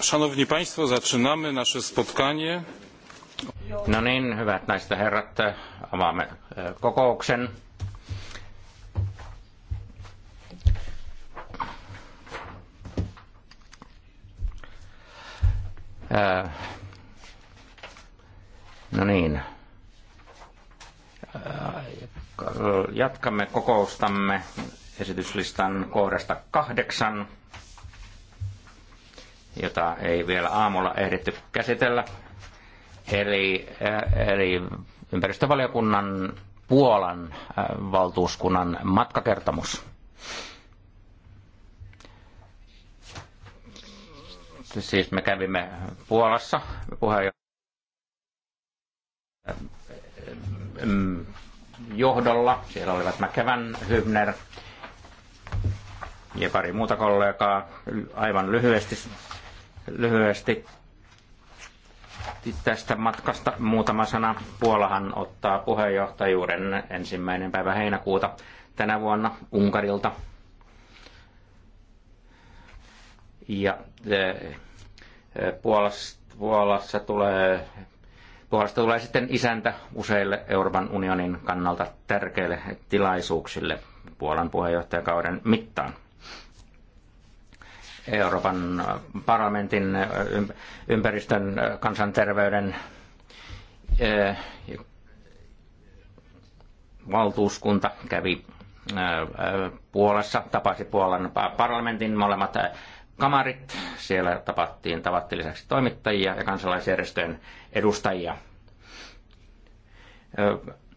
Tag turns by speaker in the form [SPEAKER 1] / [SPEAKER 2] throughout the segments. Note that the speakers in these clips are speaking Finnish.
[SPEAKER 1] Szanowni Państwo, zaczynamy nasze spotkanie. No niin,
[SPEAKER 2] hyvät naiset ja herrat, avaamme e, kokouksen. E, no niin. E, jatkamme kokoustamme esityslistan kohdasta kahdeksan jota ei vielä aamulla ehditty käsitellä. Eli, eh, eli ympäristövaliokunnan Puolan eh, valtuuskunnan matkakertomus. Siis me kävimme Puolassa johdolla. Siellä olivat Mäkevän, Hybner ja pari muuta kollegaa. Aivan lyhyesti lyhyesti tästä matkasta muutama sana. Puolahan ottaa puheenjohtajuuden ensimmäinen päivä heinäkuuta tänä vuonna Unkarilta. Ja eh, eh, Puolassa, Puolassa tulee, Puolasta tulee sitten isäntä useille Euroopan unionin kannalta tärkeille tilaisuuksille Puolan puheenjohtajakauden mittaan. Euroopan äh, parlamentin äh, ympäristön äh, kansanterveyden valtuuskunta kävi Puolassa, tapasi Puolan parlamentin molemmat kamarit. Siellä tapattiin, tavattiin lisäksi toimittajia ja kansalaisjärjestöjen edustajia.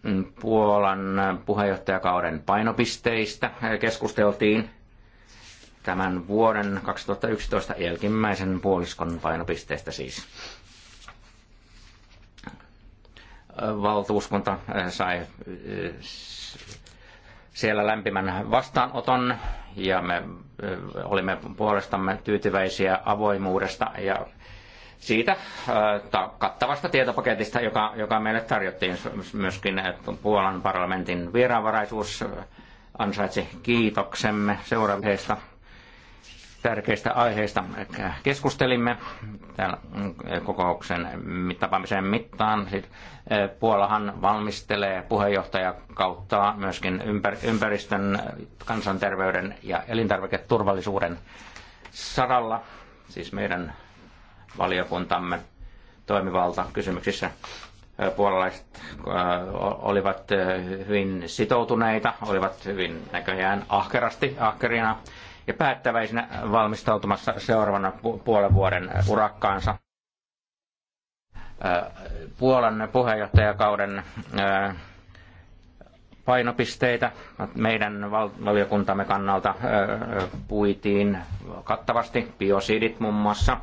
[SPEAKER 2] Mm, Puolan puheenjohtajakauden painopisteistä keskusteltiin – tämän vuoden 2011 jälkimmäisen puoliskon painopisteestä siis. Valtuuskunta eh, sai eh, siellä lämpimän vastaanoton ja me eh, olimme puolestamme tyytyväisiä avoimuudesta ja siitä kattavasta tietopaketista, joka, joka meille tarjottiin myöskin että Puolan parlamentin vieraanvaraisuus ansaitsi kiitoksemme seuraavista tärkeistä aiheista keskustelimme täällä kokouksen tapaamisen mittaan. Eh, Puolahan valmistelee puheenjohtajakautta myöskin ympäristön, kansanterveyden ja elintarviketurvallisuuden saralla, siis meidän valiokuntamme toimivalta kysymyksissä. Eh, puolalaiset eh, olivat hyvin sitoutuneita, olivat hyvin näköjään ahkerasti, ahkerina ja päättäväisenä valmistautumassa seuraavana puolen vuoden urakkaansa. Puolan puheenjohtajakauden painopisteitä meidän valiokuntamme kannalta puitiin kattavasti, biosidit muun muassa,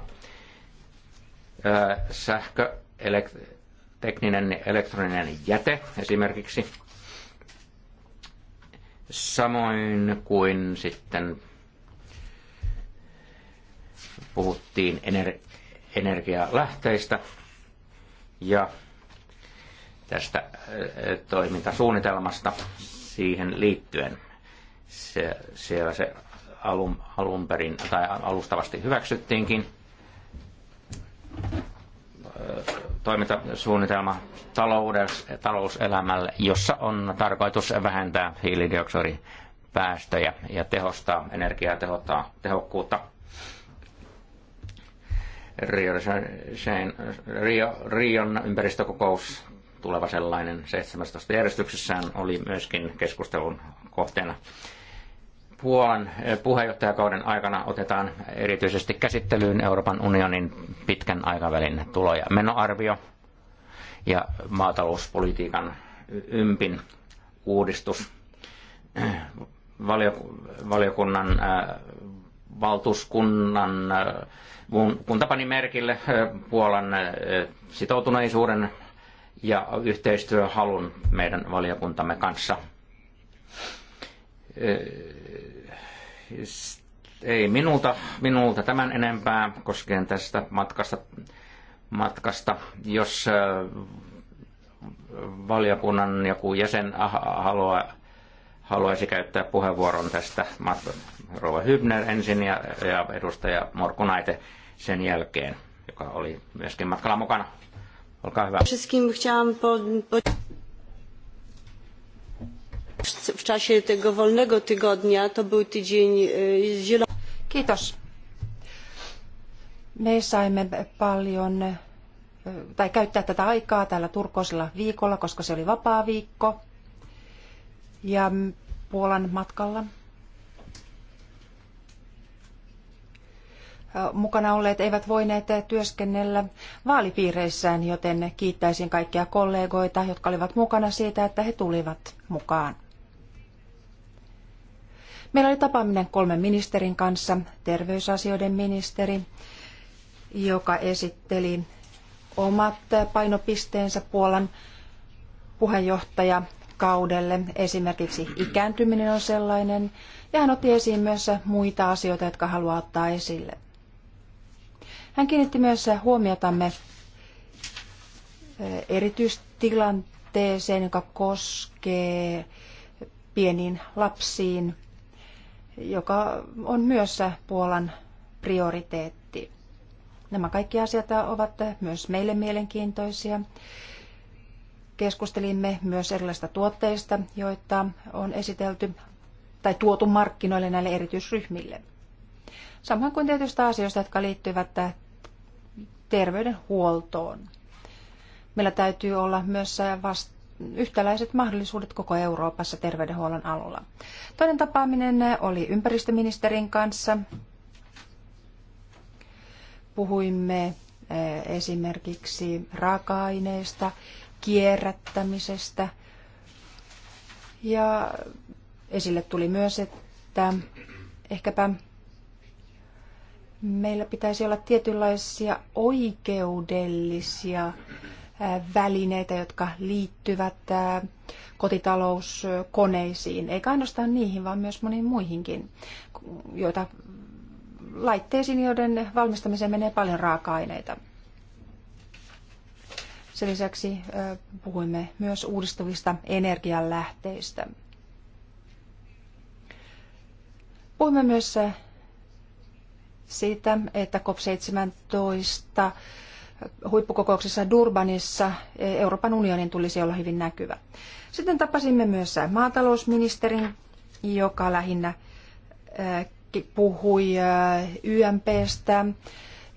[SPEAKER 2] sähkö, tekninen elektroninen jäte esimerkiksi, samoin kuin sitten puhuttiin ener- energialähteistä ja tästä äh, toimintasuunnitelmasta siihen liittyen. Se, siellä se alun, alun perin tai alustavasti hyväksyttiinkin äh, toimintasuunnitelma talous, talouselämälle, jossa on tarkoitus vähentää hiilidioksidipäästöjä ja tehostaa energiaa tehokkuutta Rio, Shane, Rio, Rion ympäristökokous, tuleva sellainen 17 järjestyksessään, oli myöskin keskustelun kohteena. Puolan eh, puheenjohtajakauden aikana otetaan erityisesti käsittelyyn Euroopan unionin pitkän aikavälin tulo- ja menoarvio ja maatalouspolitiikan ympin uudistus. Valiokunnan eh, valtuuskunnan äh, kunta pani merkille äh, Puolan äh, sitoutuneisuuden ja yhteistyöhalun meidän valiokuntamme kanssa. Ei minulta, minulta tämän enempää koskien tästä matkasta. matkasta. Jos valiokunnan joku jäsen haluaa, haluaisi käyttää puheenvuoron tästä Rova Hybner ensin ja, ja edustaja Naite sen jälkeen, joka oli myöskin matkalla mukana. Olkaa hyvä.
[SPEAKER 3] W czasie tego wolnego tygodnia to był tydzień zielony. Kiitos.
[SPEAKER 4] Me saimme paljon tai käyttää tätä aikaa täällä turkoisella viikolla, koska se oli vapaa viikko. Ja Puolan matkalla mukana olleet eivät voineet työskennellä vaalipiireissään, joten kiittäisin kaikkia kollegoita, jotka olivat mukana siitä, että he tulivat mukaan. Meillä oli tapaaminen kolmen ministerin kanssa, terveysasioiden ministeri, joka esitteli omat painopisteensä Puolan puheenjohtajakaudelle. Esimerkiksi ikääntyminen on sellainen, ja hän otti esiin myös muita asioita, jotka haluaa ottaa esille. Hän kiinnitti myös huomiotamme eh, erityistilanteeseen, joka koskee pieniin lapsiin, joka on myös Puolan prioriteetti. Nämä kaikki asiat ovat myös meille mielenkiintoisia. Keskustelimme myös erilaisista tuotteista, joita on esitelty tai tuotu markkinoille näille erityisryhmille samoin kuin tietystä asioista, jotka liittyvät äh, terveydenhuoltoon. Meillä täytyy olla myös äh, vasta yhtäläiset mahdollisuudet koko Euroopassa terveydenhuollon alulla. Toinen tapaaminen äh, oli ympäristöministerin kanssa. Puhuimme esimerkiksi raaka-aineista, kierrättämisestä. Ja esille tuli myös, että ehkäpä meillä pitäisi olla tietynlaisia oikeudellisia välineitä, jotka liittyvät kotitalouskoneisiin, eikä ainoastaan niihin, vaan myös moniin muihinkin, joita laitteisiin, joiden valmistamiseen menee paljon raaka-aineita. Sen lisäksi puhuimme myös uudistuvista energianlähteistä. Puhumme myös siitä, että COP17 huippukokouksessa Durbanissa Euroopan unionin tulisi olla hyvin näkyvä. Sitten tapasimme myös maatalousministerin, joka lähinnä eh, puhui eh, YMPstä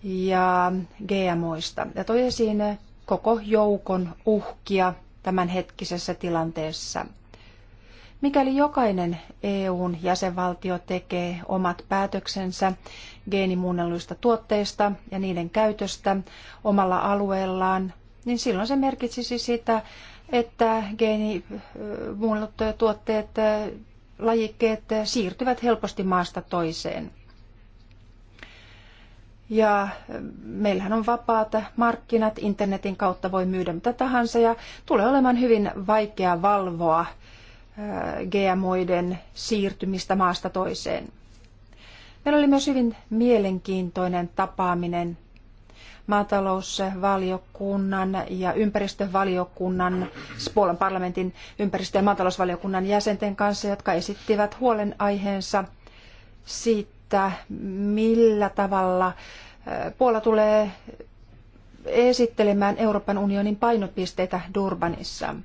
[SPEAKER 4] ja GMOista ja toi esiin koko joukon uhkia tämänhetkisessä tilanteessa – Mikäli jokainen EUn jäsenvaltio tekee omat päätöksensä geenimuunnelluista tuotteista ja niiden käytöstä omalla alueellaan, niin silloin se merkitsisi sitä, että geenimuunnellut tuotteet, lajikkeet siirtyvät helposti maasta toiseen. Ja meillähän on vapaat markkinat, internetin kautta voi myydä mitä tahansa ja tulee olemaan hyvin vaikea valvoa – GMOiden siirtymistä maasta toiseen. Meillä oli myös hyvin mielenkiintoinen tapaaminen maatalousvaliokunnan ja ympäristövaliokunnan, Puolan parlamentin ympäristö- ja maatalousvaliokunnan jäsenten kanssa, jotka esittivät huolenaiheensa siitä, millä tavalla eh, Puola tulee esittelemään Euroopan unionin painopisteitä Durbanissa.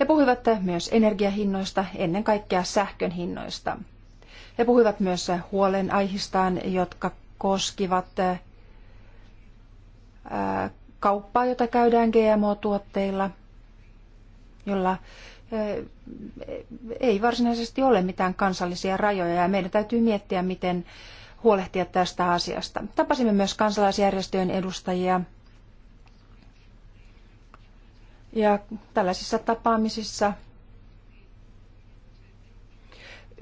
[SPEAKER 4] He puhuivat myös energiahinnoista, ennen kaikkea sähkön hinnoista. He puhuivat myös huolenaihistaan, jotka koskivat äh, kauppaa, jota käydään GMO-tuotteilla, jolla äh, ei varsinaisesti ole mitään kansallisia rajoja ja meidän täytyy miettiä, miten huolehtia tästä asiasta. Tapasimme myös kansalaisjärjestöjen edustajia, ja tällaisissa tapaamisissa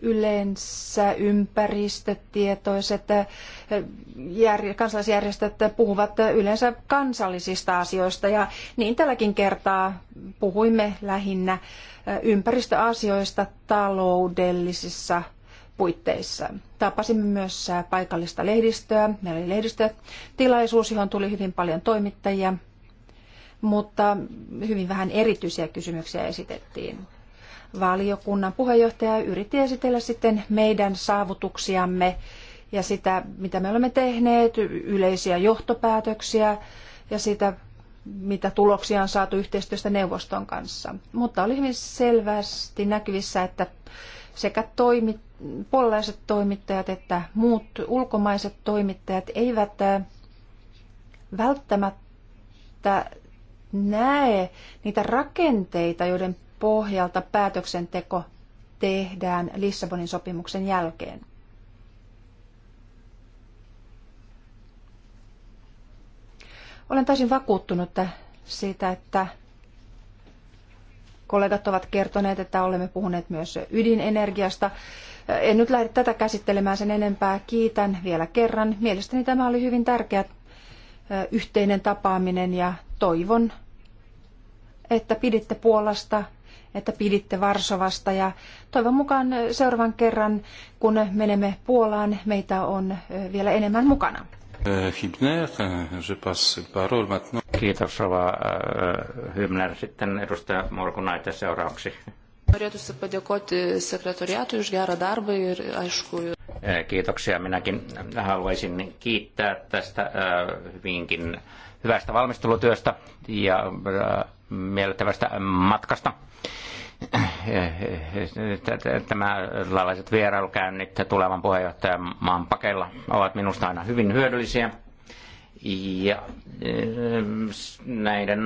[SPEAKER 4] yleensä ympäristötietoiset eh, kansalaisjärjestöt puhuvat yleensä kansallisista asioista ja niin tälläkin kertaa puhuimme lähinnä eh, ympäristöasioista taloudellisissa puitteissa. Tapasimme myös eh, paikallista lehdistöä. Meillä oli lehdistötilaisuus, johon tuli hyvin paljon toimittajia mutta hyvin vähän erityisiä kysymyksiä esitettiin. Valiokunnan puheenjohtaja yritti esitellä sitten meidän saavutuksiamme ja sitä, mitä me olemme tehneet, yleisiä johtopäätöksiä ja sitä, mitä tuloksia on saatu yhteistyöstä neuvoston kanssa. Mutta oli hyvin selvästi näkyvissä, että sekä toimi, puolalaiset toimittajat että muut ulkomaiset toimittajat eivät äh, välttämättä näe niitä rakenteita, joiden pohjalta päätöksenteko tehdään Lissabonin sopimuksen jälkeen. Olen täysin vakuuttunut siitä, että kollegat ovat kertoneet, että olemme puhuneet myös ydinenergiasta. En nyt lähde tätä käsittelemään sen enempää. Kiitän vielä kerran. Mielestäni tämä oli hyvin tärkeä yhteinen tapaaminen ja toivon, että piditte Puolasta, että piditte Varsovasta ja toivon mukaan seuraavan kerran, kun menemme Puolaan, meitä on vielä enemmän mukana.
[SPEAKER 2] Kiitos Rova Hymner. Sitten edustaja morkunaita seuraavaksi.
[SPEAKER 1] Norėtųsi padėkoti sekretoriatui už gerą darbą ir aišku.
[SPEAKER 2] Kiitoksia. Minäkin haluaisin kiittää tästä hyvinkin hyvästä valmistelutyöstä ja äh, miellyttävästä matkasta. Äh, tämä laajat vierailukäynnit tulevan puheenjohtajan maan pakella ovat minusta aina hyvin hyödyllisiä. Ja äh, näiden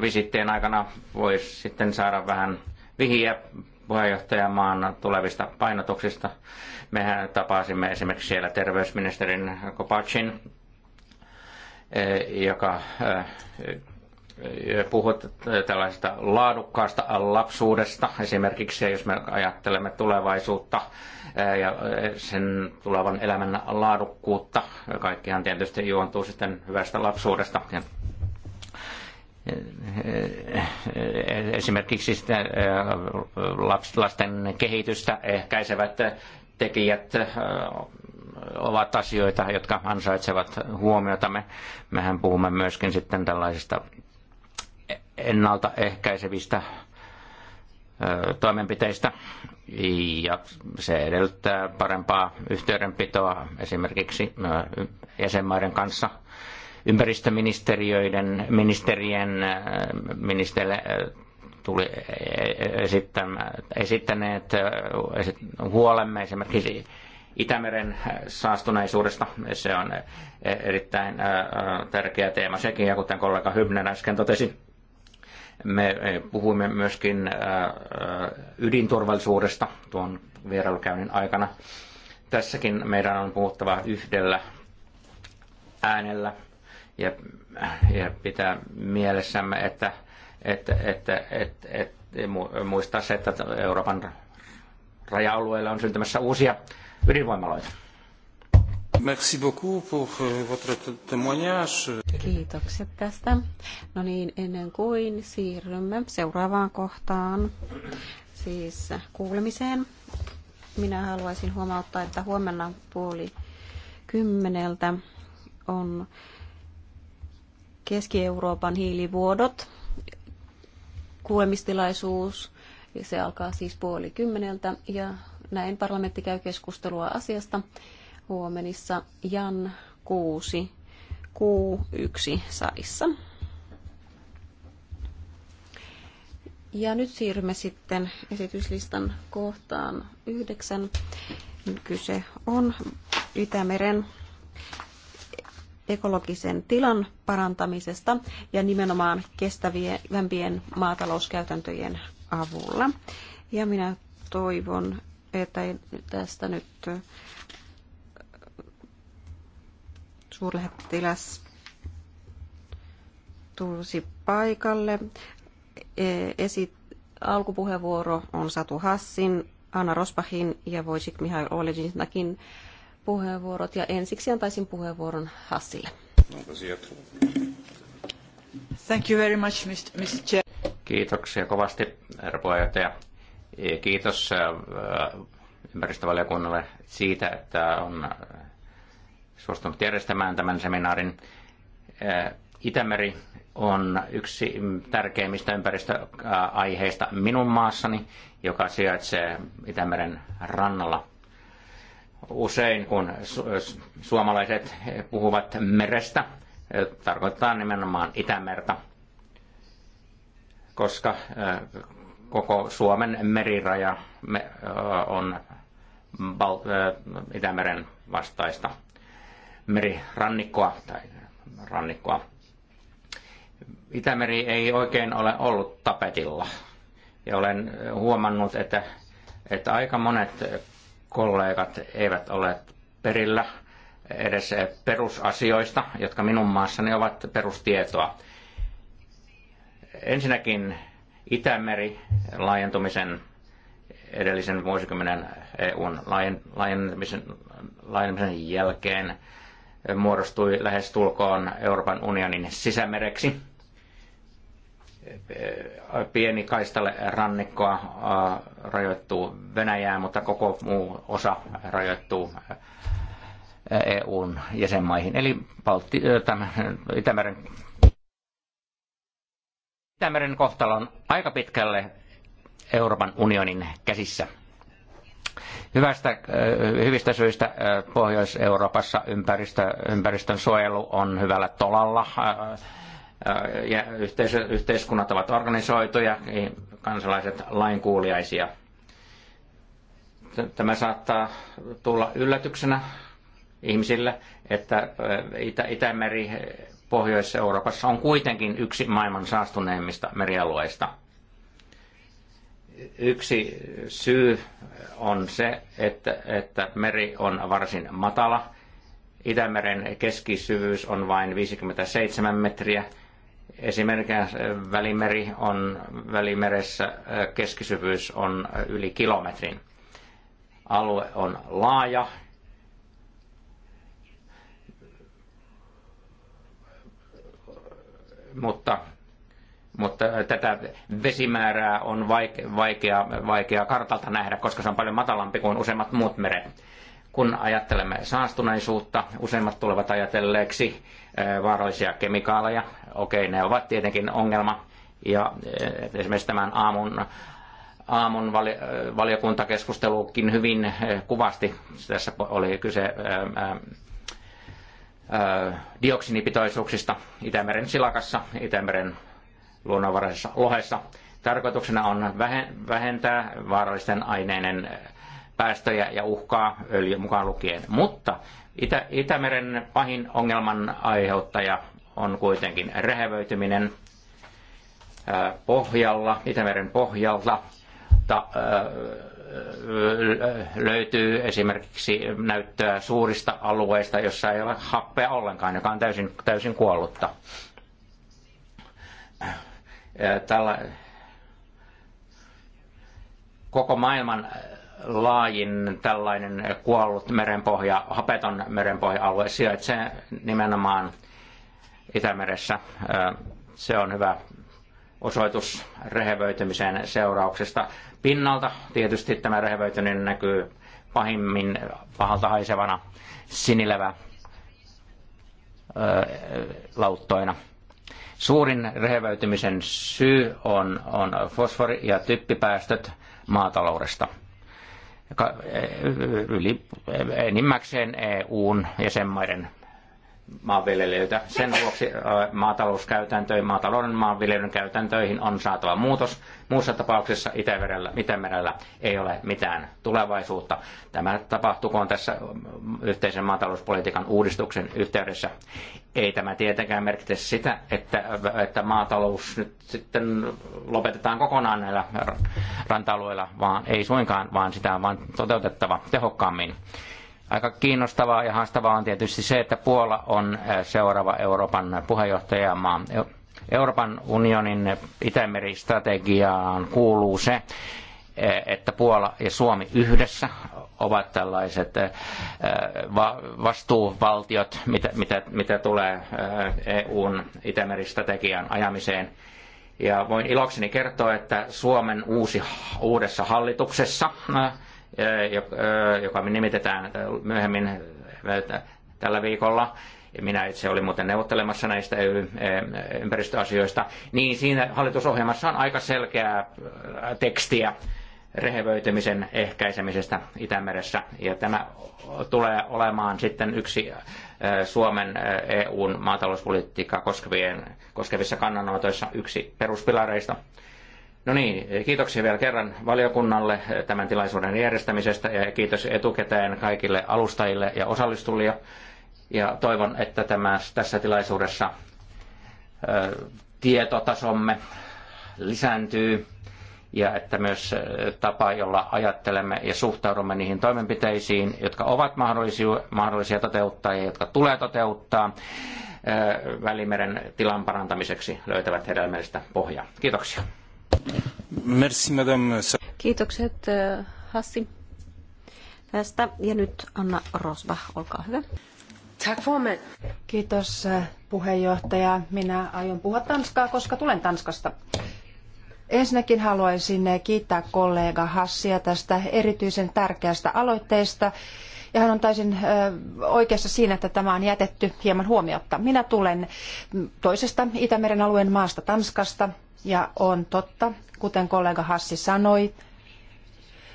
[SPEAKER 2] visittien aikana voisi sitten saada vähän vihiä puheenjohtajamaan tulevista painotuksista. Mehän tapasimme esimerkiksi siellä terveysministerin Kopacin Eh, joka eh, puhut tällaista laadukkaasta lapsuudesta, esimerkiksi jos me ajattelemme tulevaisuutta eh, ja sen tulevan elämän laadukkuutta, kaikkihan tietysti juontuu sitten hyvästä lapsuudesta. Esimerkiksi sitten lasten kehitystä ehkäisevät tekijät ovat asioita, jotka ansaitsevat huomiotamme. Mehän puhumme myöskin sitten tällaisista ennaltaehkäisevistä toimenpiteistä ja se edellyttää parempaa yhteydenpitoa esimerkiksi jäsenmaiden kanssa ympäristöministeriöiden ministerien ministerille tuli e, e, esittäneet huolemme esimerkiksi Itämeren äh, saastuneisuudesta. Se on äh, erittäin äh, tärkeä teema sekin, ja kuten kollega Hybnen äsken totesi, me puhuimme myöskin ydinturvallisuudesta tuon vierailukäynnin aikana. Tässäkin meidän on puhuttava yhdellä äänellä ja, ja pitää mielessämme, että, että, että, että, että muistaa se, että Euroopan raja alueella on syntymässä uusia ydinvoimaloita.
[SPEAKER 1] Merci beaucoup pour euh, votre témoignage.
[SPEAKER 3] Kiitokset tästä. No niin, ennen kuin siirrymme seuraavaan kohtaan, siis kuulemiseen, minä haluaisin huomauttaa, että huomenna puoli kymmeneltä on Keski-Euroopan hiilivuodot, kuulemistilaisuus, ja se alkaa siis puoli kymmeneltä, ja näin parlamentti käy keskustelua asiasta huomenissa Jan 6 Q1 salissa. Ja nyt siirrymme sitten esityslistan kohtaan yhdeksän. Kyse on Itämeren ekologisen tilan parantamisesta ja nimenomaan kestävien maatalouskäytäntöjen avulla. Ja minä toivon, että tästä nyt suurlähettiläs tulisi paikalle. E, esi- alkupuheenvuoro on Satu Hassin, Anna Rospahin ja Voisik Mihail Olejinakin puheenvuorot. Ja ensiksi antaisin puheenvuoron Hassille.
[SPEAKER 1] Thank you very much, Mr. Chair.
[SPEAKER 2] Kiitoksia kovasti, herra puheenjohtaja. Kiitos äh, ympäristövaliokunnalle siitä, että on äh, suostunut järjestämään tämän seminaarin. Äh, Itämeri on yksi tärkeimmistä ympäristöaiheista minun maassani, joka sijaitsee Itämeren rannalla. Usein kun su- suomalaiset puhuvat merestä, tarkoittaa nimenomaan Itämerta, koska koko Suomen meriraja on Bal- Itämeren vastaista merirannikkoa tai rannikkoa. Itämeri ei oikein ole ollut tapetilla. Ja olen huomannut, että, että aika monet kollegat eivät ole perillä edes perusasioista, jotka minun maassani ovat perustietoa. Ensinnäkin Itämeri laajentumisen edellisen vuosikymmenen EUn laajentumisen, laajentumisen jälkeen muodostui lähes tulkoon Euroopan unionin sisämereksi. Pieni kaistale rannikkoa rajoittuu Venäjää, mutta koko muu osa rajoittuu EUn jäsenmaihin, eli Itämeren Itämeren kohtalo on aika pitkälle Euroopan unionin käsissä. Hyvästä, äh, hyvistä syistä äh, Pohjois-Euroopassa ympäristö, ympäristön suojelu on hyvällä tolalla. Äh, ja yhteis, yhteiskunnat ovat organisoituja, kansalaiset lainkuuliaisia. Tämä saattaa tulla yllätyksenä ihmisille, että Itä, Itämeri Pohjois-Euroopassa on kuitenkin yksi maailman saastuneimmista merialueista. Yksi syy on se, että, että meri on varsin matala. Itämeren keskisyvyys on vain 57 metriä. Esimerkiksi Välimeri on, Välimeressä keskisyvyys on yli kilometrin. Alue on laaja mutta, mutta tätä vesimäärää on vaikea, vaikea kartalta nähdä, koska se on paljon matalampi kuin useimmat muut meret kun ajattelemme saastuneisuutta, useimmat tulevat ajatelleeksi vaarallisia kemikaaleja. Okei, ne ovat tietenkin ongelma. Ja esimerkiksi tämän aamun, aamun valiokuntakeskustelukin hyvin kuvasti. Tässä oli kyse dioksinipitoisuuksista Itämeren silakassa, Itämeren luonnonvaraisessa lohessa. Tarkoituksena on vähentää vaarallisten aineiden päästöjä ja uhkaa öljy mukaan lukien. Mutta Itä- Itämeren pahin ongelman aiheuttaja on kuitenkin rehevöityminen pohjalla, Itämeren pohjalta, ta, äh, löytyy esimerkiksi näyttöä suurista alueista, jossa ei ole happea ollenkaan, joka on täysin, täysin kuollutta. Tällä koko maailman laajin tällainen kuollut merenpohja, hapeton merenpohja-alue sijaitsee nimenomaan Itämeressä. Se on hyvä osoitus rehevöitymisen seurauksesta pinnalta. Tietysti tämä rehevöityminen niin näkyy pahimmin pahalta haisevana sinilevä lauttoina. Suurin rehevöitymisen syy on, on fosfori- ja typpipäästöt maataloudesta. Yli, enimmäkseen EUn jäsenmaiden maanviljelijöitä. Sen vuoksi maatalouskäytäntöihin, maatalouden maanviljelyn käytäntöihin on saatava muutos. Muussa tapauksessa Itämerellä, Itämerellä ei ole mitään tulevaisuutta. Tämä tapahtukoon tässä yhteisen maatalouspolitiikan uudistuksen yhteydessä. Ei tämä tietenkään merkitse sitä, että, että maatalous nyt sitten lopetetaan kokonaan näillä ranta-alueilla, vaan ei suinkaan, vaan sitä on vaan toteutettava tehokkaammin. Aika kiinnostavaa ja haastavaa on tietysti se, että Puola on äh, seuraava Euroopan puheenjohtajamaa. Euroopan unionin Itämeri-strategiaan kuuluu se, äh, että Puola ja Suomi yhdessä ovat tällaiset äh, vastuuvaltiot, mitä, mitä, mitä tulee EUn Itämeri-strategian ajamiseen. Ja voin ilokseni kertoa, että Suomen uusi, uudessa hallituksessa joka nimitetään myöhemmin tällä viikolla, minä itse olin muuten neuvottelemassa näistä ympäristöasioista, niin siinä hallitusohjelmassa on aika selkeää tekstiä rehevöitymisen ehkäisemisestä Itämeressä. Ja tämä tulee olemaan sitten yksi Suomen EUn maatalouspolitiikkaa koskevien, koskevissa kannanotoissa yksi peruspilareista. No niin, kiitoksia vielä kerran valiokunnalle tämän tilaisuuden järjestämisestä ja kiitos etukäteen kaikille alustajille ja osallistujille. Ja toivon, että tämä, tässä tilaisuudessa tietotasomme lisääntyy ja että myös tapa, jolla ajattelemme ja suhtaudumme niihin toimenpiteisiin, jotka ovat mahdollisia, mahdollisia toteuttaa ja jotka tulee toteuttaa Välimeren tilan parantamiseksi löytävät hedelmällistä pohjaa. Kiitoksia.
[SPEAKER 1] Merci, madame.
[SPEAKER 3] Kiitokset, äh, Hassi, tästä. Ja nyt Anna Rosbach, olkaa hyvä. Tack formen. Kiitos äh,
[SPEAKER 4] puheenjohtaja. Minä aion puhua Tanskaa, koska tulen Tanskasta. Ensinnäkin haluaisin äh, kiittää kollega Hassia tästä erityisen tärkeästä aloitteesta ja hän on täysin oikeassa siinä, että tämä on jätetty hieman huomiotta. Minä tulen toisesta Itämeren alueen maasta Tanskasta ja on totta, kuten kollega Hassi sanoi,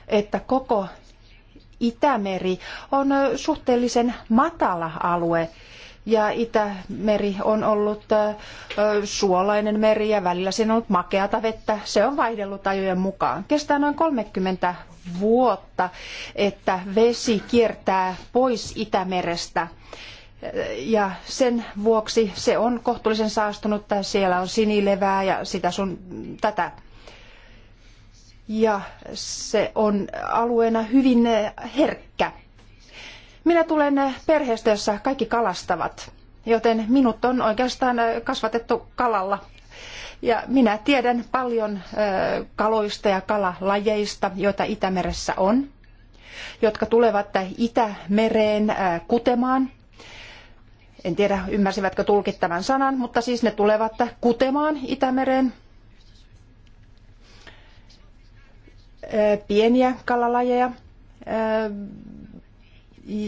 [SPEAKER 4] että koko Itämeri on suhteellisen matala alue ja Itämeri on ollut suolainen meri ja välillä siinä on ollut makeata vettä. Se on vaihdellut ajojen mukaan. Kestää noin 30 vuotta, että vesi kiertää pois Itämerestä ja sen vuoksi se on kohtuullisen saastunut. Siellä on sinilevää ja sitä sun tätä. Ja se on alueena hyvin herkkä. Minä tulen eh, perheestä, jossa kaikki kalastavat, joten minut on oikeastaan eh, kasvatettu kalalla. Ja minä tiedän paljon eh, kaloista ja kalalajeista, joita Itämeressä on, jotka tulevat Itämereen kutemaan. En tiedä, ymmärsivätkö tulkit tämän sanan, mutta siis ne tulevat kutemaan Itämereen. Pieniä kalalajeja,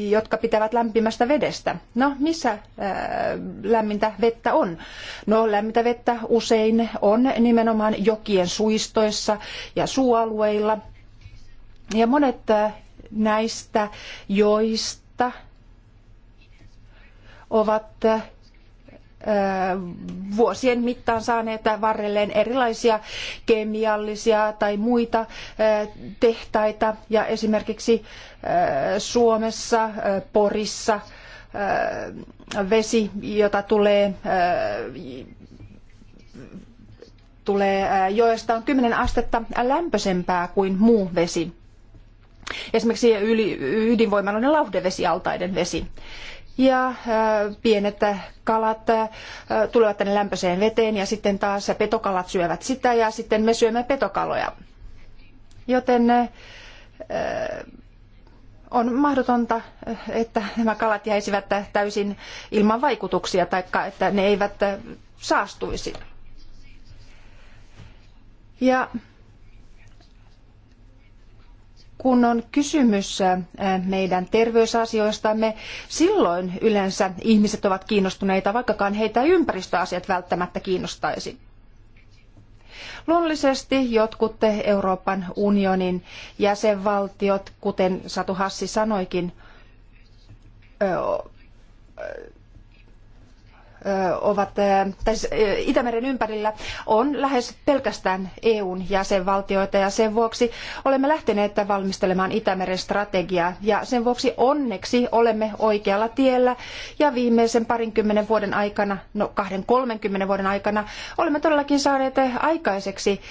[SPEAKER 4] jotka pitävät lämpimästä vedestä. No, missä äh, lämmintä vettä on? No, lämmintä vettä usein on nimenomaan jokien suistoissa ja suualueilla. Ja monet äh, näistä joista ovat äh, vuosien mittaan saaneet varrelleen erilaisia kemiallisia tai muita tehtaita ja esimerkiksi Suomessa, Porissa vesi, jota tulee tulee joesta on 10 astetta lämpöisempää kuin muu vesi. Esimerkiksi yli, ydinvoimaloiden lauhdevesialtaiden vesi ja äh, pienet kalat äh, tulevat tänne lämpöiseen veteen ja sitten taas petokalat syövät sitä ja sitten me syömme petokaloja. Joten äh, on mahdotonta, että nämä kalat jäisivät täysin ilman vaikutuksia tai että ne eivät saastuisi. Ja kun on kysymys meidän terveysasioistamme, silloin yleensä ihmiset ovat kiinnostuneita, vaikkakaan heitä ympäristöasiat välttämättä kiinnostaisi. Luonnollisesti jotkut Euroopan unionin jäsenvaltiot, kuten Satu Hassi sanoikin, ovat, tai Itämeren ympärillä on lähes pelkästään EUn jäsenvaltioita ja sen vuoksi olemme lähteneet valmistelemaan Itämeren strategiaa ja sen vuoksi onneksi olemme oikealla tiellä ja viimeisen parinkymmenen vuoden aikana, no kahden kolmenkymmenen vuoden aikana olemme todellakin saaneet aikaiseksi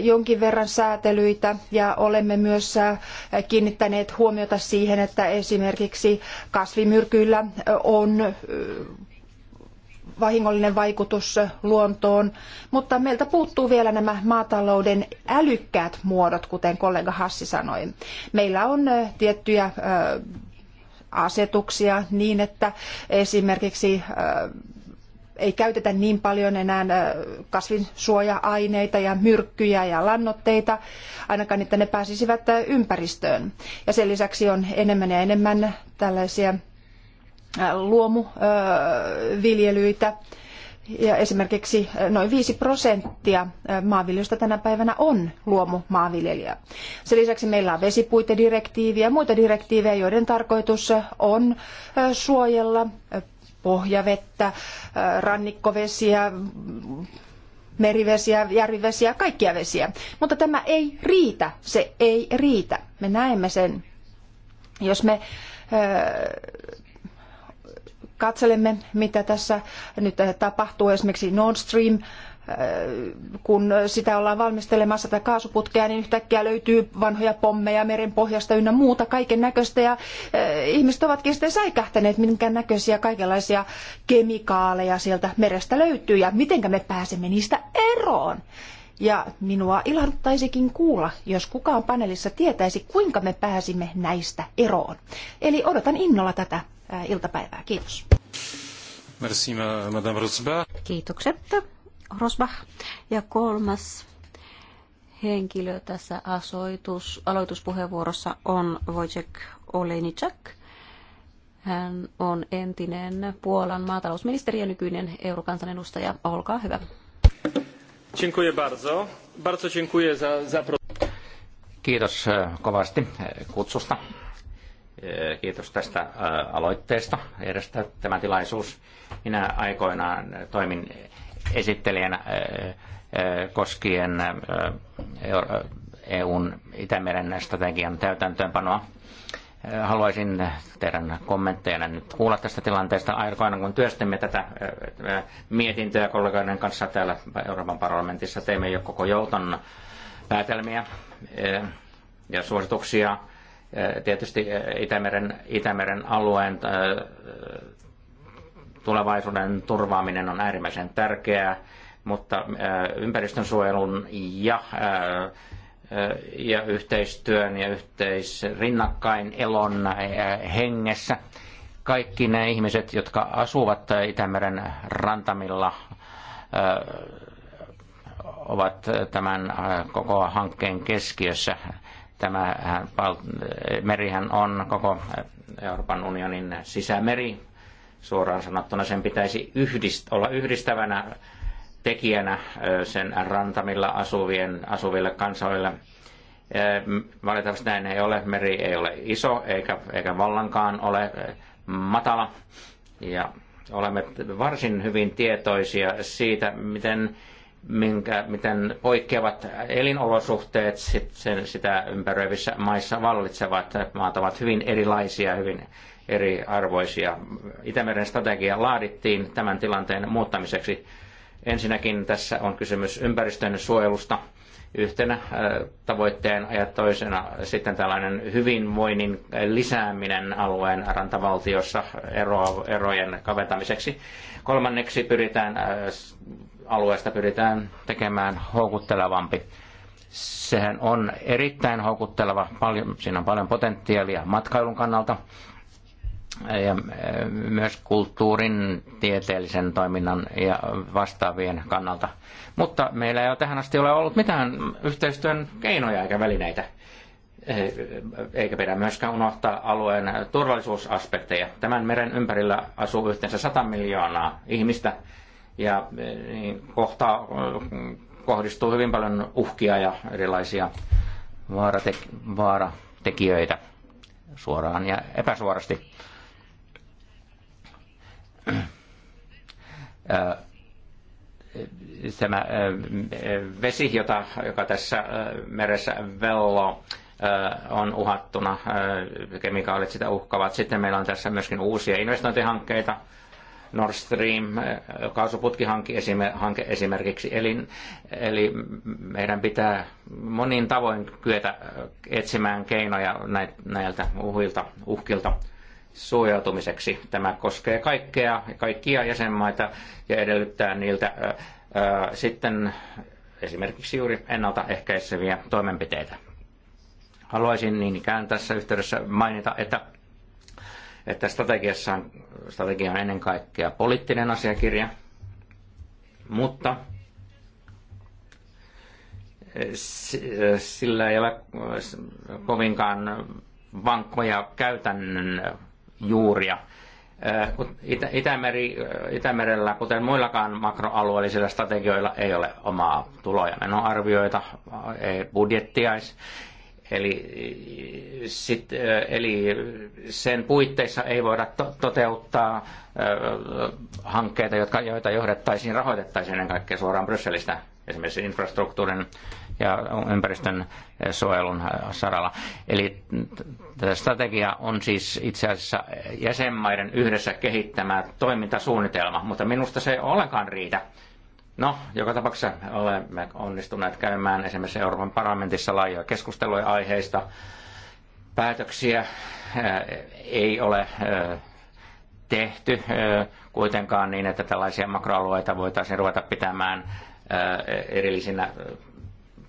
[SPEAKER 4] jonkin verran säätelyitä ja olemme myös kiinnittäneet huomiota siihen, että esimerkiksi kasvimyrkyillä on vahingollinen vaikutus luontoon, mutta meiltä puuttuu vielä nämä maatalouden älykkäät muodot, kuten kollega Hassi sanoi. Meillä on tiettyjä asetuksia niin, että esimerkiksi ei käytetä niin paljon enää kasvinsuoja-aineita ja myrkkyjä ja lannoitteita, ainakaan että ne pääsisivät ympäristöön. Ja sen lisäksi on enemmän ja enemmän tällaisia Äh, luomuviljelyitä. Äh, ja esimerkiksi äh, noin viisi prosenttia maanviljelystä tänä päivänä on luomumaanviljelijä. Sen lisäksi meillä on vesipuitedirektiivi ja muita direktiivejä, joiden tarkoitus on suojella pohjavettä, rannikkovesiä, merivesiä, järvivesiä, kaikkia vesiä. Mutta tämä ei riitä, se ei riitä. Me näemme sen, jos me katselemme, mitä tässä nyt äh, tapahtuu esimerkiksi Nord Stream, äh, kun sitä ollaan valmistelemassa tätä kaasuputkea, niin yhtäkkiä löytyy vanhoja pommeja merenpohjasta ynnä muuta kaiken näköistä ja äh, ihmiset ovatkin sitten säikähtäneet, minkä näköisiä kaikenlaisia kemikaaleja sieltä merestä löytyy ja miten me pääsemme niistä eroon. Ja minua ilahduttaisikin kuulla, jos kukaan paneelissa tietäisi, kuinka me pääsimme näistä eroon. Eli
[SPEAKER 3] odotan innolla tätä Äh, iltapäivää. Kiitos.
[SPEAKER 1] Merci, Madame Rosbach.
[SPEAKER 3] Kiitokset, Rosbach. Ja kolmas henkilö tässä asoitus, aloituspuheenvuorossa on Wojciech Oleniczak. Hän on entinen Puolan maatalousministeri ja nykyinen eurokansanedustaja. Olkaa hyvä.
[SPEAKER 1] Dziękuję bardzo. Bardzo dziękuję za, za...
[SPEAKER 2] Kiitos e, kovasti e, kutsusta Kiitos tästä aloitteesta, edestä tämä tilaisuus. Minä aikoinaan toimin esittelijänä koskien EUn e Itämeren strategian täytäntöönpanoa. Haluaisin teidän kommenttejanne nyt kuulla tästä tilanteesta aikoinaan, kun työstimme tätä mietintöä kollegoiden kanssa täällä Euroopan parlamentissa. Teimme jo koko jouton päätelmiä ja suosituksia tietysti Itämeren, Itämeren alueen tulevaisuuden turvaaminen on äärimmäisen tärkeää, mutta ympäristönsuojelun ja, ja yhteistyön ja yhteisrinnakkain elon hengessä kaikki ne ihmiset, jotka asuvat Itämeren rantamilla, ovat tämän koko hankkeen keskiössä Tämä äh, merihän on koko Euroopan unionin sisämeri. Suoraan sanottuna sen pitäisi yhdist- olla yhdistävänä tekijänä äh, sen rantamilla asuvien, asuville kansoille. Äh, valitettavasti näin ei ole. Meri ei ole iso eikä, eikä vallankaan ole matala. Ja olemme varsin hyvin tietoisia siitä, miten minkä, miten poikkeavat elinolosuhteet sit sen, sitä ympäröivissä maissa vallitsevat. Maat ovat hyvin erilaisia, hyvin eriarvoisia. Itämeren strategia laadittiin tämän tilanteen muuttamiseksi. Ensinnäkin tässä on kysymys ympäristön suojelusta yhtenä äh, tavoitteena ja toisena sitten tällainen hyvinvoinnin lisääminen alueen rantavaltiossa ero, erojen kaventamiseksi. Kolmanneksi pyritään äh, alueesta pyritään tekemään houkuttelevampi. Sehän on erittäin houkutteleva, paljon, siinä on paljon potentiaalia matkailun kannalta ja äh, myös kulttuurin, tieteellisen toiminnan ja vastaavien kannalta. Mutta meillä ei ole tähän asti ole ollut mitään yhteistyön keinoja eikä välineitä. Eikä pidä myöskään unohtaa alueen turvallisuusaspekteja. Tämän meren ympärillä asuu yhteensä 100 miljoonaa ihmistä ja niin kohta kohdistuu hyvin paljon uhkia ja erilaisia vaaratek- vaaratekijöitä suoraan ja epäsuorasti. Tämä äh, äh, vesi, jota, joka tässä äh, meressä vello, on uhattuna, kemikaalit sitä uhkavat. Sitten meillä on tässä myöskin uusia investointihankkeita, Nord Stream eh, kaasuputkihanke esimerkiksi. Eli, eli meidän pitää monin tavoin kyetä eh, etsimään keinoja näiltä uhilta, uhkilta suojautumiseksi. Tämä koskee kaikkea, kaikkia jäsenmaita ja edellyttää niiltä ää, eh, sitten esimerkiksi juuri ennaltaehkäiseviä toimenpiteitä. Haluaisin niin ikään tässä yhteydessä mainita, että että strategiassa on, strategia on ennen kaikkea poliittinen asiakirja, mutta sillä ei ole kovinkaan vankkoja käytännön juuria. Itä- Itämeri, Itämerellä, kuten muillakaan makroalueellisilla strategioilla, ei ole omaa tuloja menoarvioita, ei budjettiais. Eli, sit, eli sen puitteissa ei voida to, toteuttaa ö, hankkeita, jotka, joita johdettaisiin, rahoitettaisiin ennen kaikkea suoraan Brysselistä, esimerkiksi infrastruktuurin ja ympäristön suojelun saralla. Eli tämä strategia on siis itse asiassa jäsenmaiden yhdessä kehittämä toimintasuunnitelma, mutta minusta se ei ollenkaan riitä No, joka tapauksessa olemme onnistuneet käymään esimerkiksi Euroopan parlamentissa laajoja keskusteluja aiheista. Päätöksiä eh, ei ole eh, tehty eh, kuitenkaan niin, että tällaisia makroalueita voitaisiin ruveta pitämään erillisinä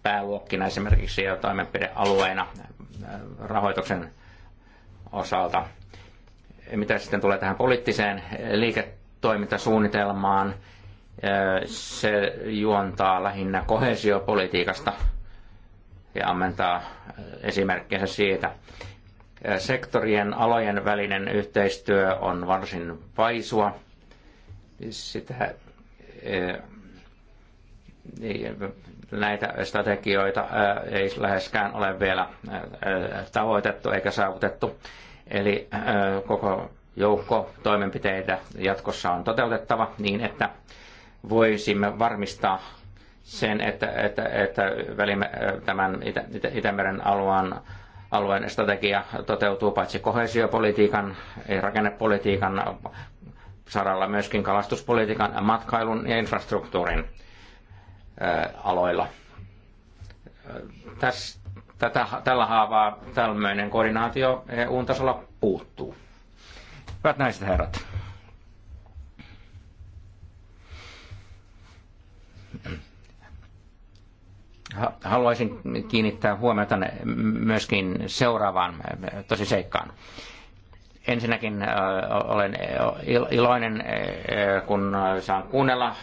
[SPEAKER 2] pääluokkina esimerkiksi jo toimenpidealueina rahoituksen osalta. Mitä sitten tulee tähän poliittiseen liiketoimintasuunnitelmaan, se juontaa lähinnä kohesiopolitiikasta ja ammentaa esimerkkinsä siitä. Sektorien alojen välinen yhteistyö on varsin paisua. Sitä näitä strategioita ei läheskään ole vielä tavoitettu eikä saavutettu. Eli koko joukko toimenpiteitä jatkossa on toteutettava niin, että voisimme varmistaa sen, että, että, että äh, tämän Itä, Itä, Itämeren alueen, alueen strategia toteutuu paitsi kohesiopolitiikan ja rakennepolitiikan saralla myöskin kalastuspolitiikan, matkailun ja infrastruktuurin äh, aloilla. Täs, tätä, tällä haavaa tämmöinen koordinaatio EUn tasolla puuttuu. Hyvät naiset herrat. haluaisin kiinnittää huomiota myöskin seuraavaan eh, tosiseikkaan. Ensinnäkin eh, olen iloinen, eh, kun saan kuunnella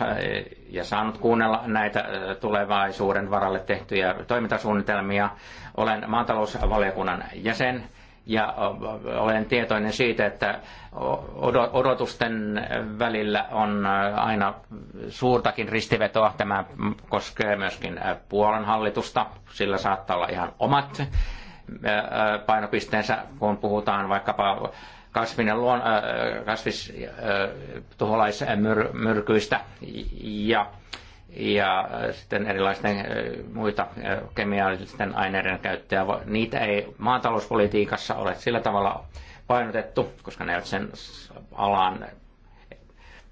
[SPEAKER 2] ja saanut kuunnella näitä tulevaisuuden varalle tehtyjä toimintasuunnitelmia. Olen maatalousvaliokunnan jäsen ja olen tietoinen siitä, että odotusten välillä on aina suurtakin ristivetoa. Tämä koskee myöskin Puolan hallitusta. Sillä saattaa olla ihan omat painopisteensä, kun puhutaan vaikkapa kasvinen luon, myrkyistä. ja ja äh, sitten erilaisten äh, muita äh, kemiallisten aineiden käyttöä. Niitä ei maatalouspolitiikassa ole sillä tavalla painotettu, koska ne eivät sen alan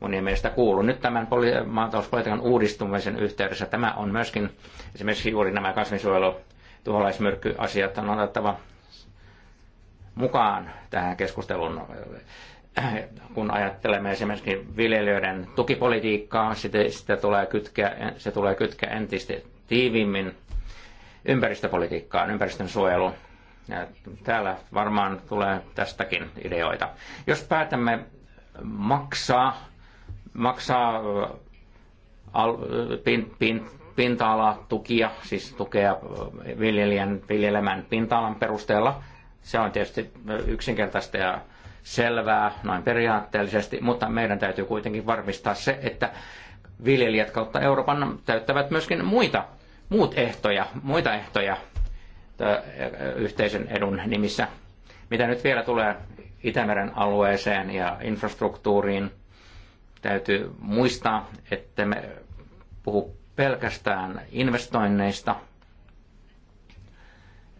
[SPEAKER 2] monien mielestä kuulu. Nyt tämän maatalouspolitiikan uudistumisen yhteydessä tämä on myöskin, esimerkiksi juuri nämä kasvinsuojelu tuholaismyrkkyasiat on otettava mukaan tähän keskusteluun kun ajattelemme esimerkiksi viljelijöiden tukipolitiikkaa, sitä, sitä tulee kytkeä, se tulee kytkeä entistä tiiviimmin ympäristöpolitiikkaan, ympäristön suojeluun. Ja täällä varmaan tulee tästäkin ideoita. Jos päätämme maksaa, maksaa äh, al, pin, pin, pinta-alatukia, siis tukea viljelijän viljelemän pinta-alan perusteella, se on tietysti yksinkertaista ja selvää noin periaatteellisesti, mutta meidän täytyy kuitenkin varmistaa se, että viljelijät kautta Euroopan täyttävät myöskin muita, muut ehtoja, muita ehtoja yhteisen edun nimissä. Mitä nyt vielä tulee Itämeren alueeseen ja infrastruktuuriin, täytyy muistaa, että me puhu pelkästään investoinneista,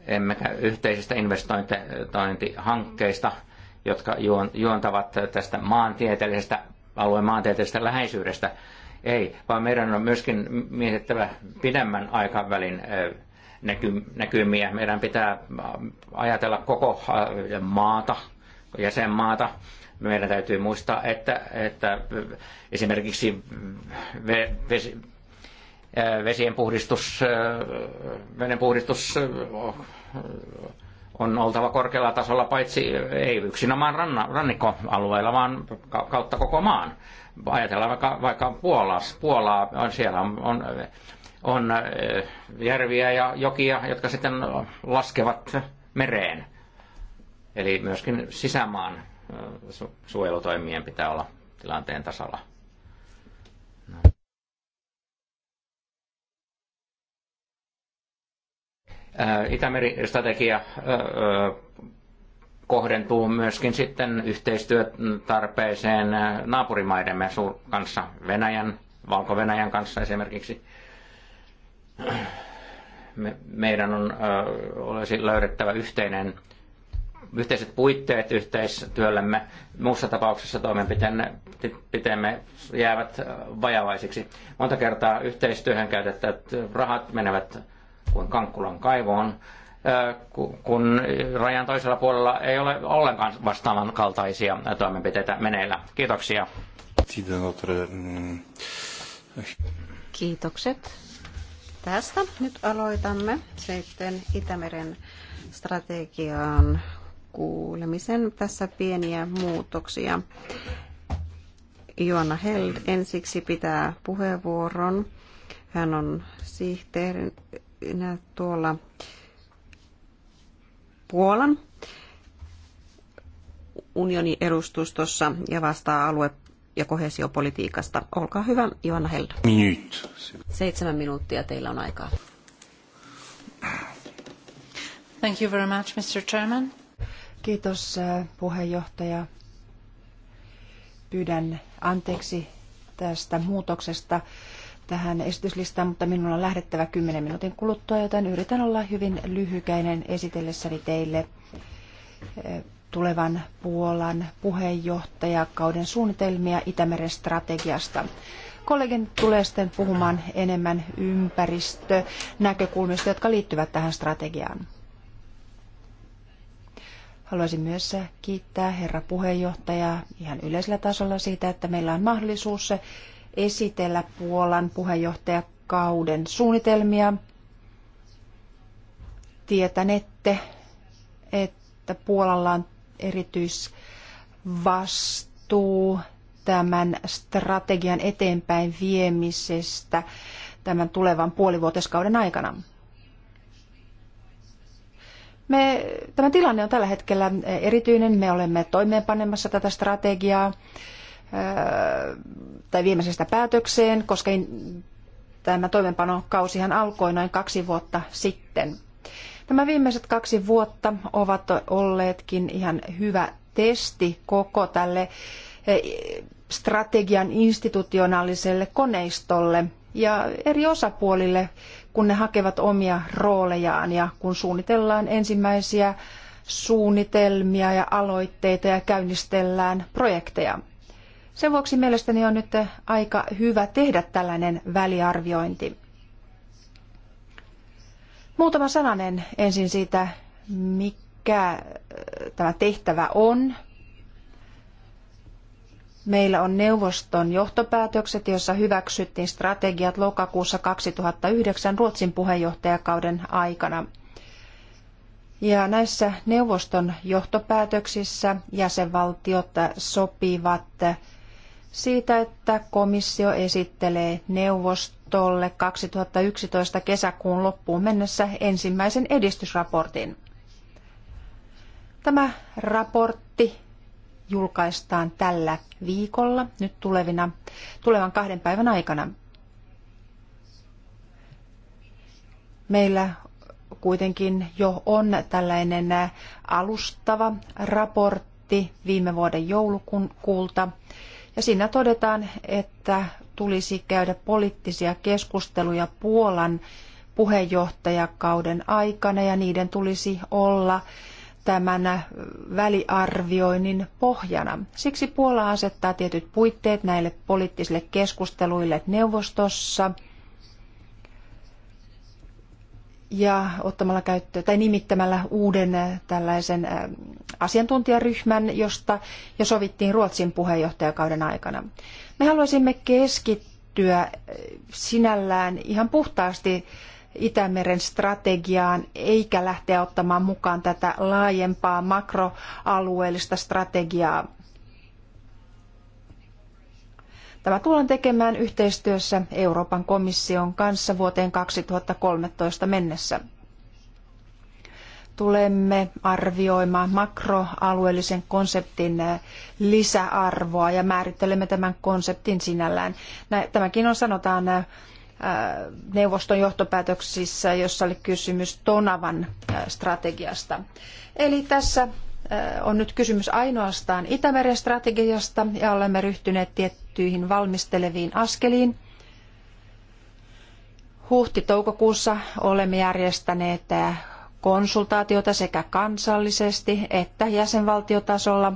[SPEAKER 2] emmekä yhteisistä investointihankkeista – jotka juontavat tästä maantieteellisestä alueen maantieteellisestä läheisyydestä. Ei, vaan meidän on myöskin mietittävä pidemmän aikavälin näkymiä. Meidän pitää ajatella koko maata, jäsenmaata. Meidän täytyy muistaa, että, että esimerkiksi vesi, vesien puhdistus, veden puhdistus on oltava korkealla tasolla paitsi ei yksinomaan ranna, rannikkoalueella, vaan kautta koko maan. Ajatellaan vaikka, vaikka Puolas, Puolaa, on siellä on, on, on äh, järviä ja jokia, jotka sitten laskevat mereen. Eli myöskin sisämaan äh, suojelutoimien pitää olla tilanteen tasalla. Äh, Itämeri-strategia äh, äh, kohdentuu myöskin sitten yhteistyötarpeeseen naapurimaidemme kanssa, Venäjän, Valko-Venäjän kanssa esimerkiksi. meidän on olisi löydettävä yhteinen, yhteiset puitteet yhteistyöllemme. Muussa tapauksessa toimenpiteemme jäävät vajavaisiksi. Monta kertaa yhteistyöhön käytettävät rahat menevät kuin Kankkulan kaivoon, kun rajan toisella puolella ei ole ollenkaan vastaavan kaltaisia toimenpiteitä meneillä. Kiitoksia.
[SPEAKER 3] Kiitokset tästä. Nyt aloitamme sitten Itämeren strategiaan kuulemisen. Tässä pieniä muutoksia. Joanna Held ensiksi pitää puheenvuoron. Hän on sihteeri, tuolla Puolan unionin edustustossa ja vastaa alue- ja kohesiopolitiikasta. Olkaa hyvä, Johanna Helda. Minuut. Seitsemän minuuttia teillä on aikaa.
[SPEAKER 4] Thank you very much, Mr. Chairman. Kiitos äh, puheenjohtaja. Pyydän anteeksi tästä muutoksesta tähän esityslistaan, mutta minun on lähdettävä 10 minuutin kuluttua, joten yritän olla hyvin lyhykäinen esitellessäni teille tulevan Puolan puheenjohtajakauden suunnitelmia Itämeren strategiasta. Kollegin tulee sitten puhumaan enemmän ympäristönäkökulmista, jotka liittyvät tähän strategiaan. Haluaisin myös kiittää herra puheenjohtajaa ihan yleisellä tasolla siitä, että meillä on mahdollisuus esitellä Puolan puheenjohtajakauden suunnitelmia. Tietänette, että Puolalla on erityisvastuu tämän strategian eteenpäin viemisestä tämän tulevan puolivuotiskauden aikana. Me, tämä tilanne on tällä hetkellä erityinen. Me olemme toimeenpanemassa tätä strategiaa tai viimeisestä päätökseen, koska tämä toimenpanokausihan alkoi noin kaksi vuotta sitten. Nämä viimeiset kaksi vuotta ovat olleetkin ihan hyvä testi koko tälle e, strategian institutionaaliselle koneistolle ja eri osapuolille, kun ne hakevat omia roolejaan ja kun suunnitellaan ensimmäisiä suunnitelmia ja aloitteita ja käynnistellään projekteja. Sen vuoksi mielestäni on nyt aika hyvä tehdä tällainen väliarviointi. Muutama sananen ensin siitä, mikä äh, tämä tehtävä on. Meillä on neuvoston johtopäätökset, joissa hyväksyttiin strategiat lokakuussa 2009 Ruotsin puheenjohtajakauden aikana. Ja näissä neuvoston johtopäätöksissä jäsenvaltiot sopivat siitä, että komissio esittelee neuvostolle 2011 kesäkuun loppuun mennessä ensimmäisen edistysraportin. Tämä raportti julkaistaan tällä viikolla, nyt tulevina, tulevan kahden päivän aikana. Meillä kuitenkin jo on tällainen alustava raportti viime vuoden joulukuulta – ja siinä todetaan, että tulisi käydä poliittisia keskusteluja Puolan puheenjohtajakauden aikana ja niiden tulisi olla tämän väliarvioinnin pohjana. Siksi Puola asettaa tietyt puitteet näille poliittisille keskusteluille neuvostossa – ja ottamalla käyttöön tai nimittämällä uuden äh, tällaisen äh, asiantuntijaryhmän, josta jo sovittiin Ruotsin puheenjohtajakauden aikana. Me haluaisimme keskittyä äh, sinällään ihan puhtaasti Itämeren strategiaan, eikä lähteä ottamaan mukaan tätä laajempaa makroalueellista strategiaa Tämä tullaan tekemään yhteistyössä Euroopan komission kanssa vuoteen 2013 mennessä. Tulemme arvioimaan makroalueellisen konseptin eh, lisäarvoa ja määrittelemme tämän konseptin sinällään. Tämäkin on sanotaan eh, neuvoston johtopäätöksissä, jossa oli kysymys Tonavan eh, strategiasta. Eli tässä on nyt kysymys ainoastaan Itämeren strategiasta ja olemme ryhtyneet tiettyihin valmisteleviin askeliin. Huhti-toukokuussa olemme järjestäneet konsultaatiota sekä kansallisesti että jäsenvaltiotasolla.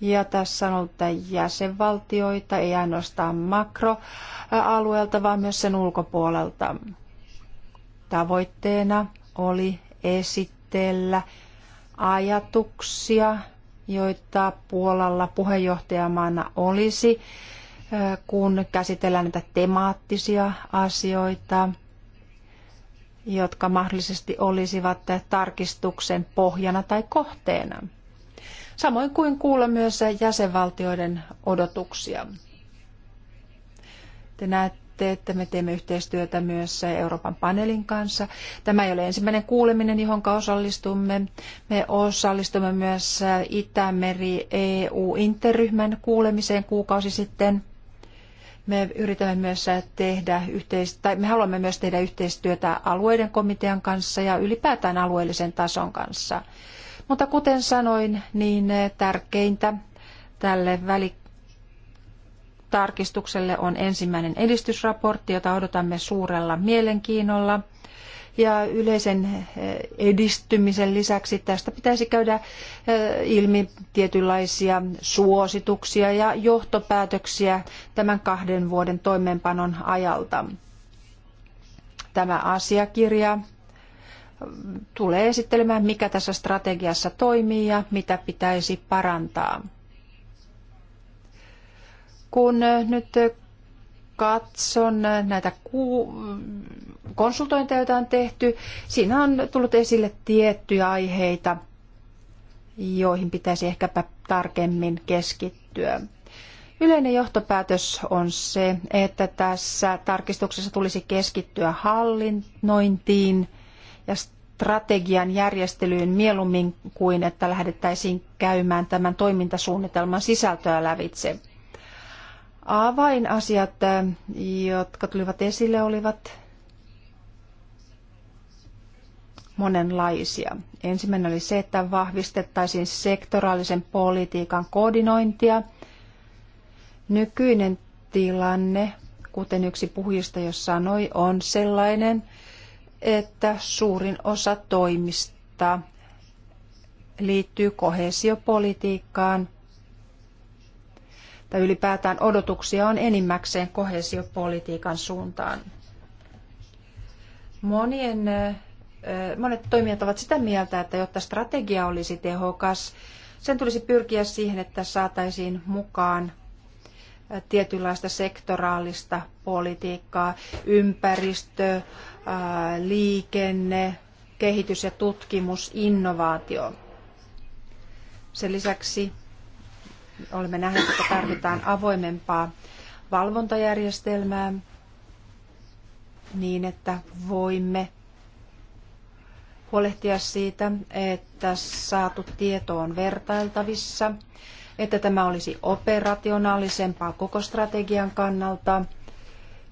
[SPEAKER 4] Ja tässä on ollut jäsenvaltioita, ei ainoastaan makroalueelta, vaan myös sen ulkopuolelta. Tavoitteena oli esittää käsitellä ajatuksia, joita Puolalla puheenjohtajamaana olisi, kun käsitellään näitä temaattisia asioita, jotka mahdollisesti olisivat tarkistuksen pohjana tai kohteena. Samoin kuin kuulla myös jäsenvaltioiden odotuksia. Te näette, tiedätte, että me teemme yhteistyötä myös Euroopan paneelin kanssa. Tämä ei ole ensimmäinen kuuleminen, johon osallistumme. Me osallistumme myös Itämeri EU-interryhmän kuulemiseen kuukausi sitten. Me yritämme myös tehdä yhteis- tai me haluamme myös tehdä yhteistyötä alueiden komitean kanssa ja ylipäätään alueellisen tason kanssa. Mutta kuten sanoin, niin tärkeintä tälle välikkeelle tarkistukselle on ensimmäinen edistysraportti, jota odotamme suurella mielenkiinnolla. Ja yleisen eh, edistymisen lisäksi tästä pitäisi käydä eh, ilmi tietynlaisia suosituksia ja johtopäätöksiä tämän kahden vuoden toimeenpanon ajalta. Tämä asiakirja mm, tulee esittelemään, mikä tässä strategiassa toimii ja mitä pitäisi parantaa. Kun äh, nyt äh, katson äh, näitä konsultointeja, joita on tehty, siinä on tullut esille tiettyjä aiheita, joihin pitäisi ehkäpä tarkemmin keskittyä. Yleinen johtopäätös on se, että tässä tarkistuksessa tulisi keskittyä hallinnointiin ja strategian järjestelyyn mieluummin kuin, että lähdettäisiin käymään tämän toimintasuunnitelman sisältöä lävitse. Avainasiat, äh, jotka tulivat esille, olivat monenlaisia. Ensimmäinen oli se, että vahvistettaisiin sektoraalisen politiikan koordinointia. Nykyinen tilanne, kuten yksi puhujista jo sanoi, on sellainen, että suurin osa toimista liittyy kohesiopolitiikkaan tai ylipäätään odotuksia on enimmäkseen kohesiopolitiikan suuntaan. Monien, monet toimijat ovat sitä mieltä, että jotta strategia olisi tehokas, sen tulisi pyrkiä siihen, että saataisiin mukaan tietynlaista sektoraalista politiikkaa, ympäristö, liikenne, kehitys ja tutkimus, innovaatio. Sen lisäksi Olemme nähneet, että tarvitaan avoimempaa valvontajärjestelmää niin, että voimme huolehtia siitä, että saatu tieto on vertailtavissa, että tämä olisi operationaalisempaa koko strategian kannalta.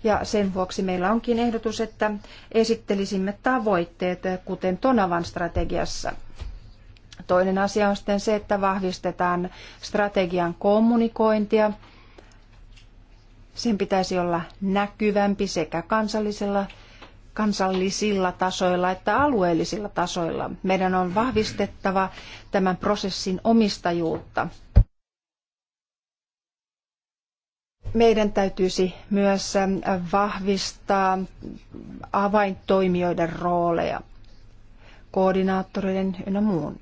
[SPEAKER 4] Ja sen vuoksi meillä onkin ehdotus, että esittelisimme tavoitteet, kuten Tonavan strategiassa. Toinen asia on sitten se, että vahvistetaan strategian kommunikointia. Sen pitäisi olla näkyvämpi sekä kansallisella, kansallisilla tasoilla että alueellisilla tasoilla. Meidän on vahvistettava tämän prosessin omistajuutta. meidän täytyisi myös ähm, vahvistaa avaintoimijoiden rooleja, koordinaattoreiden ynnä muun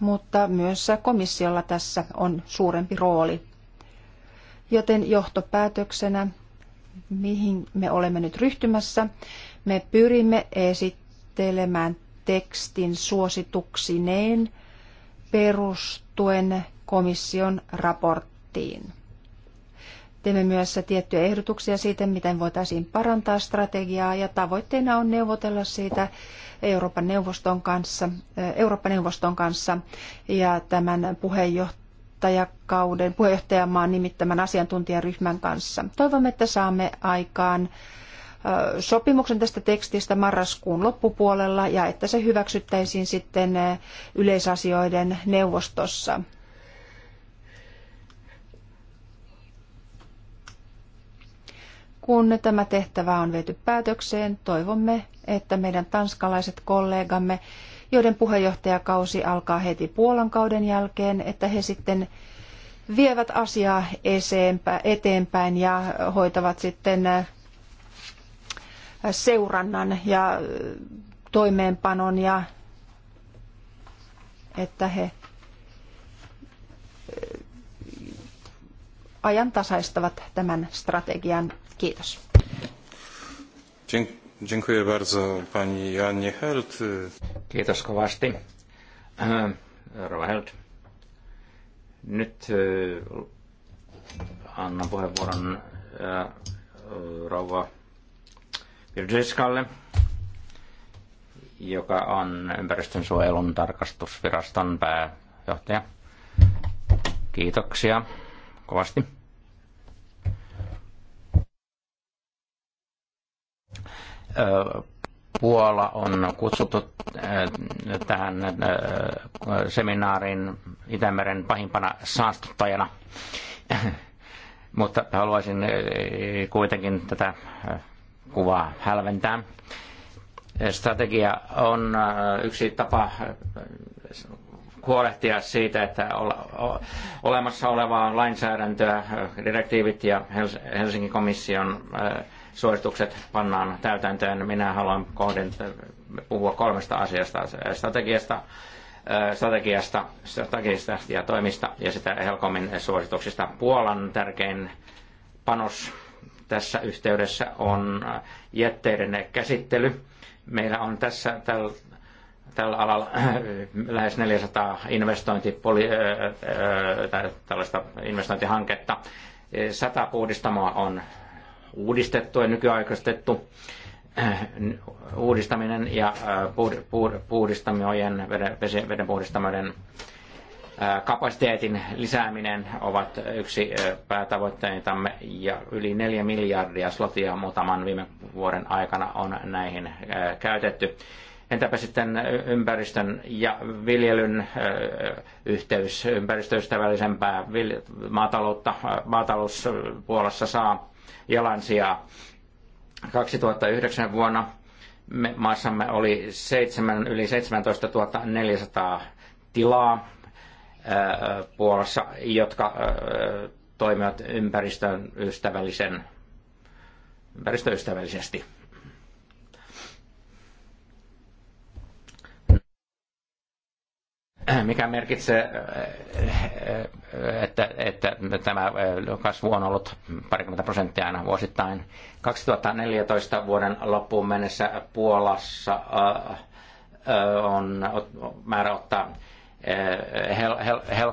[SPEAKER 4] mutta myös komissiolla tässä on suurempi rooli. Joten johtopäätöksenä, mihin me olemme nyt ryhtymässä, me pyrimme esittelemään tekstin suosituksineen perustuen komission raporttiin. Teemme myös tiettyjä ehdotuksia siitä, miten voitaisiin parantaa strategiaa ja tavoitteena on neuvotella siitä Euroopan neuvoston kanssa, eh, Euroopan neuvoston kanssa ja tämän puheenjohtajakauden, puheenjohtajamaan nimittämän asiantuntijaryhmän kanssa. Toivomme, että saamme aikaan eh, sopimuksen tästä tekstistä marraskuun loppupuolella ja että se hyväksyttäisiin sitten eh, yleisasioiden neuvostossa Kun tämä tehtävä on viety päätökseen, toivomme, että meidän tanskalaiset kollegamme, joiden puheenjohtajakausi alkaa heti Puolan kauden jälkeen, että he sitten vievät asiaa eteenpäin ja hoitavat sitten äh, seurannan ja äh, toimeenpanon ja että he äh, ajantasaistavat tämän strategian Kiitos.
[SPEAKER 1] Dziękuję bardzo
[SPEAKER 2] pani Jannie Held. Kiitos kovasti. Äh, Rova Held. Nyt äh, annan puheenvuoron äh, rouva Virgiskalle, joka on ympäristönsuojelun tarkastusviraston pääjohtaja. Kiitoksia kovasti. Puola on kutsuttu tähän seminaariin Itämeren pahimpana saastuttajana. Mutta haluaisin kuitenkin tätä kuvaa hälventää. Strategia on yksi tapa huolehtia siitä, että olemassa olevaa lainsäädäntöä, direktiivit ja Helsingin komission suositukset pannaan täytäntöön. Minä haluan kohdentaa, äh, puhua kolmesta asiasta. Strategiasta, äh, strategiasta, strategiasta ja toimista ja sitä helkomin suosituksista. Puolan tärkein panos tässä yhteydessä on äh, jätteiden käsittely. Meillä on tässä tällä, tällä alalla lähes 400 investointipoli, tällaista investointihanketta. Sata puhdistamoa on uudistettu ja nykyaikaistettu äh, uudistaminen ja äh, puhdistamojen, veden, veden äh, kapasiteetin lisääminen ovat yksi päätavoitteitamme ja yli 4 miljardia slotia muutaman viime vuoden aikana on näihin käytetty. Entäpä sitten ympäristön ja viljelyn yhteys ympäristöystävällisempää maataloutta maatalouspuolessa saa jalansijaa. 2009 vuonna me, maassamme oli 7, yli 17 400 tilaa ää, Puolassa, jotka ää, toimivat ympäristön ystävällisen ympäristöystävällisesti. mikä merkitsee, äh, äh, äh, että, että tämä kasvu on ollut parikymmentä prosenttia aina vuosittain. 2014 vuoden loppuun mennessä Puolassa on määrä ottaa Hel Hel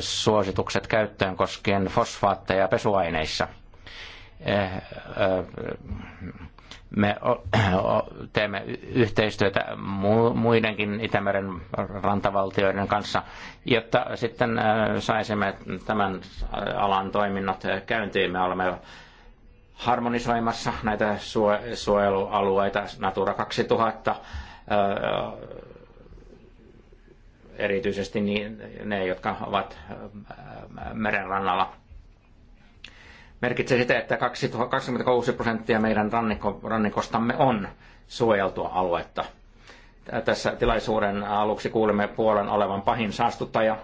[SPEAKER 2] suositukset käyttöön koskien fosfaatteja pesuaineissa me teemme yhteistyötä muidenkin Itämeren rantavaltioiden kanssa, jotta sitten äh, saisimme tämän alan toiminnot käyntiin. Me olemme harmonisoimassa näitä suojelualueita Natura 2000 äh, erityisesti niin, ne, jotka ovat äh, merenrannalla merkitsee sitä, että 26 prosenttia meidän rannikko, rannikostamme on suojeltua aluetta. Tässä tilaisuuden aluksi kuulemme Puolan olevan pahin saastuttaja.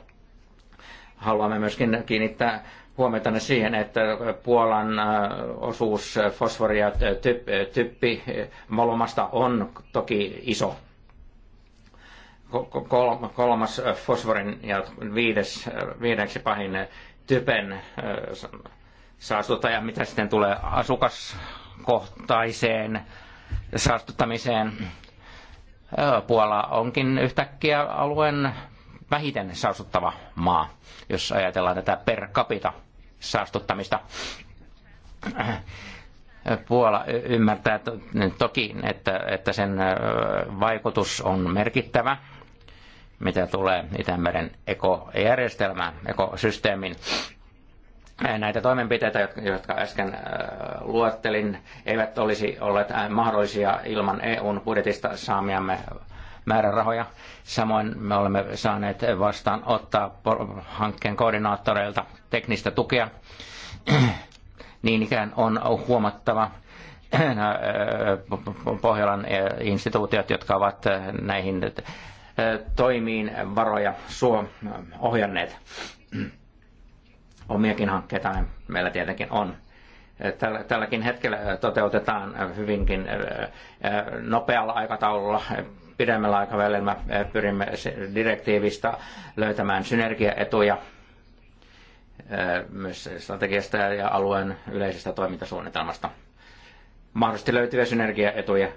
[SPEAKER 2] Haluamme myöskin kiinnittää huomiota siihen, että Puolan osuus fosforia typpi molumasta on toki iso. Kolmas fosforin ja viides, viideksi pahin typen ja mitä sitten tulee asukaskohtaiseen saastuttamiseen. Puola onkin yhtäkkiä alueen vähiten saastuttava maa, jos ajatellaan tätä per capita saastuttamista. Puola ymmärtää toki, että, että sen vaikutus on merkittävä, mitä tulee Itämeren ekojärjestelmään, ekosysteemin näitä toimenpiteitä, jotka äsken luettelin, eivät olisi olleet mahdollisia ilman EUn budjetista saamiamme määrärahoja. Samoin me olemme saaneet vastaan ottaa hankkeen koordinaattoreilta teknistä tukea. Niin ikään on huomattava Pohjolan instituutiot, jotka ovat näihin toimiin varoja suo ohjanneet Omiakin hankkeita niin meillä tietenkin on. Tälläkin hetkellä toteutetaan hyvinkin nopealla aikataululla pidemmällä aikavälillä pyrimme direktiivistä löytämään synergiaetuja myös strategiasta ja alueen yleisestä toimintasuunnitelmasta. Mahdollisesti löytyviä synergiaetuja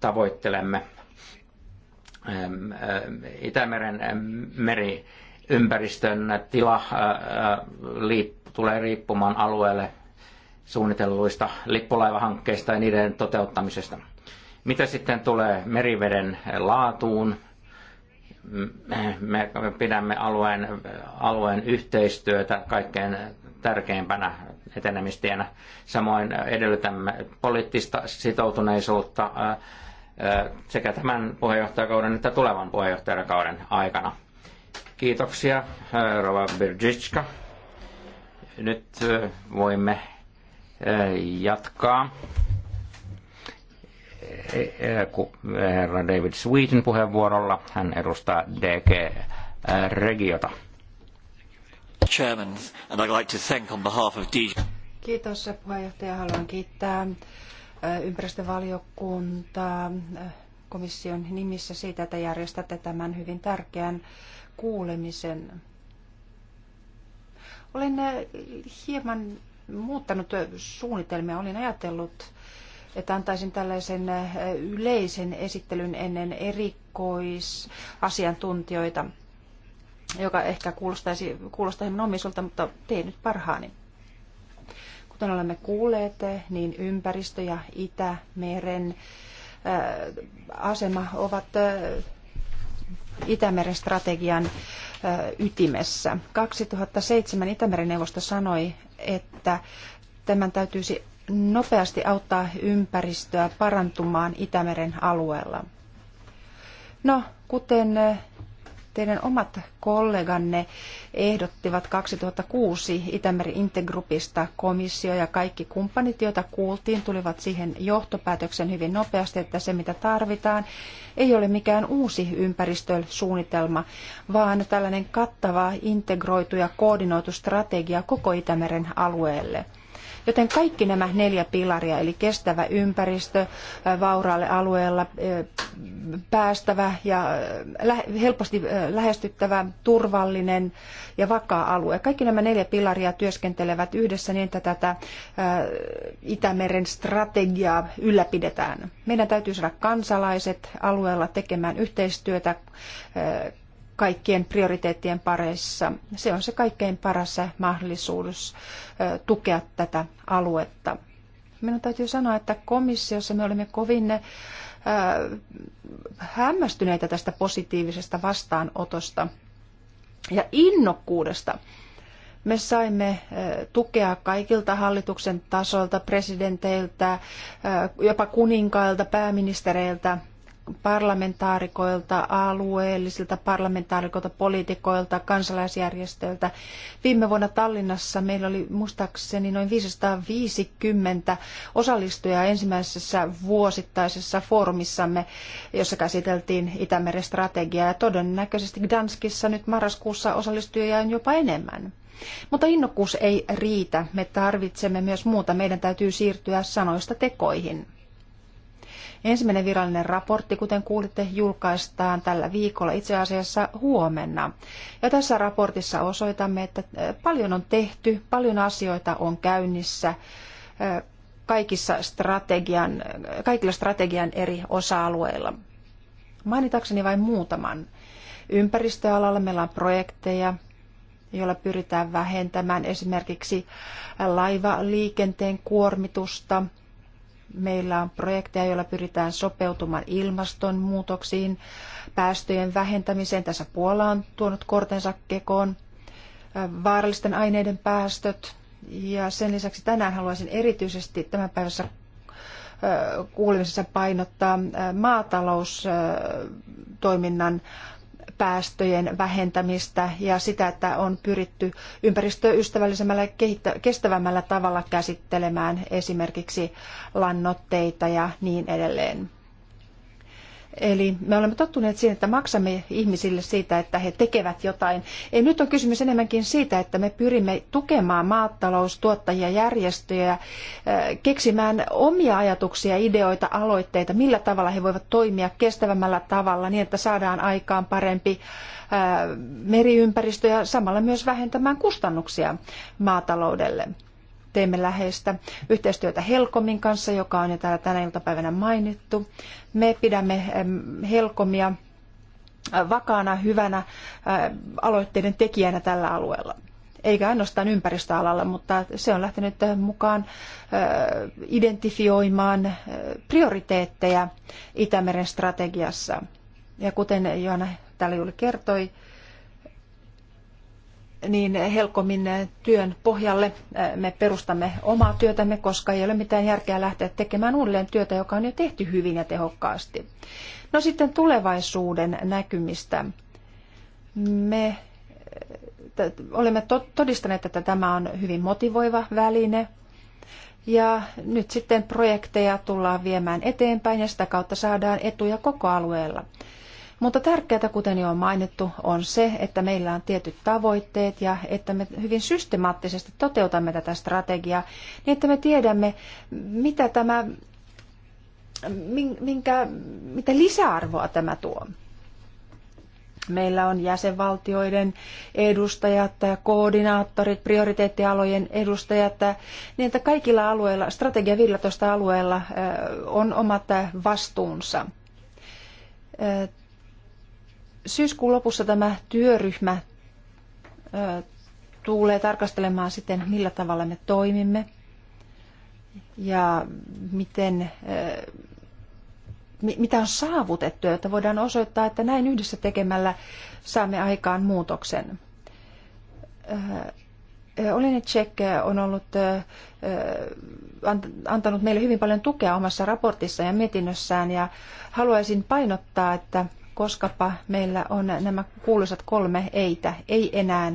[SPEAKER 2] tavoittelemme. Itämeren meri ympäristön tila tulee riippumaan alueelle suunnitelluista lippulaivahankkeista ja niiden toteuttamisesta. Mitä sitten tulee meriveden laatuun? Me pidämme alueen, alueen yhteistyötä kaikkein tärkeimpänä etenemistienä. Samoin edellytämme poliittista sitoutuneisuutta sekä tämän puheenjohtajakauden että tulevan puheenjohtajakauden aikana Kiitoksia, äh, Rova Birgitska. Nyt äh, voimme äh, jatkaa herra David Sweetin puheenvuorolla. Hän edustaa DG Regiota.
[SPEAKER 3] Chairman, and I'd like to thank on behalf of DG.
[SPEAKER 4] Kiitos puheenjohtaja. Haluan kiittää ympäristövaliokuntaa komission nimissä siitä, että järjestätte tämän hyvin tärkeän kuulemisen. Olen äh, hieman muuttanut äh, suunnitelmia. Olin ajatellut, että antaisin tällaisen äh, yleisen esittelyn ennen erikoisasiantuntijoita, joka ehkä kuulostaisi, kuulostaa hieman omisulta, mutta teen nyt parhaani. Kuten olemme kuulleet, niin ympäristö ja Itämeren asema ovat Itämeren strategian ytimessä. 2007 Itämeren neuvosto sanoi, että tämän täytyisi nopeasti auttaa ympäristöä parantumaan Itämeren alueella. No, kuten teidän omat kolleganne ehdottivat 2006 Itämeri Intergrupista komissio ja kaikki kumppanit, joita kuultiin, tulivat siihen johtopäätöksen hyvin nopeasti, että se mitä tarvitaan ei ole mikään uusi ympäristösuunnitelma, vaan tällainen kattava, integroitu ja koordinoitu strategia koko Itämeren alueelle – Joten kaikki nämä neljä pilaria, eli kestävä ympäristö vauraalle alueella, päästävä ja helposti lähestyttävä, turvallinen ja vakaa alue. Kaikki nämä neljä pilaria työskentelevät yhdessä niin, että tätä Itämeren strategiaa ylläpidetään. Meidän täytyy saada kansalaiset alueella tekemään yhteistyötä kaikkien prioriteettien pareissa. Se on se kaikkein paras mahdollisuus tukea tätä aluetta. Minun täytyy sanoa, että komissiossa me olemme kovin äh, hämmästyneitä tästä positiivisesta vastaanotosta ja innokkuudesta. Me saimme tukea kaikilta hallituksen tasolta, presidenteiltä, jopa kuninkailta, pääministereiltä parlamentaarikoilta, alueellisilta parlamentaarikoilta, poliitikoilta, kansalaisjärjestöiltä. Viime vuonna Tallinnassa meillä oli muistaakseni noin 550 osallistujaa ensimmäisessä vuosittaisessa foorumissamme, jossa käsiteltiin Itämeren strategiaa ja todennäköisesti Gdanskissa nyt marraskuussa osallistujia on jopa enemmän. Mutta innokkuus ei riitä. Me tarvitsemme myös muuta. Meidän täytyy siirtyä sanoista tekoihin. Ensimmäinen virallinen raportti, kuten kuulitte, julkaistaan tällä viikolla, itse asiassa huomenna. Ja tässä raportissa osoitamme, että paljon on tehty, paljon asioita on käynnissä kaikissa strategian, kaikilla strategian eri osa-alueilla. Mainitakseni vain muutaman. Ympäristöalalla meillä on projekteja, joilla pyritään vähentämään esimerkiksi laivaliikenteen kuormitusta – Meillä on projekteja, joilla pyritään sopeutumaan ilmastonmuutoksiin, päästöjen vähentämiseen. Tässä Puola on tuonut kortensa kekoon vaarallisten aineiden päästöt. Ja sen lisäksi tänään haluaisin erityisesti tämän päivässä kuulemisessa painottaa maataloustoiminnan päästöjen vähentämistä ja sitä, että on pyritty ympäristöystävällisemmällä ja kestävämmällä tavalla käsittelemään esimerkiksi lannoitteita ja niin edelleen. Eli me olemme tottuneet siihen, että maksamme ihmisille siitä, että he tekevät jotain. Ei, nyt on kysymys enemmänkin siitä, että me pyrimme tukemaan maataloustuottajia, järjestöjä, äh, keksimään omia ajatuksia, ideoita, aloitteita, millä tavalla he voivat toimia kestävämmällä tavalla niin, että saadaan aikaan parempi äh, meriympäristö ja samalla myös vähentämään kustannuksia maataloudelle teemme läheistä yhteistyötä Helkomin kanssa, joka on jo täällä tänä iltapäivänä mainittu. Me pidämme Helkomia vakaana, hyvänä aloitteiden tekijänä tällä alueella. Eikä ainoastaan ympäristöalalla, mutta se on lähtenyt mukaan identifioimaan prioriteetteja Itämeren strategiassa. Ja kuten Johanna täällä juuri kertoi, niin helpommin työn pohjalle me perustamme omaa työtämme, koska ei ole mitään järkeä lähteä tekemään uudelleen työtä, joka on jo tehty hyvin ja tehokkaasti. No sitten tulevaisuuden näkymistä. Me olemme todistaneet, että tämä on hyvin motivoiva väline. Ja nyt sitten projekteja tullaan viemään eteenpäin ja sitä kautta saadaan etuja koko alueella. Mutta tärkeää, kuten jo on mainittu, on se, että meillä on tietyt tavoitteet ja että me hyvin systemaattisesti toteutamme tätä strategiaa niin, että me tiedämme, mitä tämä, minkä, mitä lisäarvoa tämä tuo. Meillä on jäsenvaltioiden edustajat, koordinaattorit, prioriteettialojen edustajat, niin että kaikilla alueilla, strategia 15 alueella on omat vastuunsa syyskuun lopussa tämä työryhmä tulee tarkastelemaan sitten, millä tavalla me toimimme ja miten, mitä on saavutettu, että voidaan osoittaa, että näin yhdessä tekemällä saamme aikaan muutoksen. Olin Tsek on ollut, antanut meille hyvin paljon tukea omassa raportissa ja mietinnössään ja haluaisin painottaa, että koskapa meillä on nämä kuuluisat kolme eitä. Ei enää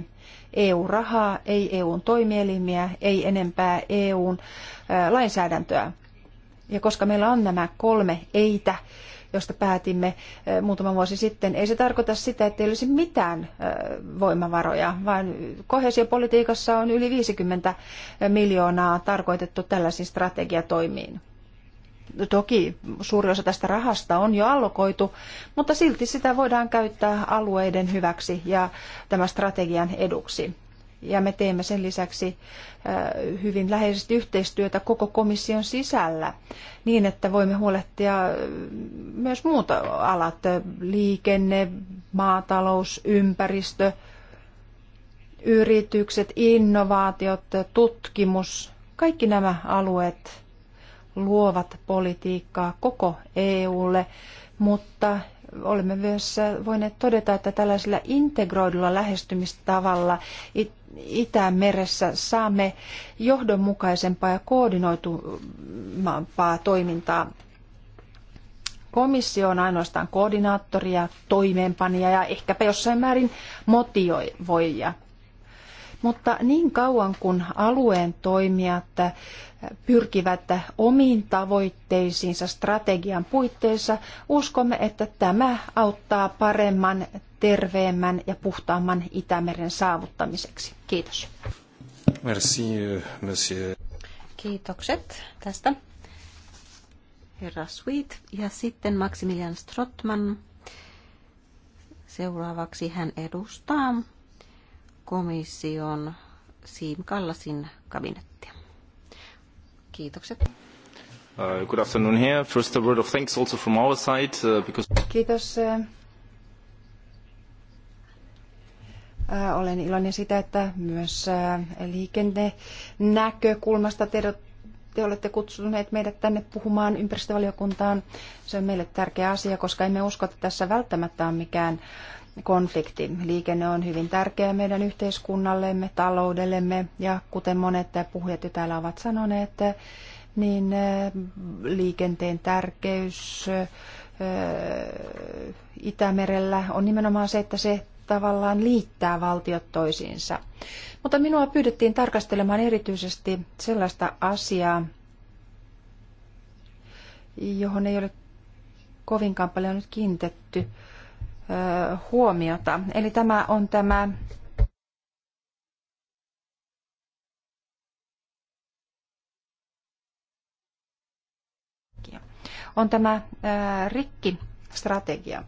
[SPEAKER 4] EU-rahaa, ei EUn toimielimiä, ei enempää EUn lainsäädäntöä. Ja koska meillä on nämä kolme eitä, josta päätimme muutama vuosi sitten, ei se tarkoita sitä, että ei olisi mitään voimavaroja, vaan kohesiopolitiikassa on yli 50 miljoonaa tarkoitettu tällaisiin strategiatoimiin. Toki suuri osa tästä rahasta on jo allokoitu, mutta silti sitä voidaan käyttää alueiden hyväksi ja tämän strategian eduksi. Ja me teemme sen lisäksi äh, hyvin läheisesti yhteistyötä koko komission sisällä niin, että voimme huolehtia äh, myös muut alat, äh, liikenne, maatalous, ympäristö, yritykset, innovaatiot, tutkimus, kaikki nämä alueet luovat politiikkaa koko EUlle, mutta olemme myös voineet todeta, että tällaisella integroidulla lähestymistavalla Itämeressä saamme johdonmukaisempaa ja koordinoitumampaa toimintaa. Komissio on ainoastaan ja toimeenpanija ja ehkäpä jossain määrin motivoija. Mutta niin kauan kun alueen toimijat pyrkivät omiin tavoitteisiinsa strategian puitteissa, uskomme, että tämä auttaa paremman, terveemmän ja puhtaamman Itämeren
[SPEAKER 3] saavuttamiseksi. Kiitos.
[SPEAKER 1] Merci, monsieur.
[SPEAKER 3] Kiitokset tästä. Herra Sweet ja sitten Maximilian Strottman. Seuraavaksi hän edustaa komission Siim Kallasin kabinettia. Kiitokset. Uh,
[SPEAKER 1] good afternoon here. First a word of thanks also from our side uh, because...
[SPEAKER 4] Kiitos. Uh, olen iloinen sitä, että myös liikennenäkökulmasta te, te olette kutsuneet meidät tänne puhumaan ympäristövaliokuntaan. Se on meille tärkeä asia, koska emme usko, että tässä välttämättä on mikään konflikti. Liikenne on hyvin tärkeä meidän yhteiskunnallemme, taloudellemme ja kuten monet puhujat jo täällä ovat sanoneet, niin äh, liikenteen tärkeys äh, Itämerellä on nimenomaan se, että se tavallaan liittää valtiot toisiinsa. Mutta minua pyydettiin tarkastelemaan erityisesti sellaista asiaa, johon ei ole kovinkaan paljon nyt kiinnitetty huomiota. Eli tämä on tämä on tämä rikkistrategia.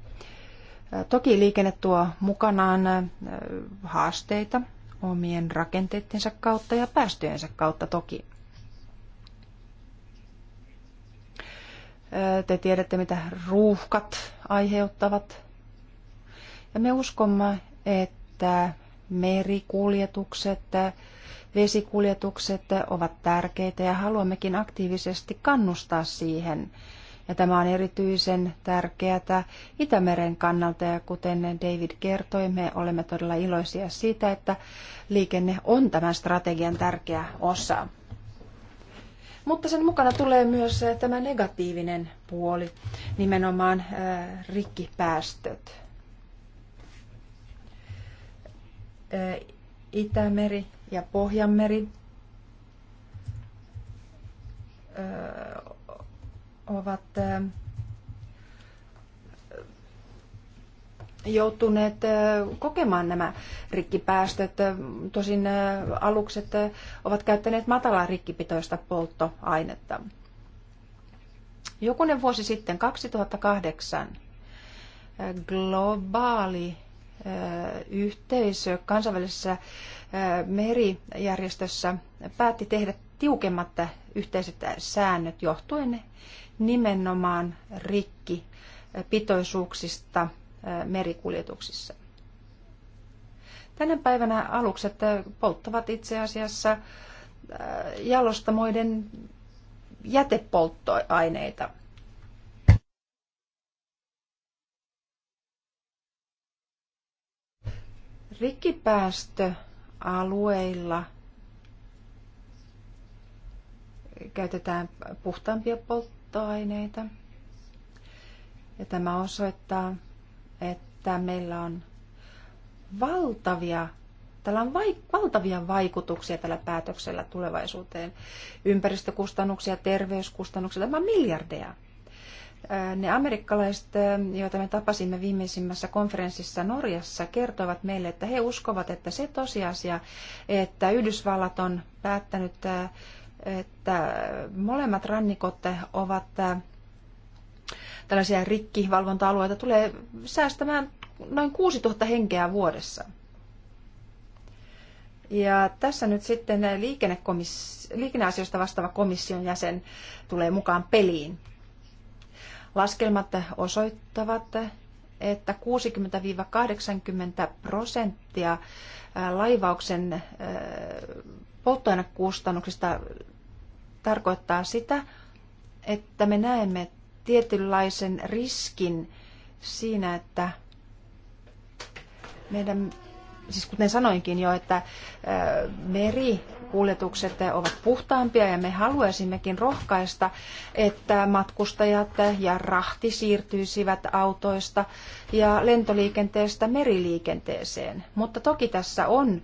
[SPEAKER 4] Toki liikenne tuo mukanaan haasteita omien rakenteittensa kautta ja päästöjensä kautta toki. Te tiedätte, mitä ruuhkat aiheuttavat me uskomme, että merikuljetukset, vesikuljetukset ovat tärkeitä ja haluammekin aktiivisesti kannustaa siihen. Ja tämä on erityisen tärkeää Itämeren kannalta ja kuten David kertoi, me olemme todella iloisia siitä, että liikenne on tämän strategian tärkeä osa. Mutta sen mukana tulee myös eh, tämä negatiivinen puoli, nimenomaan eh, rikkipäästöt. Itämeri ja Pohjanmeri ovat joutuneet kokemaan nämä rikkipäästöt. Tosin alukset ovat käyttäneet matalaa rikkipitoista polttoainetta. Jokunen vuosi sitten, 2008, globaali yhteisö kansainvälisessä merijärjestössä päätti tehdä tiukemmat yhteiset säännöt johtuen nimenomaan rikkipitoisuuksista merikuljetuksissa. Tänä päivänä alukset polttavat itse asiassa jalostamoiden jätepolttoaineita – Rikkipäästöalueilla käytetään puhtaampia polttoaineita. Ja tämä osoittaa, että meillä on valtavia Tällä on vaik- valtavia vaikutuksia tällä päätöksellä tulevaisuuteen. Ympäristökustannuksia, terveyskustannuksia, tämä on miljardeja. Ne amerikkalaiset, joita me tapasimme viimeisimmässä konferenssissa Norjassa, kertoivat meille, että he uskovat, että se tosiasia, että Yhdysvallat on päättänyt, että molemmat rannikot ovat tällaisia rikkivalvonta-alueita, tulee säästämään noin 6000 henkeä vuodessa. Ja tässä nyt sitten liikenneasioista vastaava komission jäsen tulee mukaan peliin. Laskelmat osoittavat, että 60-80 prosenttia laivauksen polttoainekustannuksista tarkoittaa sitä, että me näemme tietynlaisen riskin siinä, että meidän siis kuten sanoinkin jo, että merikuljetukset ovat puhtaampia ja me haluaisimmekin rohkaista, että matkustajat ja rahti siirtyisivät autoista ja lentoliikenteestä meriliikenteeseen. Mutta toki tässä on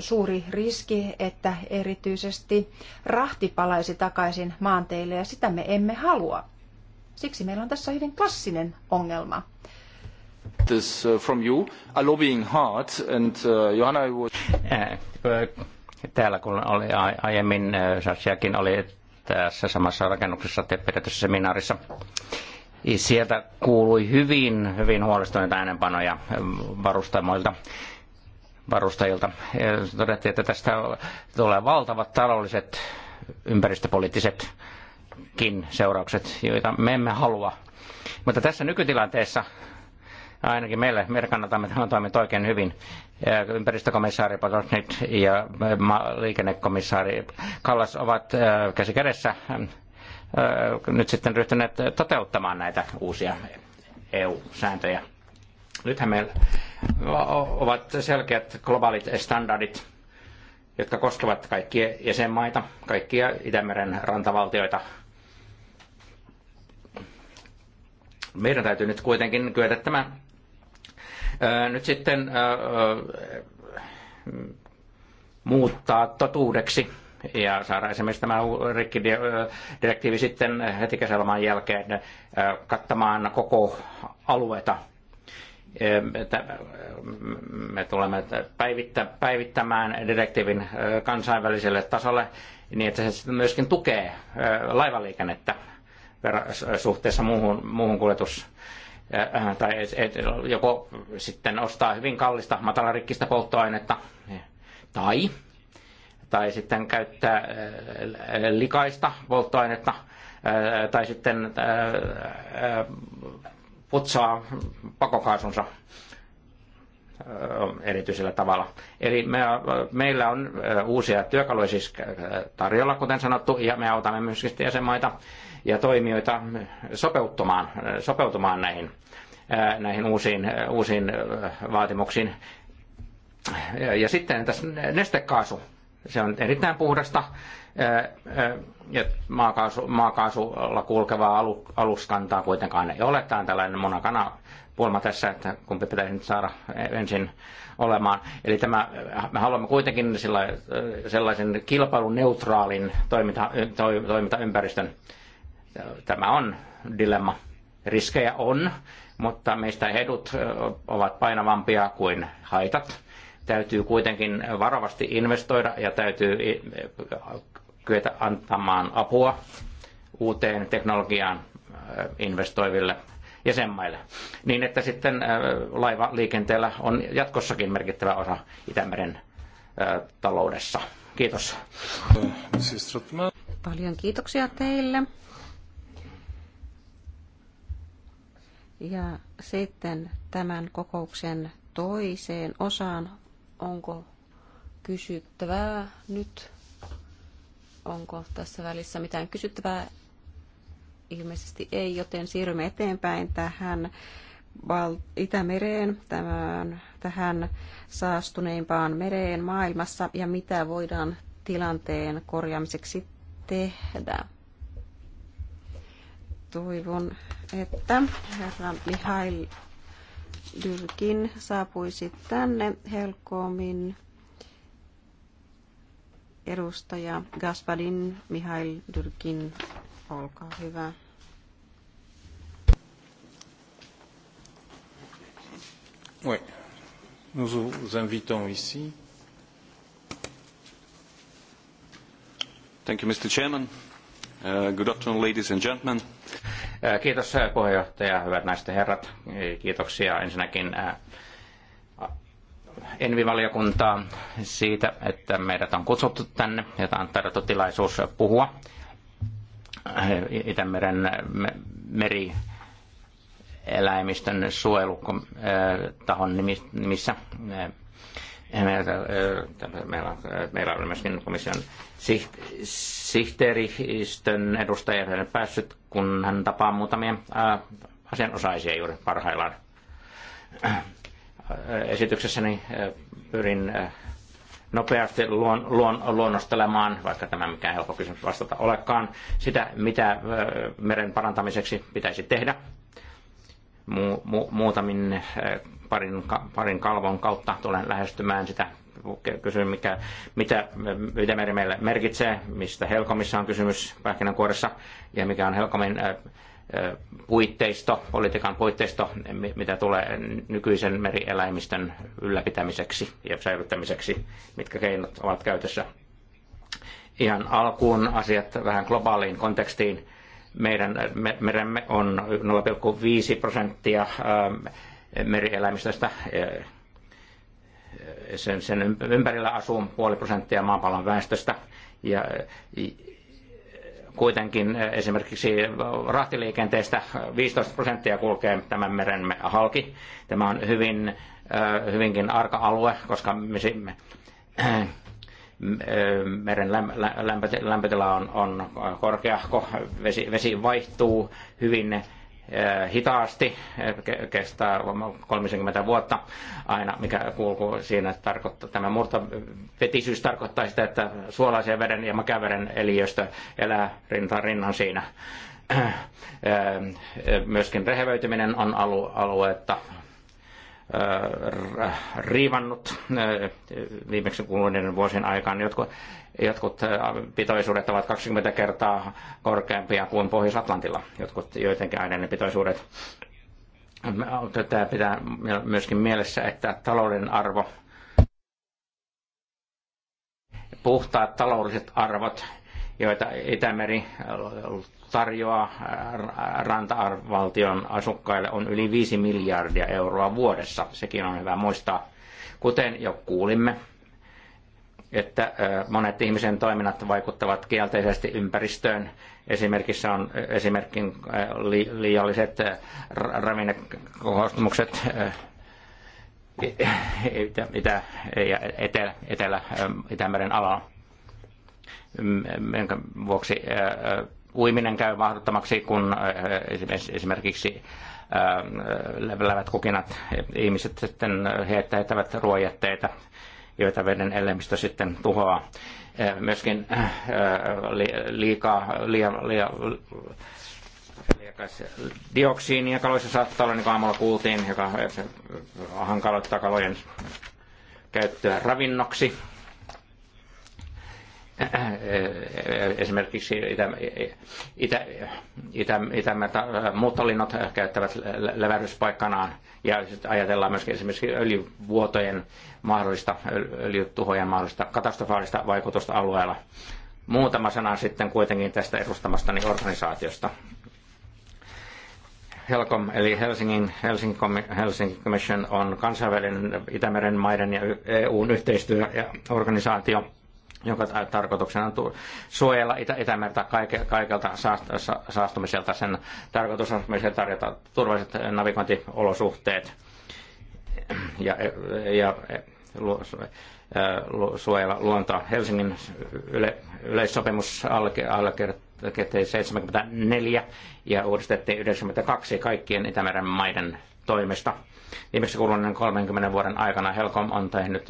[SPEAKER 4] suuri riski, että erityisesti rahti palaisi takaisin maanteille ja sitä me emme halua. Siksi meillä on tässä hyvin klassinen ongelma
[SPEAKER 1] this uh, from you, lobbying hard, and uh, Johanna
[SPEAKER 2] was... Täällä kun oli aiemmin, Sarsiakin oli tässä samassa rakennuksessa pidetyssä seminaarissa, sieltä kuului hyvin, hyvin huolestuneita äänenpanoja varustamoilta varustajilta. Todettiin, että tästä tulee valtavat taloudelliset ympäristöpoliittisetkin seuraukset, joita me emme halua. Mutta tässä nykytilanteessa ainakin meille, meidän kannatamme tämä on toiminut oikein hyvin. Ympäristökomissaari Potosnit ja liikennekomissaari Kallas ovat käsi kädessä nyt sitten ryhtyneet toteuttamaan näitä uusia EU-sääntöjä. Nythän meillä ovat selkeät globaalit standardit, jotka koskevat kaikkia jäsenmaita, kaikkia Itämeren rantavaltioita, meidän täytyy nyt kuitenkin kyetä tämä nyt sitten muuttaa totuudeksi ja saada esimerkiksi tämä rikkidirektiivi sitten heti kesäloman jälkeen kattamaan koko alueita. Me tulemme päivittämään direktiivin kansainväliselle tasolle niin, että se myöskin tukee laivaliikennettä suhteessa muuhun, muuhun Äh, äh, tai joko sitten ostaa hyvin kallista matalarikkistä polttoainetta eh, tai, tai sitten käyttää äh, likaista polttoainetta tai sitten putsaa pakokaasunsa erityisellä tavalla. Eli me, meillä on uusia työkaluja siis tarjolla, kuten sanottu, ja me autamme myöskin jäsenmaita ja toimijoita sopeutumaan, sopeutumaan näihin, näihin uusiin, uusiin vaatimuksiin. Ja sitten tässä nestekaasu, se on erittäin puhdasta ja maakaasu, maakaasulla kulkevaa alu, aluskantaa kuitenkaan ei ole. Tämä on tällainen monakana pulma tässä, että kumpi pitäisi nyt saada ensin olemaan. Eli tämä, me haluamme kuitenkin sellaisen kilpailuneutraalin toiminta, toimintaympäristön Tämä on dilemma. Riskejä on, mutta meistä edut ovat painavampia kuin haitat. Täytyy kuitenkin varovasti investoida ja täytyy kyetä antamaan apua uuteen teknologiaan investoiville jäsenmaille, niin että sitten laivaliikenteellä on jatkossakin merkittävä osa Itämeren taloudessa. Kiitos.
[SPEAKER 3] Paljon kiitoksia teille. Ja sitten tämän kokouksen toiseen osaan, onko kysyttävää nyt? Onko tässä välissä mitään kysyttävää? Ilmeisesti ei, joten siirrymme eteenpäin tähän Itämereen, tämän, tähän saastuneimpaan mereen maailmassa ja mitä voidaan tilanteen korjaamiseksi tehdä toivon, että herra Mihail Dyrkin saapuisi tänne Helkomin edustaja Gaspadin Mihail Dyrkin. Olkaa hyvä.
[SPEAKER 1] Oui. Nous vous invitons ici. Thank you, Mr. Chairman.
[SPEAKER 2] Uh, good afternoon, ladies and gentlemen. Uh, kiitos uh, puheenjohtaja, hyvät naiset ja herrat. Kiitoksia ensinnäkin Envi-valiokuntaa siitä, että meidät on kutsuttu tänne ja on tarjottu tilaisuus puhua Itämeren meri suojelutahon nimissä Meillä, meillä, on, meillä on myöskin komission siht, sihteeristön edustaja päässyt, kun hän tapaa muutamia ää, asianosaisia juuri parhaillaan. Esityksessäni pyrin nopeasti luon, luon, luonnostelemaan, vaikka tämä mikään helppo kysymys vastata olekaan, sitä, mitä meren parantamiseksi pitäisi tehdä – mu, mu, muutamin eh, parin, parin kalvon kautta tulen lähestymään sitä kysyn, mikä, mitä, Ytämeri eh, meille merkitsee, mistä Helkomissa on kysymys pähkinänkuoressa ja mikä on Helkomin eh, puitteisto, politiikan puitteisto, mitä tulee nykyisen merieläimistön ylläpitämiseksi ja säilyttämiseksi, mitkä keinot ovat käytössä. Ihan alkuun asiat vähän globaaliin kontekstiin meidän meremme on 0,5 prosenttia ähm, merieläimistöstä. Äh, sen, sen ympärillä asuu puoli prosenttia maapallon väestöstä. Ja, äh, kuitenkin äh, esimerkiksi rahtiliikenteestä 15 prosenttia kulkee tämän meren halki. Tämä on hyvin, hyvinkin arka alue, koska me, meren lämpötila on, on korkeahko, vesi, vesi vaihtuu hyvin äh, hitaasti, äh, kestää 30 vuotta aina, mikä kuuluu siinä, että tarkoittaa, tämä murtavetisyys tarkoittaa sitä, että suolaisen veden ja makäveren eliöstö elää rintaan rinnan siinä. Äh, myöskin rehevöityminen on alueetta Äh, riivannut äh, viimeksi kuluneiden vuosien aikaan. Jotkut, jotkut äh, pitoisuudet ovat 20 kertaa korkeampia kuin Pohjois-Atlantilla, jotkut joidenkin aineiden pitoisuudet. Tätä pitää myöskin mielessä, että talouden arvo, puhtaat taloudelliset arvot joita Itämeri tarjoaa rantaarvaltion asukkaille, on yli 5 miljardia euroa vuodessa. Sekin on hyvä muistaa. Kuten jo kuulimme, että monet ihmisen toiminnat vaikuttavat kielteisesti ympäristöön. Esimerkissä on esimerkin liialliset ravinnekohostumukset itä, ja etelä, etelä, alalla minkä vuoksi uiminen käy mahdottomaksi, kun esimerkiksi levävät kukinat ihmiset sitten heittävät ruojatteita, joita veden elämistö sitten tuhoaa. Myöskin liikaa, liian, liian, dioksiinia kaloissa saattaa olla, niin kuin aamulla kuultiin, joka hankaloittaa kalojen käyttöä ravinnoksi esimerkiksi itä, itä, itä, itä, muuttolinnat käyttävät levähdyspaikkanaan ja ajatellaan myöskin esimerkiksi öljyvuotojen mahdollista, öljytuhojen mahdollista katastrofaalista vaikutusta alueella. Muutama sana sitten kuitenkin tästä edustamastani organisaatiosta. HELCOM eli Helsingin, Helsingin, Helsingin Commission on kansainvälinen Itämeren maiden ja EUn yhteistyöorganisaatio jonka tarkoituksena on suojella Itä- Itämerta kaikelta saastumiselta. Sen tarkoitus on myös tarjota turvalliset navigointiolosuhteet ja, ja suojella luontoa. Helsingin yle, yleissopimus allekirjoitettiin 74 ja uudistettiin 92 kaikkien Itämeren maiden toimesta Viimeksi kuluneen 30 vuoden aikana Helcom on tehnyt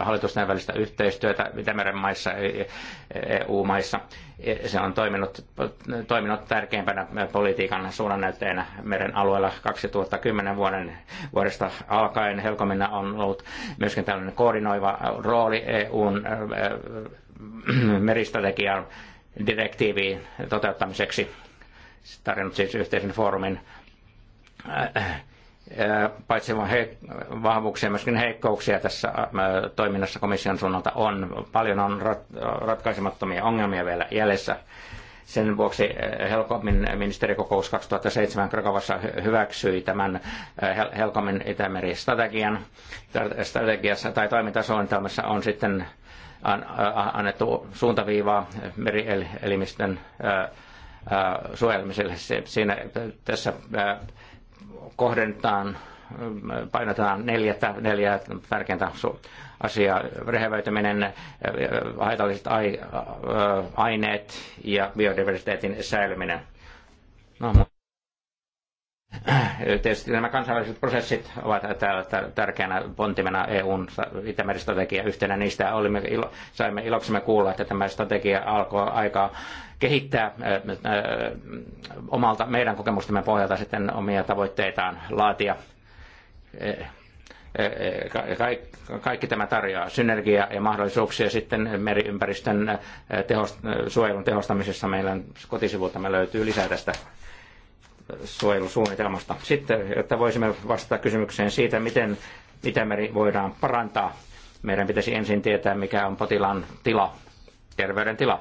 [SPEAKER 2] hallitusten välistä yhteistyötä Itämeren maissa, EU-maissa. E- e e- se on toiminut, toiminut tärkeimpänä politiikan suunnannäytteenä meren alueella 2010 vuoden vuodesta alkaen. Helcomina on ollut myöskin tällainen koordinoiva rooli EUn meristrategian direktiiviin toteuttamiseksi tarjonnut siis yhteisen foorumin paitsi heik- vahvuuksia, myöskin heikkouksia tässä toiminnassa komission suunnalta on. Paljon on ratkaisemattomia ongelmia vielä jäljessä. Sen vuoksi Helcomin ministerikokous 2007 Krakovassa hyväksyi tämän Helcomin Itämeri-strategian. Strategiassa tai toimintasuunnitelmassa on sitten annettu suuntaviivaa merielimistön suojelmiselle. Siinä tässä kohdentaan, painotetaan neljättä, neljää tärkeintä asiaa, rehevöityminen, äh, haitalliset äh, aineet ja biodiversiteetin säilyminen. No, Tietysti nämä kansainväliset prosessit ovat täällä tärkeänä pontimena EUn Itämeri-strategia. Yhtenä niistä olimme, saimme iloksemme kuulla, että tämä strategia alkoi aikaa kehittää omalta meidän kokemustemme pohjalta sitten omia tavoitteitaan laatia e, e, e, kaikki tämä tarjoaa synergiaa ja mahdollisuuksia sitten meriympäristön tehost, suojelun tehostamisessa. Meillä kotisivultamme löytyy lisää tästä suojelusuunnitelmasta. Sitten, jotta voisimme vastata kysymykseen siitä, miten Itämeri voidaan parantaa, meidän pitäisi ensin tietää, mikä on potilaan tila, terveydentila.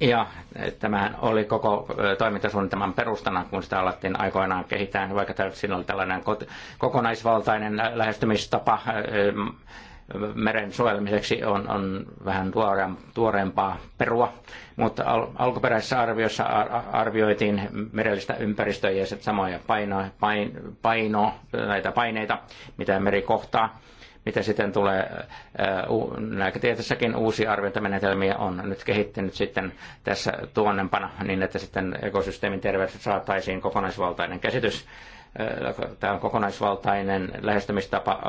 [SPEAKER 2] Ja eh, tämähän oli koko eh, toimintasuunnitelman perustana, kun sitä alettiin aikoinaan kehittää, vaikka siinä oli tällainen kokonaisvaltainen eh, lähestymistapa meren suojelmiseksi on, on vähän tuoreempaa perua, mutta al- alkuperäisessä arviossa arvioitiin merellistä ympäristöä ja samoja paino, pain, paino, näitä paineita, mitä meri kohtaa. Mitä sitten tulee lääketieteessäkin uusi arviointamenetelmiä on nyt kehittynyt sitten tässä tuonnempana niin, että sitten ekosysteemin terveys saataisiin kokonaisvaltainen käsitys tämä kokonaisvaltainen lähestymistapa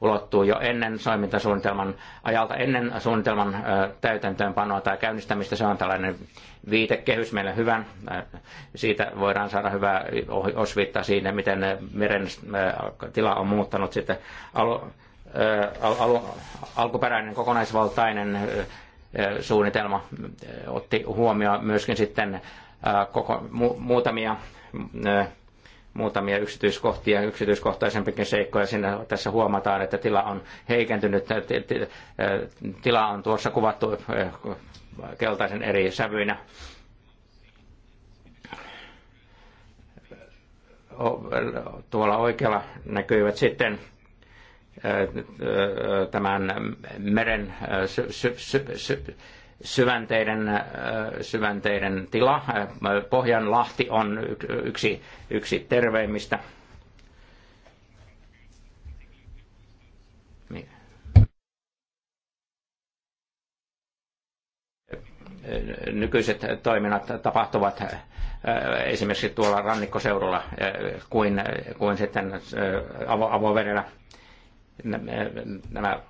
[SPEAKER 2] ulottuu jo ennen soimintasuunnitelman ajalta, ennen suunnitelman täytäntöönpanoa tai käynnistämistä. Se on tällainen viitekehys meille hyvän. Siitä voidaan saada hyvää osviittaa siinä, miten meren tila on muuttanut sitten alu, al, al, alkuperäinen kokonaisvaltainen suunnitelma otti huomioon myöskin sitten koko, mu, muutamia muutamia yksityiskohtia, yksityiskohtaisempikin seikkoja. Siinä tässä huomataan, että tila on heikentynyt. Tila on tuossa kuvattu eh, keltaisen eri sävyinä. Tuolla oikealla näkyvät sitten eh, eh, tämän meren sy- sy- sy- sy- syvänteiden, syvänteiden tila. Pohjanlahti on yksi, yksi terveimmistä. Niin. Nykyiset toiminnat tapahtuvat esimerkiksi tuolla rannikkoseudulla kuin, kuin sitten avo, avovedellä. Nämä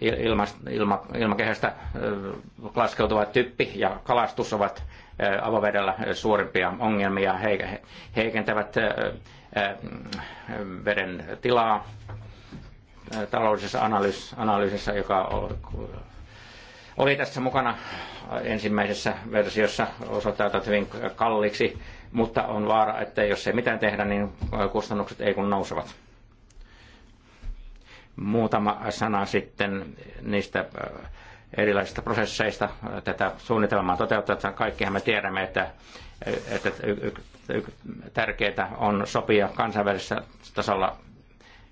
[SPEAKER 2] ilma, ilma, ilmakehästä laskeutuva typpi ja kalastus ovat avovedellä suurimpia ongelmia, heikentävät veden tilaa taloudellisessa analyysissä, joka oli tässä mukana ensimmäisessä versiossa, osoittautunut hyvin kalliiksi, mutta on vaara, että jos ei mitään tehdä, niin kustannukset ei kun nousevat. Muutama sana sitten niistä äh, erilaisista prosesseista tätä suunnitelmaa toteutetaan. Kaikkihan me tiedämme, että, että tärkeää on sopia kansainvälisellä tasolla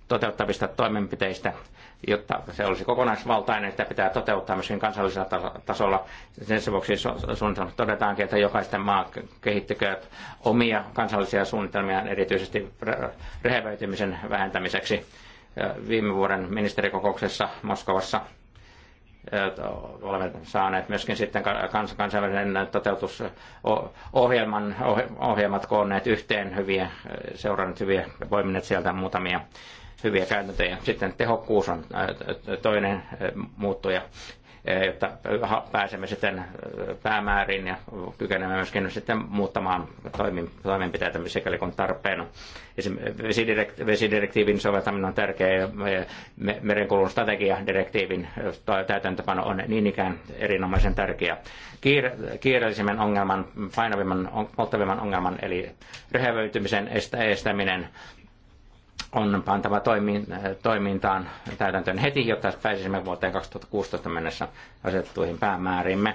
[SPEAKER 2] toteuttavista toimenpiteistä, jotta se olisi kokonaisvaltainen, että pitää toteuttaa myöskin kansallisella tasolla. Sen vuoksi suunnitelmassa todetaankin, että jokaista maa kehittyköö omia kansallisia suunnitelmiaan erityisesti rehevöitymisen vähentämiseksi viime vuoden ministerikokouksessa Moskovassa olemme saaneet myöskin sitten kansainvälisen toteutusohjelman ohjelmat koonneet yhteen hyviä, seurannut hyviä, poimineet sieltä muutamia hyviä käytäntöjä. Sitten tehokkuus on toinen muuttuja. Eh, jotta pääsemme sitten eh, päämääriin ja kykenemme myöskin sitten muuttamaan toimenpiteitä sikäli kun tarpeen on. Vesidirektiivin soveltaminen on tärkeä ja merenkulun strategiadirektiivin eh, täytäntöpano on niin ikään erinomaisen tärkeä. kiireellisimmän ongelman, painavimman, polttavimman ongelman eli rehevöitymisen estäminen on pantava äh, toimintaan täytäntöön heti, jotta pääsisimme vuoteen 2016 mennessä asettuihin päämäärimme.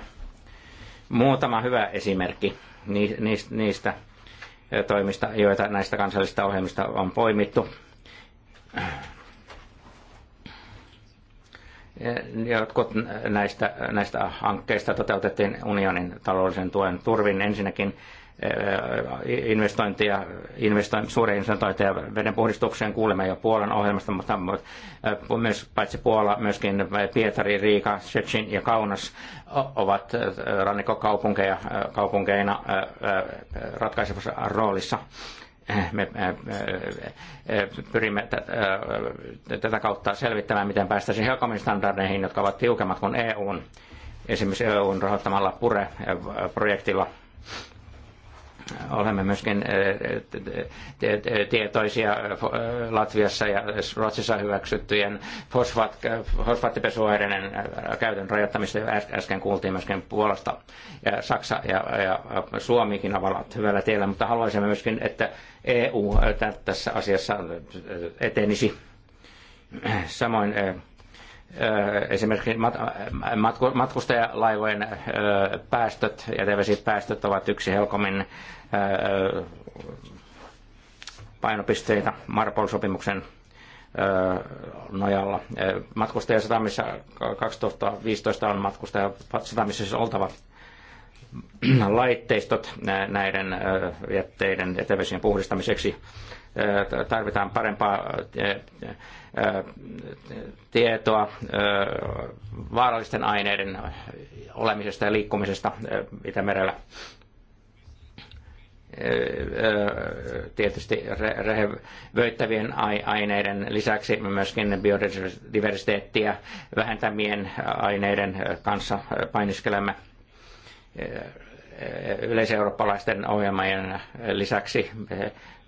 [SPEAKER 2] Muutama hyvä esimerkki niistä äh, toimista, joita näistä kansallisista ohjelmista on poimittu. Äh, jotkut näistä, näistä hankkeista toteutettiin unionin taloudellisen tuen turvin. Ensinnäkin investointeja, eh, investointeja suuria investointeja vedenpuhdistukseen kuulemme jo Puolan ohjelmasta, mutta eh, myös, paitsi Puola, myöskin Pietari, Riika, Szczecin ja Kaunas ovat eh, rannikkokaupunkeja kaupunkeina ratkaisevassa roolissa me pyrimme tätä kautta selvittämään, miten päästäisiin helpommin standardeihin, jotka ovat tiukemmat kuin EUn, esimerkiksi EUn rahoittamalla PURE-projektilla olemme myöskin äh, tietoisia äh, äh, Latviassa ja Ruotsissa hyväksyttyjen fosfaat, fosfaattipesuaineiden käytön rajoittamista, äsken kuultiin myöskin Puolasta. Ja Saksa ja, ja Suomikin ovat hyvällä tiellä, mutta haluaisimme myöskin, että EU tässä asiassa etenisi. Samoin esimerkiksi matkustajalaivojen päästöt, ja päästöt ovat yksi helkommin painopisteitä Marpol-sopimuksen nojalla. Matkustajasatamissa 2015 on matkustajasatamissa siis oltava laitteistot näiden jätteiden jätevesien puhdistamiseksi. Tarvitaan parempaa tietoa vaarallisten aineiden olemisesta ja liikkumisesta Itämerellä tietysti rehevöittävien aineiden lisäksi myöskin biodiversiteettiä vähentämien aineiden kanssa painiskelemme yleiseurooppalaisten ohjelmien lisäksi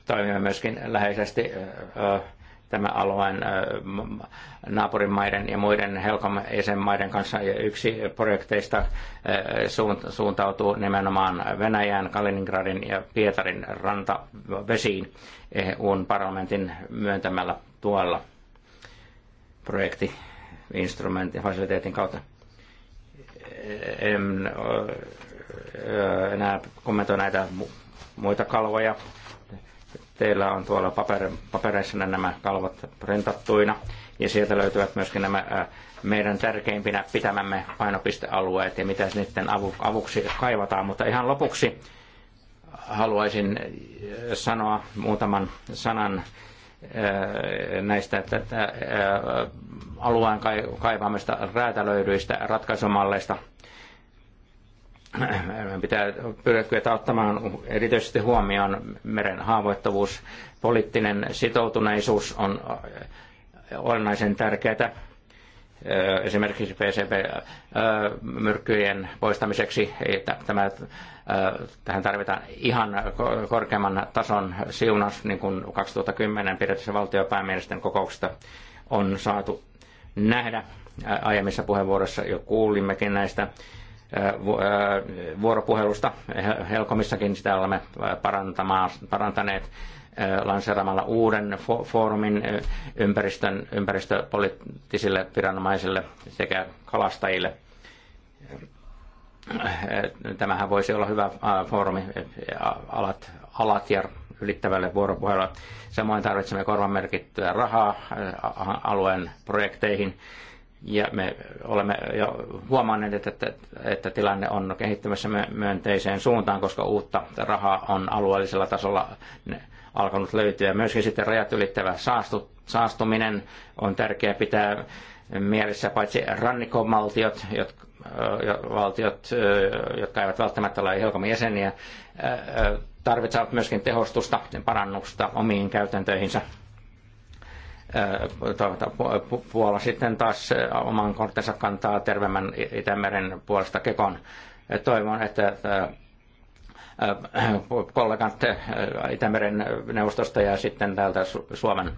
[SPEAKER 2] toimimme myöskin läheisesti tämä alueen naapurimaiden ja muiden helkom jäsenmaiden kanssa. Ja yksi projekteista suuntautuu nimenomaan Venäjään, Kaliningradin ja Pietarin rantavesiin EUn parlamentin myöntämällä tuolla projekti instrumentin fasiliteetin kautta. En enää kommentoi näitä muita kalvoja Teillä on tuolla papereissa nämä kalvot printattuina ja sieltä löytyvät myöskin nämä meidän tärkeimpinä pitämämme painopistealueet ja mitä sitten avu, avuksi kaivataan. Mutta ihan lopuksi haluaisin sanoa muutaman sanan näistä että, alueen kaivaamista räätälöidyistä ratkaisumalleista – pitää pyrkiä ottamaan erityisesti huomioon meren haavoittuvuus. Poliittinen sitoutuneisuus on olennaisen tärkeää esimerkiksi PCB-myrkkyjen poistamiseksi. Tämä, tähän tarvitaan ihan korkeamman tason siunas, niin kuin 2010 pidetyssä valtiopäämiesten kokouksesta on saatu nähdä. Aiemmissa puheenvuoroissa jo kuulimmekin näistä vuoropuhelusta. Helkomissakin sitä olemme parantaneet lanseeramalla uuden foorumin ympäristön, ympäristöpoliittisille viranomaisille sekä kalastajille. Tämähän voisi olla hyvä foorumi alat, alat ja ylittävälle vuoropuhelulle. Samoin tarvitsemme korvamerkittyä rahaa alueen projekteihin ja me olemme jo huomanneet, että, että, että tilanne on kehittymässä myönteiseen suuntaan, koska uutta rahaa on alueellisella tasolla alkanut löytyä. Myöskin sitten rajat ylittävä saastu, saastuminen on tärkeää pitää mielessä paitsi rannikomaltiot, jotka, valtiot, jotka eivät välttämättä ole helkommin jäseniä, tarvitsevat myöskin tehostusta ja parannusta omiin käytäntöihinsä Puola sitten taas oman korttensa kantaa tervemmän Itämeren puolesta kekon. Toivon, että kollegat Itämeren neuvostosta ja sitten täältä Suomen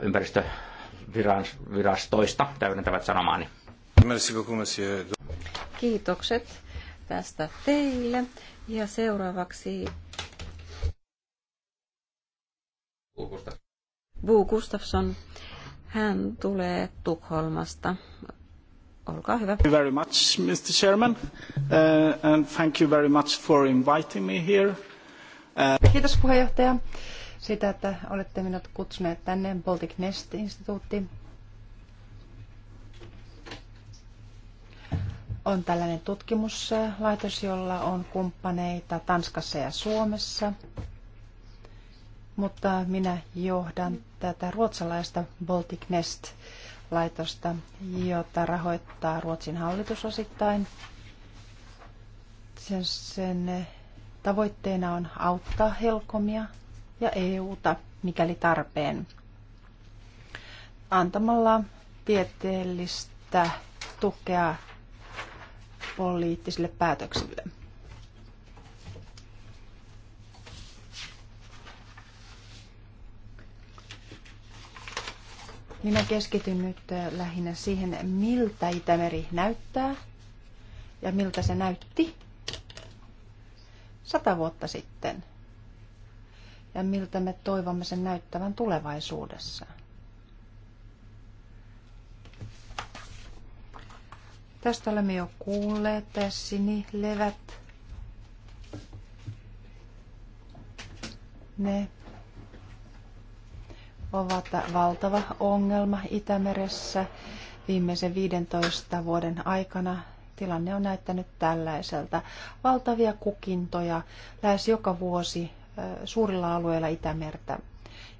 [SPEAKER 2] ympäristövirastoista täydentävät sanomaani.
[SPEAKER 3] Kiitokset tästä teille. Ja seuraavaksi Bo Gustafsson. Hän tulee Tukholmasta. Olkaa hyvä. Thank you very much, Mr. Chairman, uh,
[SPEAKER 2] and thank you very much for inviting me here. Uh...
[SPEAKER 4] Kiitos puheenjohtaja siitä, että olette minut kutsuneet tänne Baltic Nest-instituuttiin. On tällainen tutkimuslaitos, jolla on kumppaneita Tanskassa ja Suomessa mutta minä johdan tätä ruotsalaista Baltic Nest-laitosta, jota rahoittaa Ruotsin hallitus osittain. Sen, sen tavoitteena on auttaa Helkomia ja EUta, mikäli tarpeen, antamalla tieteellistä tukea poliittisille päätöksille. Minä niin keskityn nyt äh, lähinnä siihen, miltä Itämeri näyttää ja miltä se näytti sata vuotta sitten ja miltä me toivomme sen näyttävän tulevaisuudessa. Tästä olemme jo kuulleet, sinilevät, ne ovat valtava ongelma Itämeressä. Viimeisen 15 vuoden aikana tilanne on näyttänyt tällaiselta. Valtavia kukintoja lähes joka vuosi suurilla alueilla Itämertä.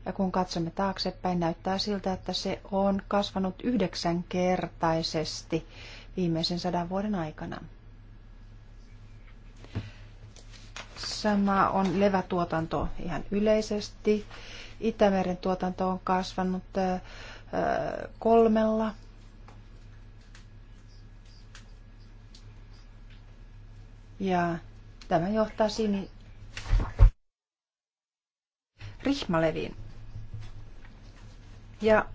[SPEAKER 4] Ja kun katsomme taaksepäin, näyttää siltä, että se on kasvanut yhdeksänkertaisesti viimeisen sadan vuoden aikana. Sama on levätuotanto ihan yleisesti. Itämeren tuotanto on kasvanut kolmella. Ja tämä johtaa sinne rihmaleviin. Ja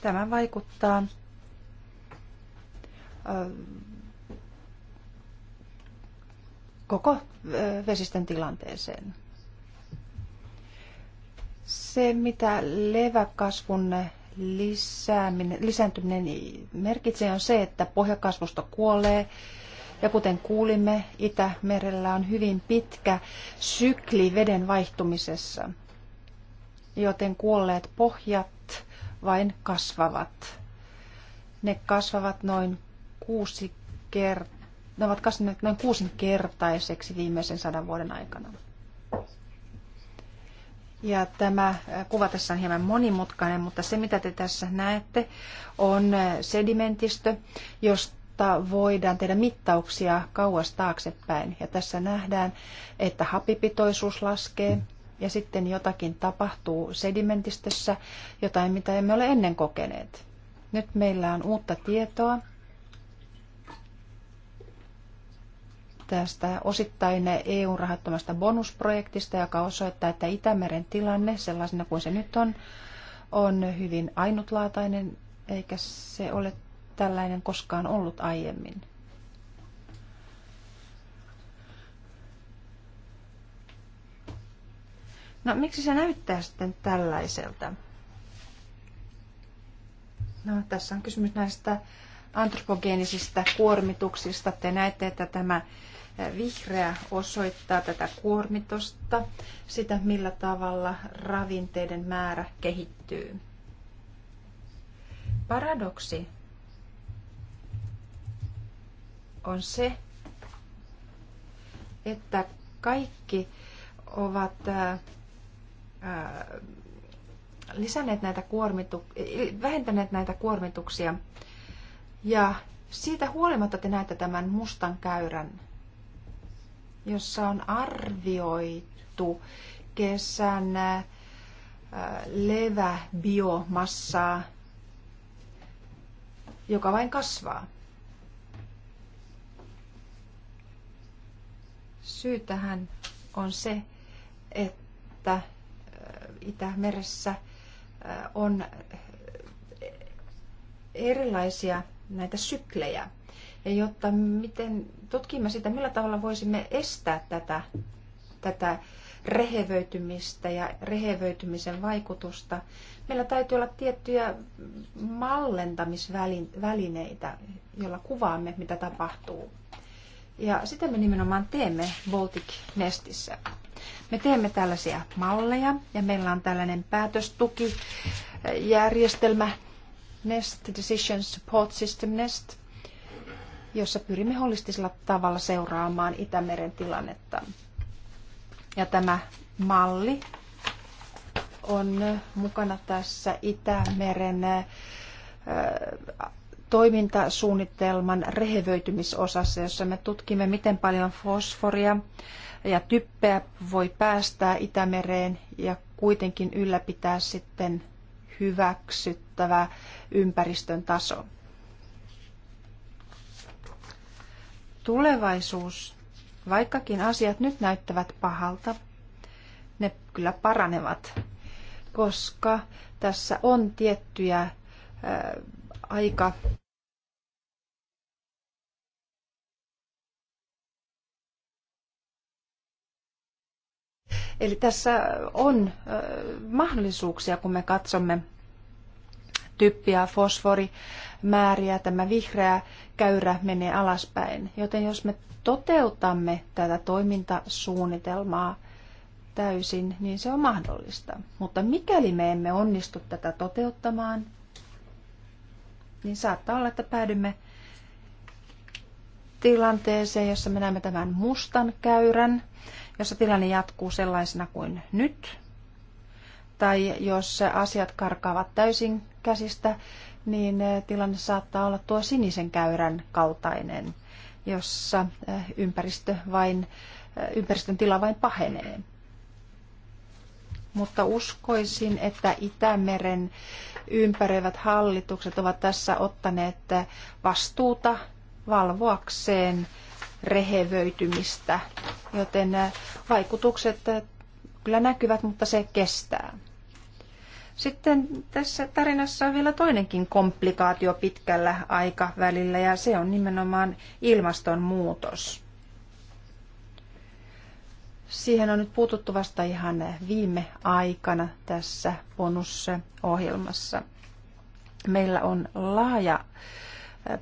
[SPEAKER 4] tämä vaikuttaa koko vesistön tilanteeseen. Se, mitä leväkasvun lisääminen, lisääntyminen merkitsee, on se, että pohjakasvusto kuolee. Ja kuten kuulimme, Itämerellä on hyvin pitkä sykli veden vaihtumisessa, joten kuolleet pohjat vain kasvavat. Ne kasvavat noin kuusi kertaa. Ne ovat kasvaneet noin kuusinkertaiseksi viimeisen sadan vuoden aikana. Ja tämä kuva tässä on hieman monimutkainen, mutta se mitä te tässä näette on sedimentistö, josta voidaan tehdä mittauksia kauas taaksepäin. Ja tässä nähdään, että hapipitoisuus laskee ja sitten jotakin tapahtuu sedimentistössä, jotain mitä emme ole ennen kokeneet. Nyt meillä on uutta tietoa tästä osittain EU-rahoittamasta bonusprojektista, joka osoittaa, että Itämeren tilanne sellaisena kuin se nyt on, on hyvin ainutlaatainen, eikä se ole tällainen koskaan ollut aiemmin. No miksi se näyttää sitten tällaiselta? No, tässä on kysymys näistä antropogeenisista kuormituksista. Te näette, että tämä Vihreä osoittaa tätä kuormitusta, sitä millä tavalla ravinteiden määrä kehittyy. Paradoksi on se, että kaikki ovat lisänneet näitä kuormitu- vähentäneet näitä kuormituksia. Ja siitä huolimatta te näette tämän mustan käyrän jossa on arvioitu kesän äh, leväbiomassaa, joka vain kasvaa. tähän on se, että äh, Itämeressä äh, on erilaisia näitä syklejä. Ja jotta miten tutkimme sitä, millä tavalla voisimme estää tätä, tätä rehevöitymistä ja rehevöitymisen vaikutusta. Meillä täytyy olla tiettyjä mallentamisvälineitä, joilla kuvaamme, mitä tapahtuu. Ja sitä me nimenomaan teemme Baltic Nestissä. Me teemme tällaisia malleja ja meillä on tällainen päätöstukijärjestelmä Nest Decision Support System Nest – jossa pyrimme holistisella tavalla seuraamaan Itämeren tilannetta. Ja tämä malli on mukana tässä Itämeren toimintasuunnitelman rehevöitymisosassa, jossa me tutkimme, miten paljon fosforia ja typpeä voi päästää Itämereen ja kuitenkin ylläpitää sitten hyväksyttävä ympäristön taso. tulevaisuus, vaikkakin asiat nyt näyttävät pahalta, ne kyllä paranevat, koska tässä on tiettyjä äh, aika Eli tässä on mahdollisuuksia, kun me katsomme typpi- ja fosforimääriä, tämä vihreä käyrä menee alaspäin. Joten jos me toteutamme tätä toimintasuunnitelmaa täysin, niin se on mahdollista. Mutta mikäli me emme onnistu tätä toteuttamaan, niin saattaa olla, että päädymme tilanteeseen, jossa me näemme tämän mustan käyrän, jossa tilanne jatkuu sellaisena kuin nyt tai jos asiat karkaavat täysin käsistä, niin eh, tilanne saattaa olla tuo sinisen käyrän kaltainen, jossa eh, ympäristö vain, eh, ympäristön tila vain pahenee. Mutta uskoisin, että Itämeren ympäröivät hallitukset ovat tässä ottaneet vastuuta valvoakseen rehevöitymistä, joten vaikutukset kyllä näkyvät, mutta se kestää. Sitten tässä tarinassa on vielä toinenkin komplikaatio pitkällä aikavälillä ja se on nimenomaan ilmastonmuutos. Siihen on nyt puututtu vasta ihan viime aikana tässä bonusohjelmassa. Meillä on laaja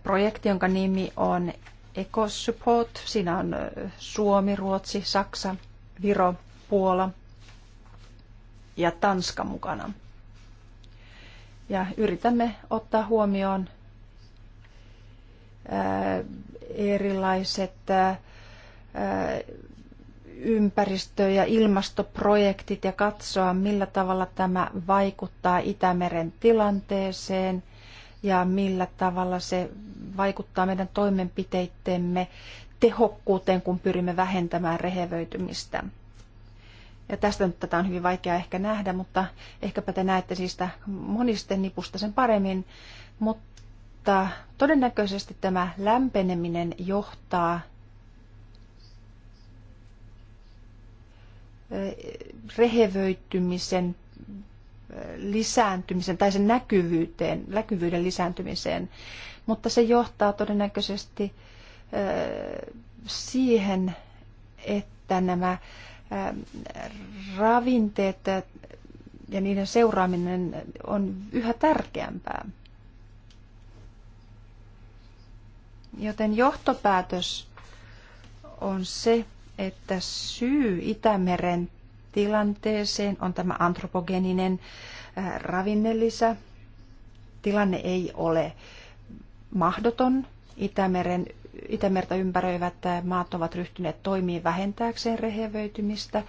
[SPEAKER 4] projekti, jonka nimi on EcoSupport. Siinä on Suomi, Ruotsi, Saksa, Viro, Puola ja Tanska mukana. Ja yritämme ottaa huomioon erilaiset ympäristö- ja ilmastoprojektit ja katsoa, millä tavalla tämä vaikuttaa Itämeren tilanteeseen ja millä tavalla se vaikuttaa meidän toimenpiteittemme tehokkuuteen, kun pyrimme vähentämään rehevöitymistä. Ja tästä nyt tätä on hyvin vaikea ehkä nähdä, mutta ehkäpä te näette siitä monisten nipusta sen paremmin. Mutta todennäköisesti tämä lämpeneminen johtaa rehevöitymisen lisääntymisen tai sen näkyvyyteen, näkyvyyden lisääntymiseen, mutta se johtaa todennäköisesti siihen, että nämä ravinteet ja niiden seuraaminen on yhä tärkeämpää. Joten johtopäätös on se, että syy Itämeren tilanteeseen on tämä antropogeninen äh, ravinnelisä. Tilanne ei ole mahdoton. Itämeren, Itämerta ympäröivät maat ovat ryhtyneet toimiin vähentääkseen rehevöitymistä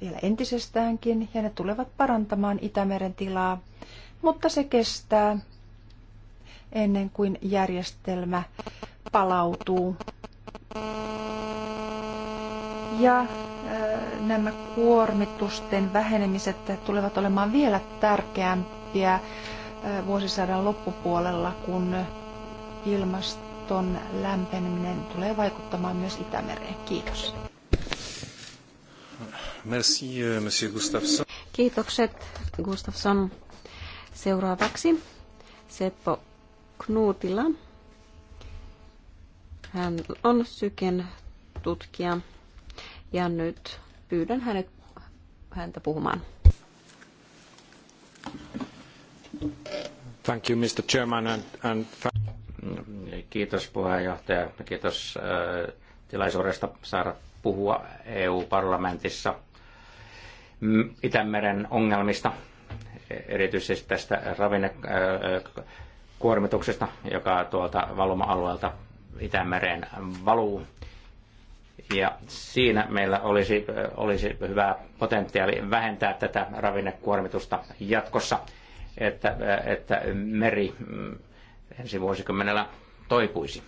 [SPEAKER 4] vielä entisestäänkin ja ne tulevat parantamaan Itämeren tilaa, mutta se kestää ennen kuin järjestelmä palautuu. Ja äh, nämä kuormitusten vähenemiset tulevat olemaan vielä tärkeämpiä äh, vuosisadan loppupuolella, kun ilmaston lämpeneminen tulee vaikuttamaan myös
[SPEAKER 3] Itämereen. Kiitos.
[SPEAKER 1] Merci, euh, monsieur Gustafsson.
[SPEAKER 3] Kiitokset, Gustafsson. Seuraavaksi Seppo Knuutila. Hän on syken tutkija ja nyt pyydän hänet, häntä puhumaan.
[SPEAKER 2] Thank you, Mr. Chairman, and, and... Kiitos puheenjohtaja. Kiitos äh, tilaisuudesta saada puhua EU-parlamentissa Itämeren ongelmista, erityisesti tästä ravinnekuormituksesta, äh, joka tuolta valuma-alueelta Itämereen valuu. Ja siinä meillä olisi, äh, olisi hyvä potentiaali vähentää tätä ravinnekuormitusta jatkossa, että, että meri mm, ensi vuosikymmenellä toipuisi.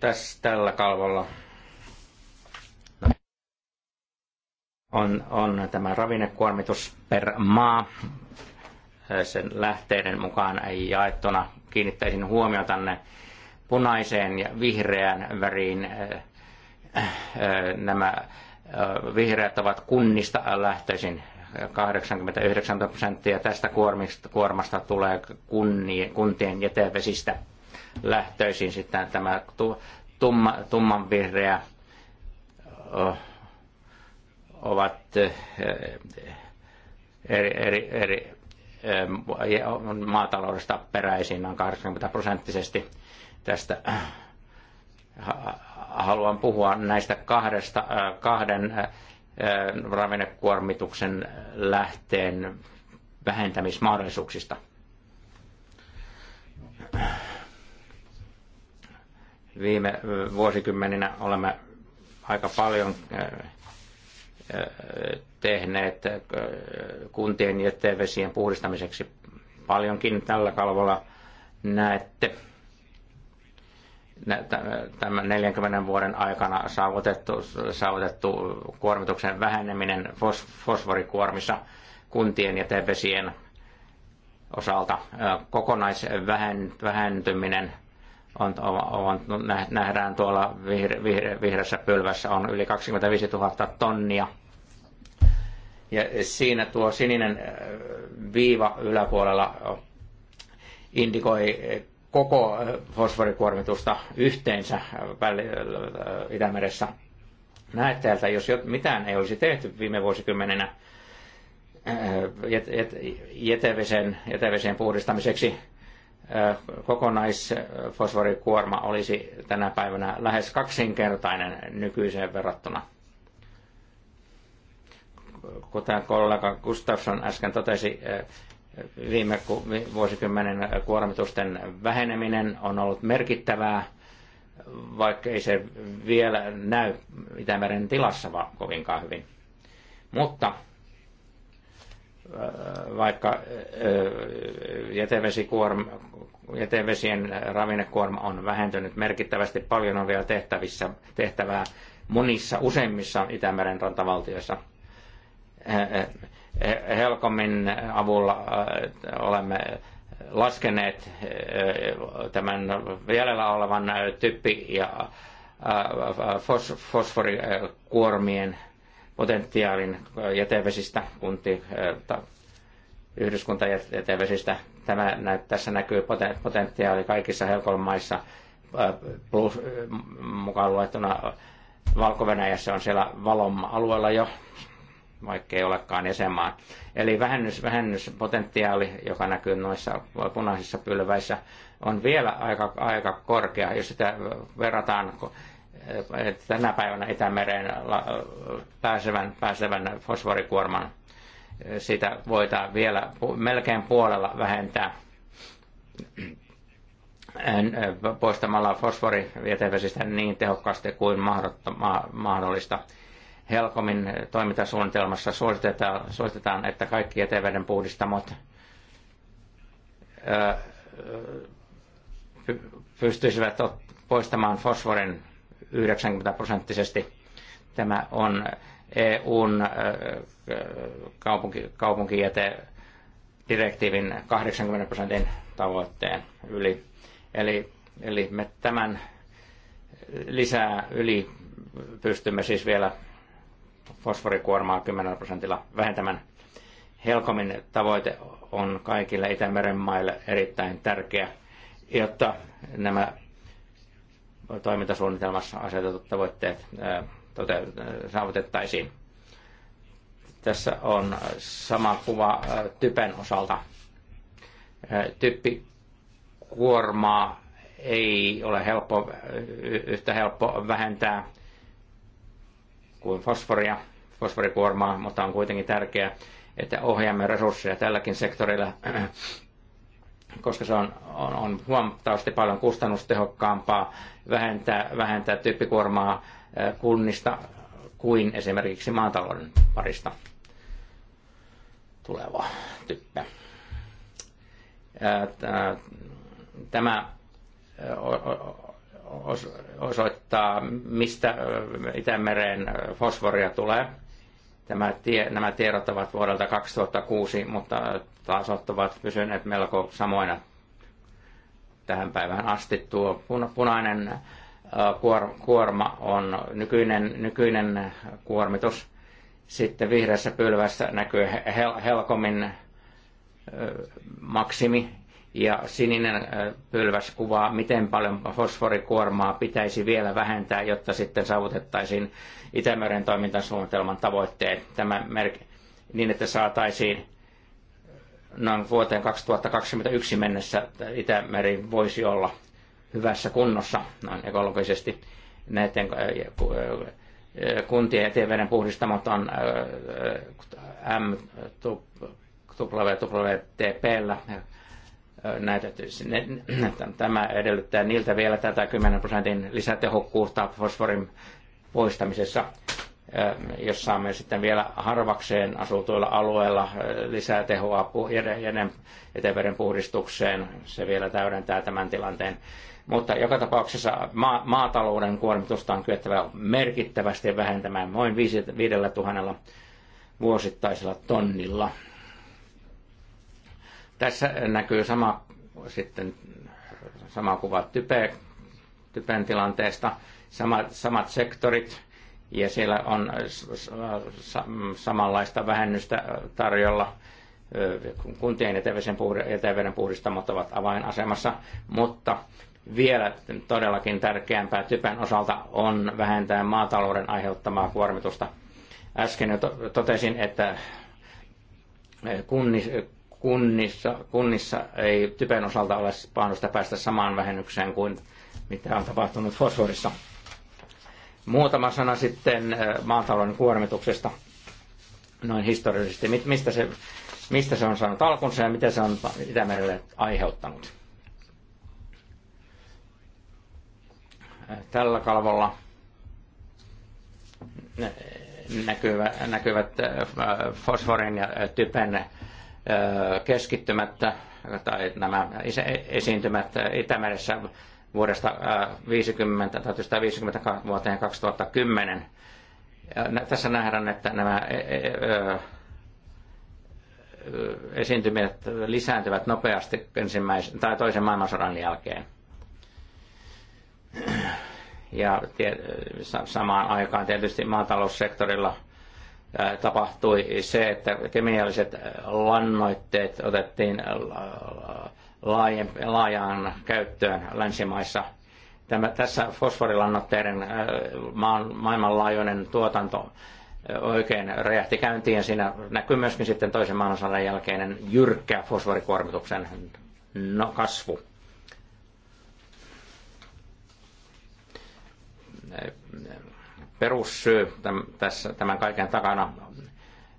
[SPEAKER 2] Tässä tällä kalvolla on, on tämä ravinnekuormitus per maa sen lähteiden mukaan ei jaettuna. Kiinnittäisin huomiota tänne punaiseen ja vihreään väriin. Nämä vihreät ovat kunnista lähtöisin 89 prosenttia tästä kuormista, kuormasta tulee kunnien kuntien jätevesistä lähtöisin sitten tämä tumma, tummanvihreä ovat eri, eri, eri maataloudesta peräisin noin 80 prosenttisesti tästä haluan puhua näistä kahdesta, kahden ravinnekuormituksen lähteen vähentämismahdollisuuksista. Viime vuosikymmeninä olemme aika paljon tehneet kuntien jätevesien puhdistamiseksi paljonkin tällä kalvolla näette tämän 40 vuoden aikana saavutettu, saavutettu kuormituksen väheneminen fos, fosforikuormissa kuntien ja tevesien osalta. Kokonaisvähentyminen on, on, on, nähdään tuolla vihre, vihre, vihreässä pylvässä on yli 25 000 tonnia. Ja siinä tuo sininen viiva yläpuolella indikoi koko äh, fosforikuormitusta yhteensä äh, äh, Itämeressä. Näetteeltä, jos mitään ei olisi tehty viime vuosikymmenenä jätevesen, jätevesen puhdistamiseksi, kokonaisfosforikuorma olisi tänä päivänä lähes kaksinkertainen nykyiseen verrattuna. Kuten kollega Gustafsson äsken totesi, Viime vuosikymmenen kuormitusten väheneminen on ollut merkittävää, vaikka ei se vielä näy Itämeren tilassa vaan kovinkaan hyvin. Mutta vaikka jätevesien ravinnekuorma on vähentynyt merkittävästi, paljon on vielä tehtävissä, tehtävää monissa useimmissa Itämeren rantavaltioissa. Helkomin avulla äh, olemme laskeneet äh, tämän jäljellä olevan äh, typpi- ja fosforikuormien potentiaalin jätevesistä, kunti, yhdyskuntajätevesistä. Tämä, tässä näkyy potentiaali kaikissa Helkon maissa, plus mukaan luettuna valko on siellä valon alueella jo vaikkei olekaan jäsenmaa. Eli vähennys, vähennyspotentiaali, joka näkyy noissa punaisissa pylväissä, on vielä aika, aika korkea, jos sitä verrataan eh, tänä päivänä Itämereen pääsevän, pääsevän fosforikuorman. Sitä voidaan vielä melkein puolella vähentää eh, poistamalla fosforivietevesistä niin tehokkaasti kuin mahdollista Helkomin toimintasuunnitelmassa suositetaan, suositetaan että kaikki jäteveden puhdistamot pystyisivät poistamaan fosforin 90 prosenttisesti. Tämä on EUn kaupunki, kaupunkijätedirektiivin 80 prosentin tavoitteen yli. Eli, eli me tämän lisää yli pystymme siis vielä fosforikuormaa 10 prosentilla vähentämään. Helkomin tavoite on kaikille Itämeren maille erittäin tärkeä, jotta nämä toimintasuunnitelmassa asetetut tavoitteet saavutettaisiin. Tässä on sama kuva typen osalta. Typpi kuormaa ei ole helppo, yhtä helppo vähentää kuin fosforia, fosforikuormaa, mutta on kuitenkin tärkeää, että ohjaamme resursseja tälläkin sektorilla, koska se on, on, on huomattavasti paljon kustannustehokkaampaa vähentää, vähentää tyyppikuormaa kunnista kuin esimerkiksi maatalouden parista tuleva typpä. Tämä osoittaa, mistä Itämeren fosforia tulee. Tämä tie, nämä tiedot ovat vuodelta 2006, mutta taas ovat pysyneet melko samoina tähän päivään asti. Tuo punainen kuorma on nykyinen, nykyinen kuormitus. Sitten vihreässä pylvässä näkyy helkomin maksimi, ja sininen pylväs kuvaa, miten paljon fosforikuormaa pitäisi vielä vähentää, jotta sitten saavutettaisiin Itämeren toimintasuunnitelman tavoitteet. Tämä merk, niin, että saataisiin noin vuoteen 2021 mennessä Itämeri voisi olla hyvässä kunnossa noin ekologisesti näiden kuntien jäteveden puhdistamot on MWTPllä näytetyissä. Tämä edellyttää niiltä vielä tätä 10 prosentin lisätehokkuutta fosforin poistamisessa jos saamme sitten vielä harvakseen asutuilla alueilla lisää tehoa jäteveden puhdistukseen. Se vielä täydentää tämän tilanteen. Mutta joka tapauksessa ma- maatalouden kuormitusta on kyettävä merkittävästi vähentämään noin 5000 vuosittaisella tonnilla. Tässä näkyy sama, sitten, sama kuva type, typen tilanteesta, samat, samat sektorit, ja siellä on samanlaista vähennystä tarjolla. Kuntien jäteveden puhdistamot ovat avainasemassa, mutta vielä todellakin tärkeämpää typen osalta on vähentää maatalouden aiheuttamaa kuormitusta. Äsken jo totesin, että kunnissa, kunnissa ei typen osalta ole mahdollista päästä samaan vähennykseen kuin mitä on tapahtunut fosforissa. Muutama sana sitten eh, maatalouden kuormituksesta noin historiallisesti. Mistä se, mistä se on saanut alkunsa ja mitä se on Itämerelle aiheuttanut? Tällä kalvolla näkyvät, näkyvät eh, fosforin ja typen keskittymättä tai nämä esiintymät Itämeressä vuodesta 50, 1950 vuoteen 2010. Tässä nähdään, että nämä e- e- esiintymät lisääntyvät nopeasti ensimmäisen tai toisen maailmansodan jälkeen. Ja samaan aikaan tietysti maataloussektorilla – tapahtui se, että kemialliset lannoitteet otettiin laajaan käyttöön länsimaissa. Tämä, tässä fosforilannoitteiden maailmanlaajuinen tuotanto oikein räjähti käyntiin ja siinä näkyy myöskin sitten toisen maailmansodan jälkeinen jyrkkä fosforikuormituksen no, kasvu perussyy tässä, tämän kaiken takana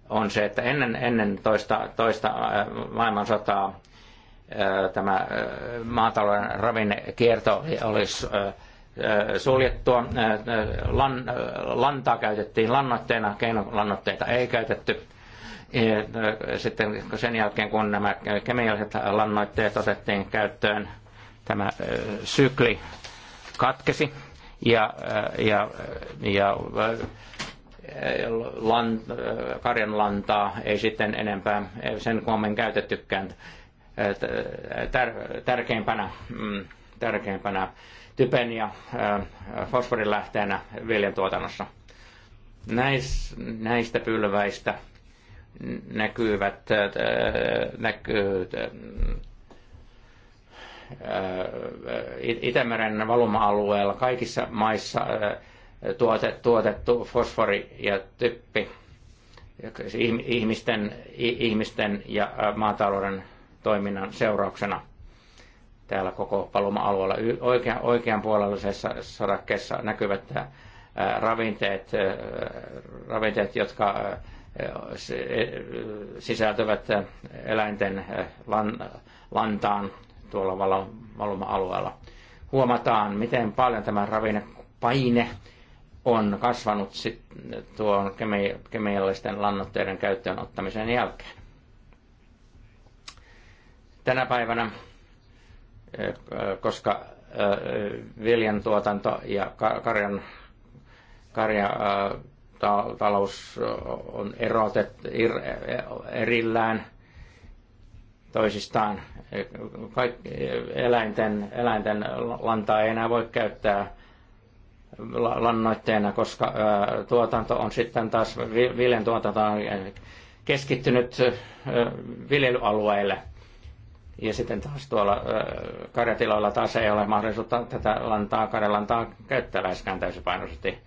[SPEAKER 2] on se, että ennen, ennen toista, toista äh, maailmansotaa äh, tämä äh, maatalouden ravinnekierto olisi suljettua. Lan, lantaa käytettiin lannoitteena, keinolannoitteita ei käytetty. Sitten sen jälkeen, kun nämä kemialliset lannoitteet otettiin käyttöön, tämä sykli katkesi ja, äh, ja, äh, ja äh, lan, karjanlantaa ei sitten enempää sen kuommen käytettykään tär, tärkeimpänä, mm, tärkeimpänä typen ja fosforin lähteenä viljantuotannossa. Näis, näistä pylväistä näkyvät, näkyy Itämeren valuma-alueella kaikissa maissa tuotettu, fosfori ja typpi ihmisten, ihmisten ja maatalouden toiminnan seurauksena täällä koko paluma-alueella. Oikean, oikean puolellisessa näkyvät ravinteet, ravinteet jotka e, sisältyvät eläinten lantaan tuolla valuma-alueella. Huomataan, miten paljon tämä ravinnepaine on kasvanut sit tuon kemiallisten lannoitteiden käyttöön ottamisen jälkeen. Tänä päivänä, eh, koska eh, viljan tuotanto ja karjan, karja, eh, talous on erotettu erillään, toisistaan. Kaik, eläinten, eläinten lantaa ei enää voi käyttää lannoitteena, koska tuotanto on sitten taas, viljen tuotanto on keskittynyt viljelyalueille. Ja sitten taas tuolla karjatiloilla taas ei ole mahdollisuutta tätä lantaa, karjalantaa käyttää läheskään täysipainoisesti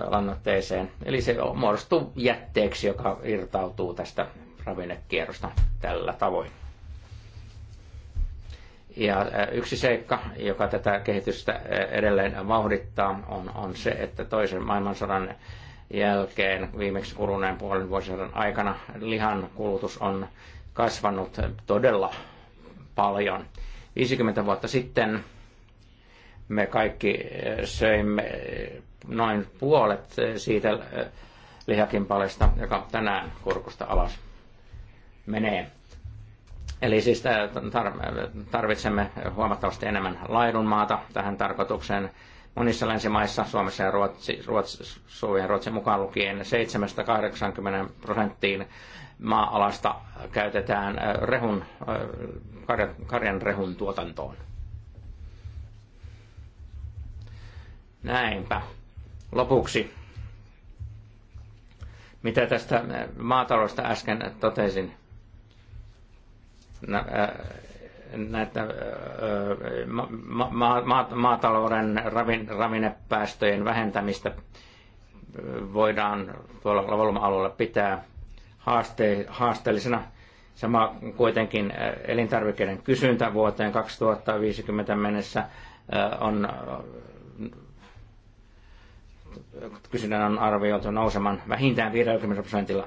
[SPEAKER 2] lannoitteeseen. Eli se muodostuu jätteeksi, joka irtautuu tästä ravinnekierrosta tällä tavoin. Ja yksi seikka, joka tätä kehitystä edelleen vauhdittaa, on, on se, että toisen maailmansodan jälkeen viimeksi kuluneen puolen vuosisadan aikana lihan kulutus on kasvanut todella paljon. 50 vuotta sitten me kaikki eh, söimme eh, noin puolet eh, siitä lihakimpalesta, joka tänään kurkusta alas menee. Eli siis tarvitsemme huomattavasti enemmän laidunmaata tähän tarkoitukseen. Monissa länsimaissa, Suomessa ja Ruotsi, Ruotsi, Suomi ja Ruotsi mukaan lukien, 7-80 prosenttiin maa-alasta käytetään rehun, karjan rehun tuotantoon. Näinpä. Lopuksi, mitä tästä äh, maataloista äsken totesin, äh, näitä äh, ma- ma- ma- maatalouden ravin- ravinnepäästöjen vähentämistä voidaan tuolla valuma-alueella pitää haaste- haasteellisena. Sama kuitenkin elintarvikkeiden kysyntä vuoteen 2050 mennessä on kysynnän on arvioitu nouseman vähintään 50 prosentilla.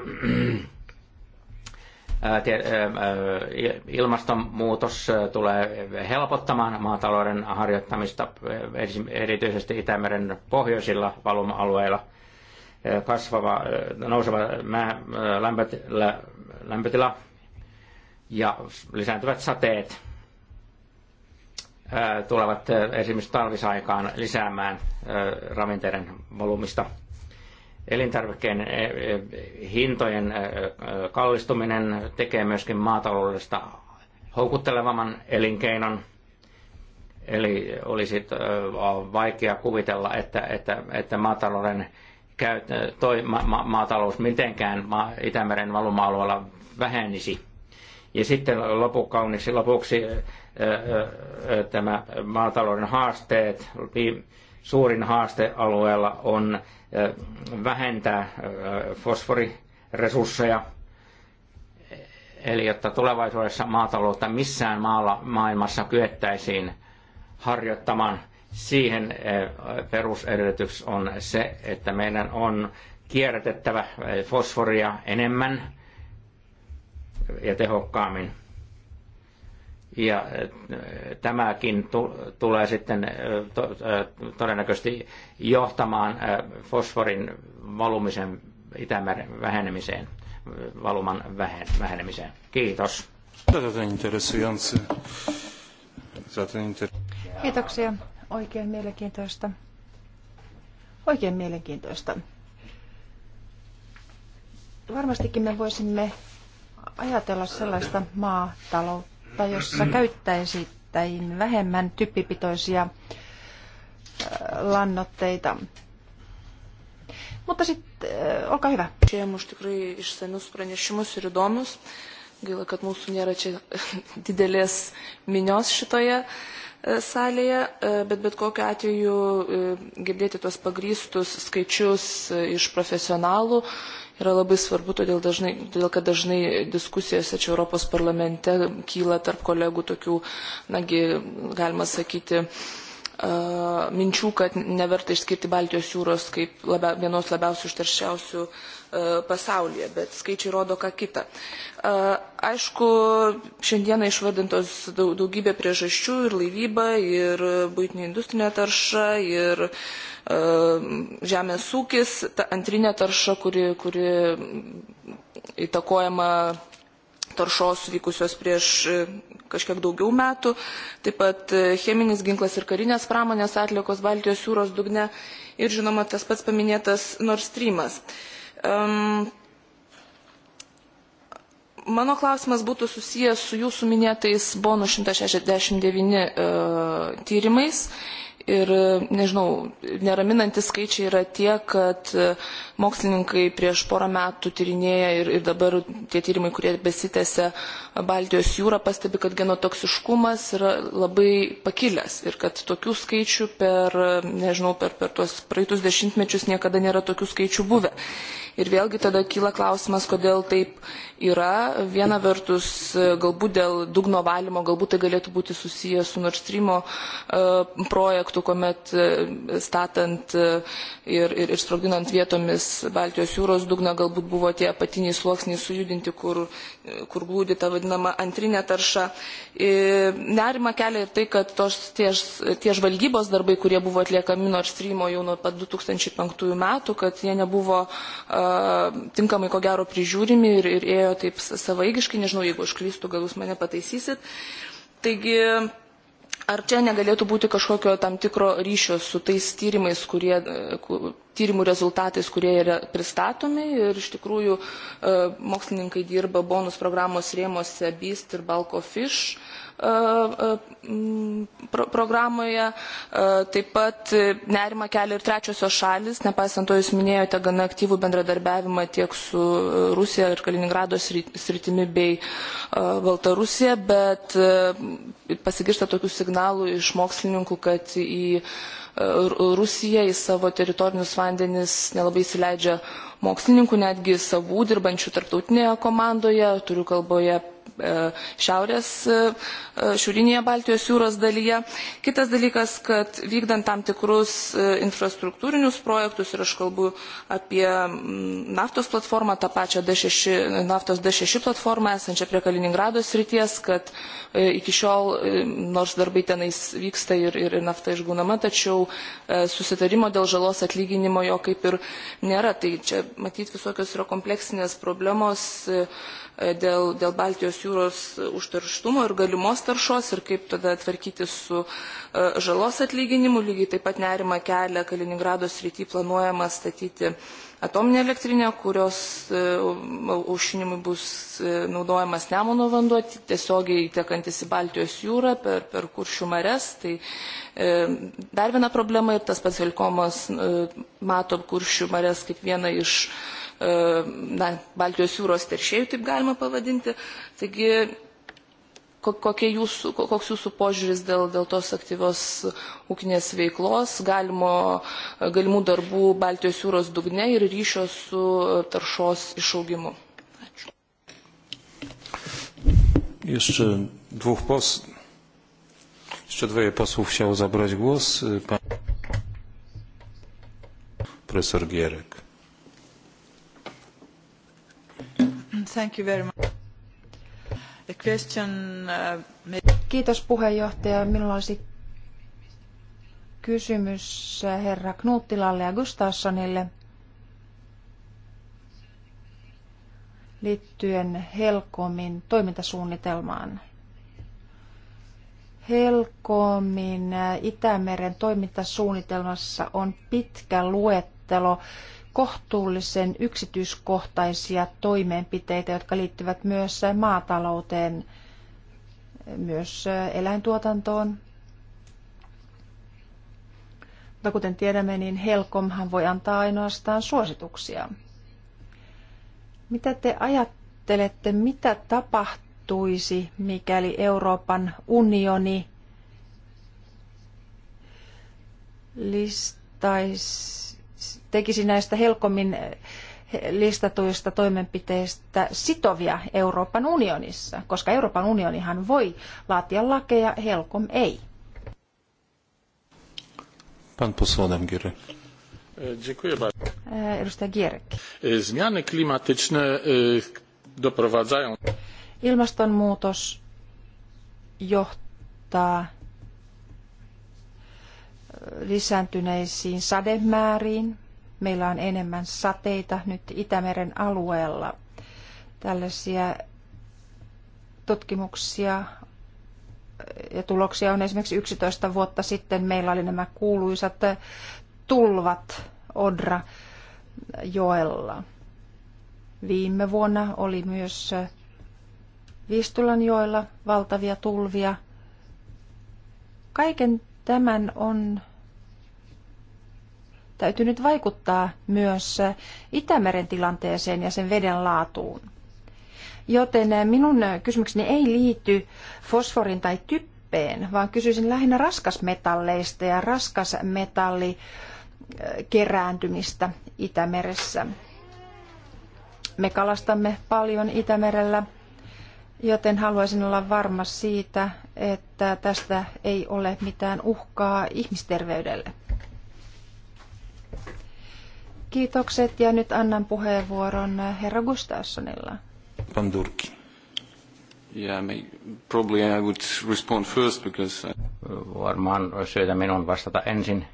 [SPEAKER 2] Ilmastonmuutos tulee helpottamaan maatalouden harjoittamista erityisesti Itämeren pohjoisilla valuma-alueilla. Kasvava, nouseva lämpötila ja lisääntyvät sateet tulevat esimerkiksi talvisaikaan lisäämään ravinteiden valumista. Elintarvikkeen hintojen kallistuminen tekee myöskin maataloudesta houkuttelevamman elinkeinon. Eli olisi vaikea kuvitella, että, että, että maatalouden käy, toi, ma, ma, maatalous mitenkään Itämeren valuma-alueella vähenisi ja sitten lopukauniksi lopuksi tämä maatalouden haasteet, suurin haaste alueella on vähentää fosforiresursseja, eli jotta tulevaisuudessa maataloutta missään maalla maailmassa kyettäisiin harjoittamaan, siihen perusedellytys on se, että meidän on kierrätettävä fosforia enemmän – ja tehokkaammin. Ja äh, tämäkin tulee sitten äh, äh, todennäköisesti johtamaan fosforin valumisen Itämeren vähenemiseen, valuman vähenemiseen. Kiitos.
[SPEAKER 4] Kiitoksia. Oikein mielenkiintoista. Oikein mielenkiintoista. Varmastikin me voisimme ajatella sellaista maataloutta, jossa käyttäisittäin vähemmän typpipitoisia lannoitteita.
[SPEAKER 1] Mutta sitten, olkaa hyvä. Gaila, kad mūsų nėra čia didelės minios šitoje e, salėje, e, bet bet kokiu atveju e, girdėti tuos pagrįstus skaičius iš profesionalų yra labai svarbu, todėl, dažnai, todėl kad dažnai diskusijose čia Europos parlamente kyla tarp kolegų tokių, nagi, galima sakyti, minčių, kad neverta išskirti Baltijos jūros kaip labia, vienos labiausiai užterščiausių pasaulyje, bet skaičiai rodo ką kitą. Aišku, šiandieną išvardintos daugybė priežasčių ir laivyba, ir būtinė industrinė tarša, ir žemės ūkis, ta antrinė tarša, kuri, kuri įtakojama taršos vykusios prieš kažkiek daugiau metų, taip pat cheminis ginklas ir karinės pramonės atliekos Baltijos jūros dugne ir žinoma tas pats paminėtas Nord Streamas. Um, mano klausimas būtų susijęs su jūsų minėtais bonus 169 uh, tyrimais ir, nežinau, neraminantis skaičiai yra tie, kad mokslininkai prieš porą metų tyrinėja ir, ir dabar tie tyrimai, kurie besitėse Baltijos jūrą, pastebi, kad genotoksiškumas yra labai pakilęs ir kad tokių skaičių per, nežinau, per, per tuos praeitus dešimtmečius niekada nėra tokių skaičių buvę. Ir vėlgi tada kyla klausimas, kodėl taip yra. Viena vertus, e, galbūt dėl dugno valymo, galbūt tai galėtų būti susijęs su Nord Stream e, projektu, kuomet e, statant ir, ir, ir sprogdinant vietomis Baltijos jūros dugną, galbūt buvo tie apatiniai sluoksniai sujudinti, kur kur glūdi ta vadinama antrinė tarša. E, nerima kelia ir tai, kad tos, tie, tie žvalgybos darbai, kurie buvo atliekami Nord Streamo jau nuo pat 2005 metų, kad jie nebuvo a, tinkamai ko gero prižiūrimi ir, ir ėjo taip savaigiškai, nežinau, jeigu aš klystu, gal jūs mane pataisysit. Taigi, Ar čia negalėtų būti kažkokio tam tikro ryšio su tais tyrimais, kurie, e, tyrimų rezultatais, kurie yra pristatomi ir iš tikrųjų e, mokslininkai dirba bonus programos rėmose BIST ir Balko Fish E, e, pro programoje. E, taip pat nerima keli ir trečiosios šalis, nepaisant to jūs minėjote gana aktyvų bendradarbiavimą tiek su Rusija ir Kaliningrado sritimi bei Baltarusija, bet pasigirsta tokių signalų iš mokslininkų, kad į Rusiją į savo teritorinius vandenis nelabai įsileidžia mokslininkų, netgi savų dirbančių tarptautinėje komandoje, turiu kalboje E, šiaurės e, e, šiaurinėje Baltijos jūros dalyje. Kitas dalykas, kad vykdant tam tikrus infrastruktūrinius projektus ir aš kalbu apie mm, naftos platformą, tą pačią D6, naftos D6 platformą esančią prie Kaliningrado srities, kad iki šiol nors darbai tenais vyksta ir, ir nafta išgūnama, tačiau susitarimo dėl žalos atlyginimo jo kaip ir nėra. Tai čia matyti visokios yra kompleksinės problemos, E, dėl, dėl Baltijos jūros užterštumo ir galimos taršos ir kaip tada tvarkyti su e, žalos atlyginimu. Lygiai taip pat nerima kelia Kaliningrado srity planuojama statyti atominę elektrinę, kurios e, aušinimui bus naudojamas nemono vanduo, tiesiogiai tekantis į Baltijos jūrą per, per kuršių mares. Tai dar viena problema ir tas pats Helkomas mato kuršių mares kaip vieną iš E, na, Baltijos jūros teršėjų, taip galima pavadinti. Taigi, jūsų, koks jūsų požiūris dėl, dėl tos aktyvios ūkinės veiklos, galimo, galimų darbų Baltijos jūros dugne ir ryšio su taršos išaugimu? Ačiū. Jeszcze dwóch posłów. Jeszcze dwoje posłów chciało zabrać głos. Pan profesor Gierek.
[SPEAKER 4] Thank uh, Kiitos puheenjohtaja. Minulla olisi kysymys uh, herra Knuttilalle ja Gustafssonille liittyen Helkomin toimintasuunnitelmaan. Helkomin uh, Itämeren toimintasuunnitelmassa on pitkä luettelo kohtuullisen yksityiskohtaisia toimenpiteitä, jotka liittyvät myös maatalouteen, myös eläintuotantoon. Mutta kuten tiedämme, niin Helcomhan voi antaa ainoastaan suosituksia. Mitä te ajattelette, mitä tapahtuisi, mikäli Euroopan unioni listaisi tekisi näistä helkommin eh, listatuista toimenpiteistä sitovia Euroopan unionissa, koska Euroopan unionihan voi laatia lakeja, helkom ei.
[SPEAKER 1] Pan posłonem Gierek. E, dziękuję bardzo.
[SPEAKER 4] E, edustaja Gierek.
[SPEAKER 1] E, zmiany klimatyczne doprowadzają...
[SPEAKER 4] Ilmastonmuutos johtaa lisääntyneisiin sademääriin, meillä on enemmän sateita nyt Itämeren alueella. Tällaisia tutkimuksia ja tuloksia on esimerkiksi 11 vuotta sitten meillä oli nämä kuuluisat tulvat Odra joella. Viime vuonna oli myös joella valtavia tulvia. Kaiken tämän on täytyy nyt vaikuttaa myös Itämeren tilanteeseen ja sen veden laatuun. Joten minun kysymykseni ei liity fosforin tai typpeen, vaan kysyisin lähinnä raskasmetalleista ja raskasmetalli äh, kerääntymistä Itämeressä. Me kalastamme paljon Itämerellä, joten haluaisin olla varma siitä, että tästä ei ole mitään uhkaa ihmisterveydelle. Kiitokset ja nyt annan puheenvuoron herra Gustafssonilla.
[SPEAKER 1] Pandurki. Yeah, may, probably I would respond first because I...
[SPEAKER 2] Varmaan olisi syytä minun vastata ensin.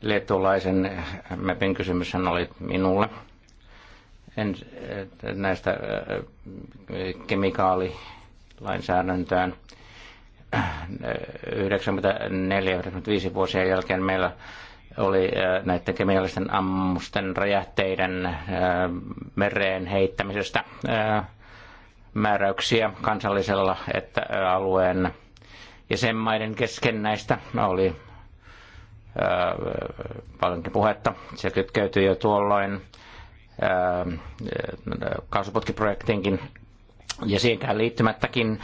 [SPEAKER 2] Liettualaisen MEPin kysymyshän oli minulle. En, eh, näistä eh, kemikaalilainsäädäntöön 94-95 eh, vuosien jälkeen meillä oli äh, näiden kemiallisten ammusten räjähteiden äh, mereen heittämisestä äh, määräyksiä kansallisella että alueen jäsenmaiden kesken näistä oli paljonkin puhetta. Se kytkeytyi jo tuolloin kaasuputkiprojektiinkin ja siihenkään liittymättäkin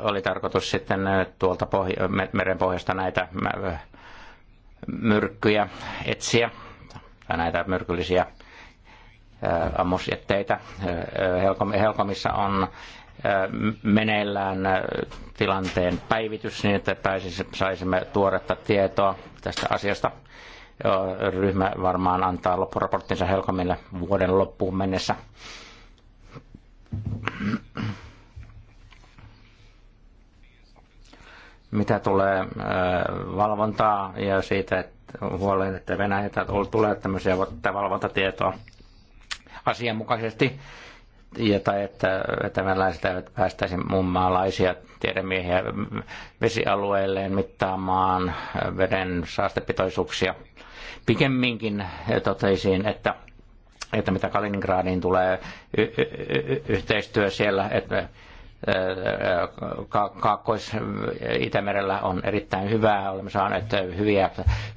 [SPEAKER 2] oli tarkoitus sitten tuolta pohja- merenpohjasta näitä myrkkyjä etsiä, tai näitä myrkyllisiä ammusjätteitä. Helkomissa on meneillään tilanteen päivitys niin, että saisimme tuoretta tietoa tästä asiasta. Ryhmä varmaan antaa loppuraporttinsa Helkomille vuoden loppuun mennessä. mitä tulee äh, valvontaa ja siitä, että huoleen, että Venäjältä tulee tämmöisiä valvontatietoa asianmukaisesti, ja, tai että, että venäläiset eivät päästäisi muun maalaisia tiedemiehiä vesialueelleen mittaamaan äh, veden saastepitoisuuksia. Pikemminkin äh, totesin, että että mitä Kaliningradiin tulee y- y- y- yhteistyö siellä, että Kaakkois-Itämerellä on erittäin hyvää. Olemme saaneet hyviä,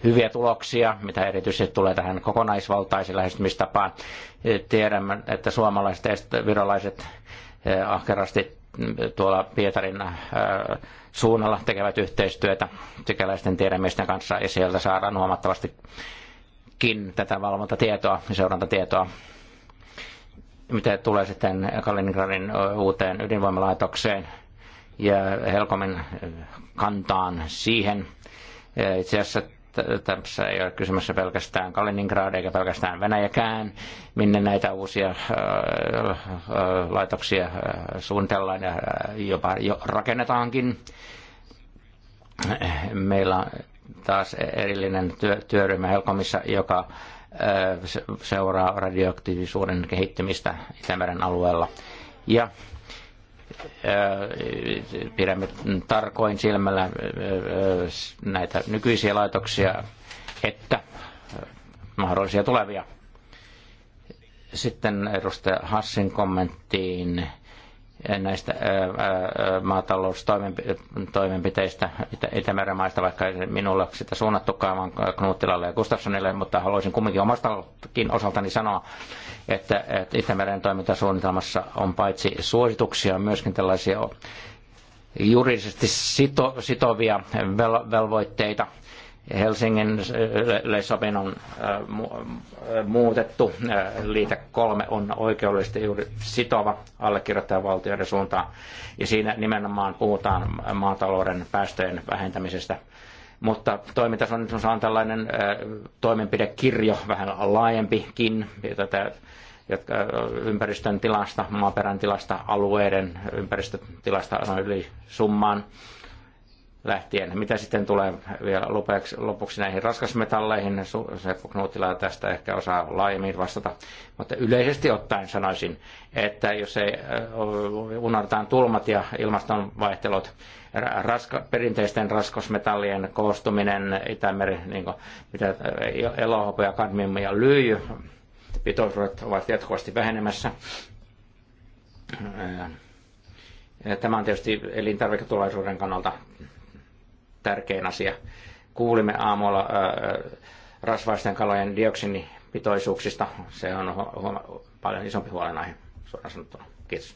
[SPEAKER 2] hyviä tuloksia, mitä erityisesti tulee tähän kokonaisvaltaisiin lähestymistapaan. Tiedämme, että suomalaiset ja virolaiset eh, ahkerasti tuolla Pietarin eh, suunnalla tekevät yhteistyötä tykäläisten tiedemiesten kanssa ja sieltä saadaan huomattavastikin tätä valvontatietoa ja seurantatietoa mitä tulee sitten Kaliningradin uuteen ydinvoimalaitokseen ja Helkomin kantaan siihen. Itse asiassa tässä ei ole kysymässä pelkästään Kaliningrad eikä pelkästään Venäjäkään, minne näitä uusia laitoksia suunnitellaan ja jopa jo rakennetaankin. Meillä on taas erillinen työryhmä Helkomissa, joka seuraa radioaktiivisuuden kehittymistä Itämeren alueella. Ja pidämme tarkoin silmällä näitä nykyisiä laitoksia, että mahdollisia tulevia. Sitten edustaja Hassin kommenttiin näistä maataloustoimenpiteistä Itämeren maista, vaikka ei minulle sitä suunnattukaan, vaan Knuuttilalle ja Gustafssonille, mutta haluaisin kumminkin omastakin osaltani sanoa, että, että Itämeren toimintasuunnitelmassa on paitsi suosituksia, myöskin tällaisia juridisesti sito, sitovia velvoitteita Helsingin äh, on äh, äh, muutettu liite kolme on oikeudellisesti juuri sitova allekirjoittajavaltioiden suuntaan. Ja siinä nimenomaan puhutaan maatalouden päästöjen vähentämisestä. Mutta toimintasuunnitelmassa on tällainen toimenpidekirjo, vähän laajempikin, tätä, jotka ympäristön tilasta, maaperän tilasta, alueiden ympäristötilasta yli summaan lähtien. Mitä sitten tulee vielä lopuksi, lopuksi näihin raskasmetalleihin, se Knutila tästä ehkä osaa laajemmin vastata, mutta yleisesti ottaen sanoisin, että jos ei unohdetaan tulmat ja ilmastonvaihtelut, raska, perinteisten raskasmetallien koostuminen Itämeri, niin kuin, mitä e, elohopoja, kadmiumia, kadmium ja lyijy, pitoisuudet ovat jatkuvasti vähenemässä. Tämä on tietysti elintarviketulaisuuden kannalta tärkein asia. Kuulimme aamulla rasvaisten kalojen dioksinipitoisuuksista. Se on huoma- paljon isompi huolenaihe suoraan sanottuna. Kiitos.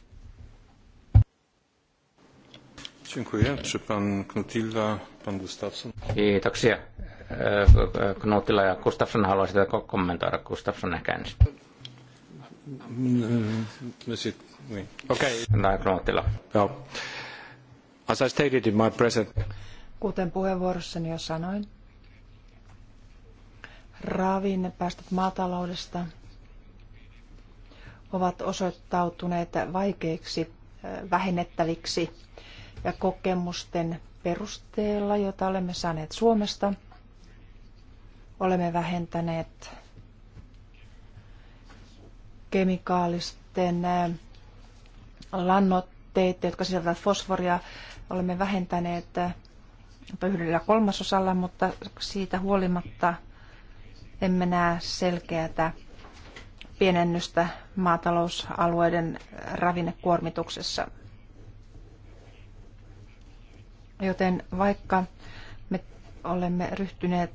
[SPEAKER 2] Gustafsson? Kiitoksia. Knutilla ja Gustafsson haluaisi tätä kommentoida. Gustafsson ehkä ensin.
[SPEAKER 1] Mm, mm, mm, Okei. Okay.
[SPEAKER 2] Näin Knutilla. Joo. As I stated in my present...
[SPEAKER 4] Kuten puheenvuorossani jo sanoin, ravinnepäästöt maataloudesta ovat osoittautuneet vaikeiksi vähennettäviksi ja kokemusten perusteella, jota olemme saaneet Suomesta, olemme vähentäneet kemikaalisten lannoitteiden, jotka sisältävät fosforia, olemme vähentäneet yhdellä kolmasosalla, mutta siitä huolimatta emme näe selkeätä pienennystä maatalousalueiden ravinnekuormituksessa. Joten vaikka me olemme ryhtyneet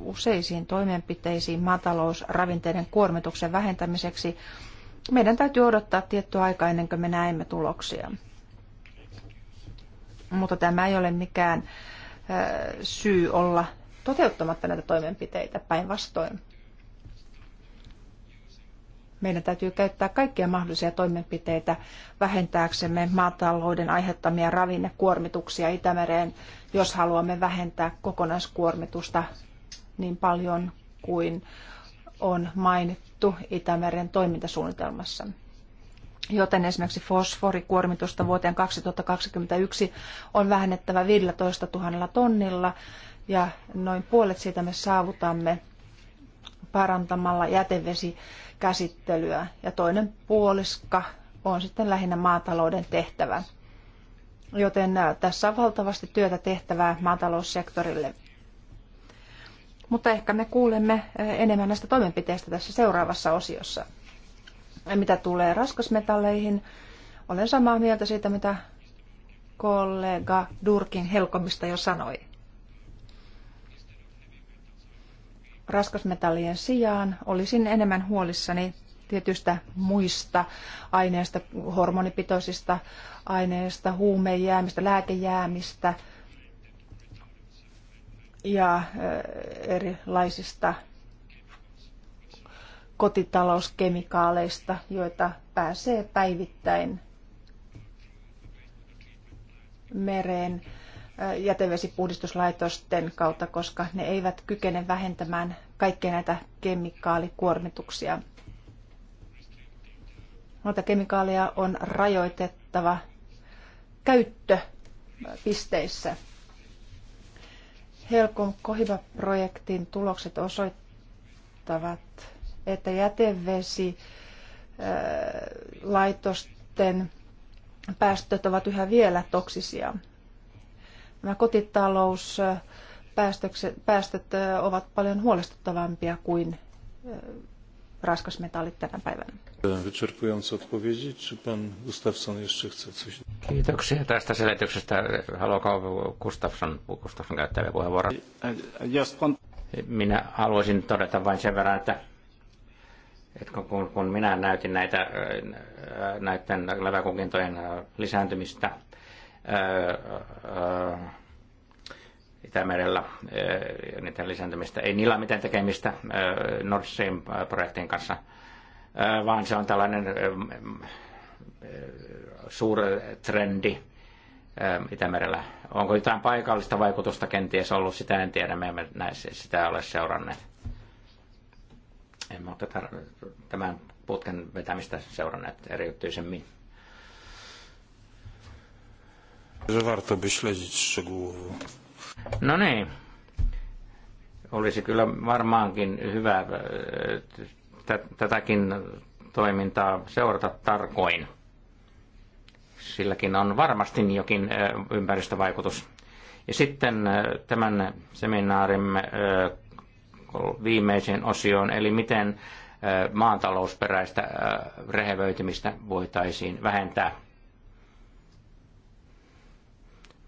[SPEAKER 4] useisiin toimenpiteisiin maatalousravinteiden kuormituksen vähentämiseksi, meidän täytyy odottaa tiettyä aikaa ennen kuin me näemme tuloksia. Mutta tämä ei ole mikään syy olla toteuttamatta näitä toimenpiteitä päinvastoin. Meidän täytyy käyttää kaikkia mahdollisia toimenpiteitä vähentääksemme maatalouden aiheuttamia ravinnekuormituksia Itämereen, jos haluamme vähentää kokonaiskuormitusta niin paljon kuin on mainittu Itämeren toimintasuunnitelmassa joten esimerkiksi fosforikuormitusta vuoteen 2021 on vähennettävä 15 000 tonnilla ja noin puolet siitä me saavutamme parantamalla jätevesikäsittelyä ja toinen puoliska on sitten lähinnä maatalouden tehtävä. Joten tässä on valtavasti työtä tehtävää maataloussektorille. Mutta ehkä me kuulemme enemmän näistä toimenpiteistä tässä seuraavassa osiossa. Mitä tulee raskasmetalleihin, olen samaa mieltä siitä, mitä kollega Durkin Helkomista jo sanoi. Raskasmetallien sijaan olisin enemmän huolissani tietystä muista aineista, hormonipitoisista aineista, huumejäämistä, lääkejäämistä ja erilaisista kotitalouskemikaaleista, joita pääsee päivittäin mereen jätevesipuhdistuslaitosten kautta, koska ne eivät kykene vähentämään kaikkia näitä kemikaalikuormituksia. Noita kemikaaleja on rajoitettava käyttöpisteissä. Helcom Kohiva-projektin tulokset osoittavat, että äh, laitosten päästöt ovat yhä vielä toksisia. Nämä kotitalouspäästöt äh, ovat paljon huolestuttavampia kuin äh, raskasmetallit tänä päivänä.
[SPEAKER 2] Kiitoksia tästä selityksestä. Haluaako Gustafsson, Gustafsson käyttää vielä puheenvuoron? Minä haluaisin todeta vain sen verran, että että kun, kun minä näytin näitä, näiden leväkukintojen lisääntymistä Itämerellä, niiden lisääntymistä, ei niillä mitään tekemistä Nord Stream-projektin kanssa, vaan se on tällainen suuri trendi Itämerellä. Onko jotain paikallista vaikutusta kenties ollut, sitä en tiedä, me emme näe sitä ole seuranneet. En tätä, tämän putken vetämistä seuranneet erityisemmin.
[SPEAKER 1] warto by śledzić szczegółowo.
[SPEAKER 2] No niin. Olisi kyllä varmaankin hyvä e, tätäkin toimintaa seurata tarkoin. Silläkin on varmasti jokin e, ympäristövaikutus. Ja sitten e, tämän seminaarimme viimeiseen osioon, eli miten maantalousperäistä rehevöitymistä voitaisiin vähentää.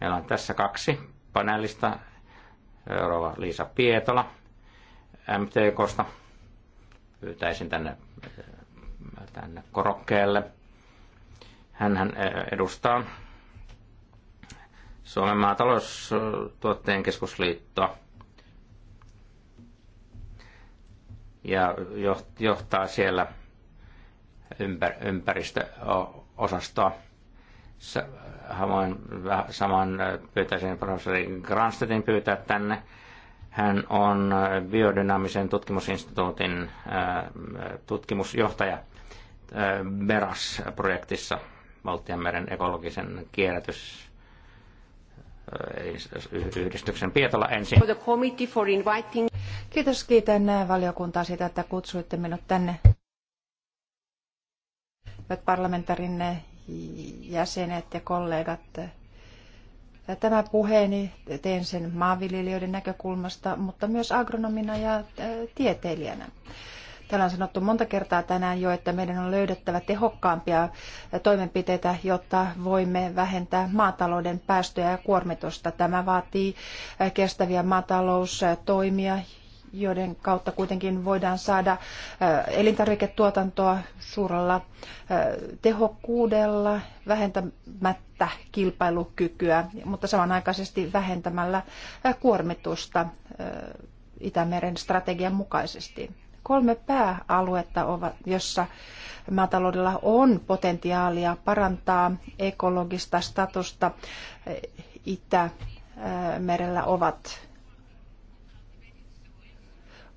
[SPEAKER 2] Meillä on tässä kaksi paneelista. Seuraava Liisa Pietola MTKsta. Pyytäisin tänne, tänne korokkeelle. Hän edustaa Suomen maataloustuotteen keskusliittoa. ja johtaa siellä ympäristöosastoa. Haluan saman äh, pyytäisin professori Granstedin pyytää tänne. Hän on äh, biodynaamisen tutkimusinstituutin äh, tutkimusjohtaja BERAS-projektissa, Valtianmeren ekologisen kierrätys yhdistyksen Pietola ensin.
[SPEAKER 4] Kiitos, kiitän äh, valiokuntaa siitä, että kutsuitte minut tänne. Hyvät parlamentarin äh, jäsenet ja kollegat, äh, tämä puheeni teen sen maanviljelijöiden näkökulmasta, mutta myös agronomina ja tieteilijänä. Täällä on sanottu monta kertaa tänään jo, että meidän on löydettävä tehokkaampia toimenpiteitä, jotta voimme vähentää maatalouden päästöjä ja kuormitusta. Tämä vaatii kestäviä maataloustoimia, joiden kautta kuitenkin voidaan saada elintarviketuotantoa suurella tehokkuudella vähentämättä kilpailukykyä, mutta samanaikaisesti vähentämällä kuormitusta Itämeren strategian mukaisesti. Kolme pääaluetta, jossa maataloudella on potentiaalia parantaa ekologista statusta Itämerellä ovat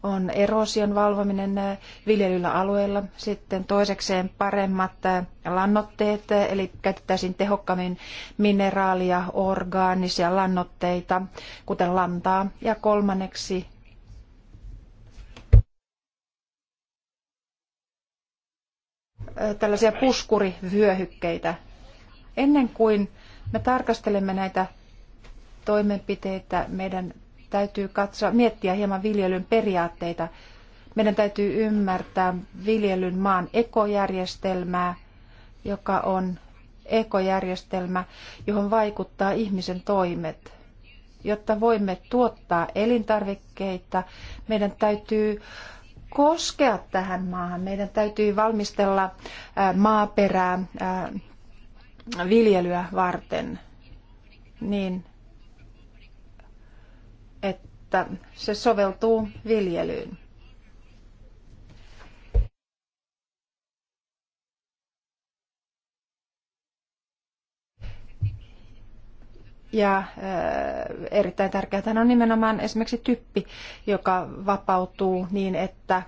[SPEAKER 4] on erosion valvominen äh, viljelyllä alueella. Sitten toisekseen paremmat äh, lannoitteet, äh, eli käytettäisiin tehokkaammin mineraalia, orgaanisia lannoitteita, kuten lantaa. Ja kolmanneksi tällaisia puskurivyöhykkeitä. Ennen kuin me tarkastelemme näitä toimenpiteitä, meidän täytyy katsoa, miettiä hieman viljelyn periaatteita. Meidän täytyy ymmärtää viljelyn maan ekojärjestelmää, joka on ekojärjestelmä, johon vaikuttaa ihmisen toimet. Jotta voimme tuottaa elintarvikkeita, meidän täytyy koskea tähän maahan. Meidän täytyy valmistella maaperää viljelyä varten. Niin että se soveltuu viljelyyn. Ja äh, erittäin tärkeää on nimenomaan esimerkiksi typpi, joka vapautuu niin, että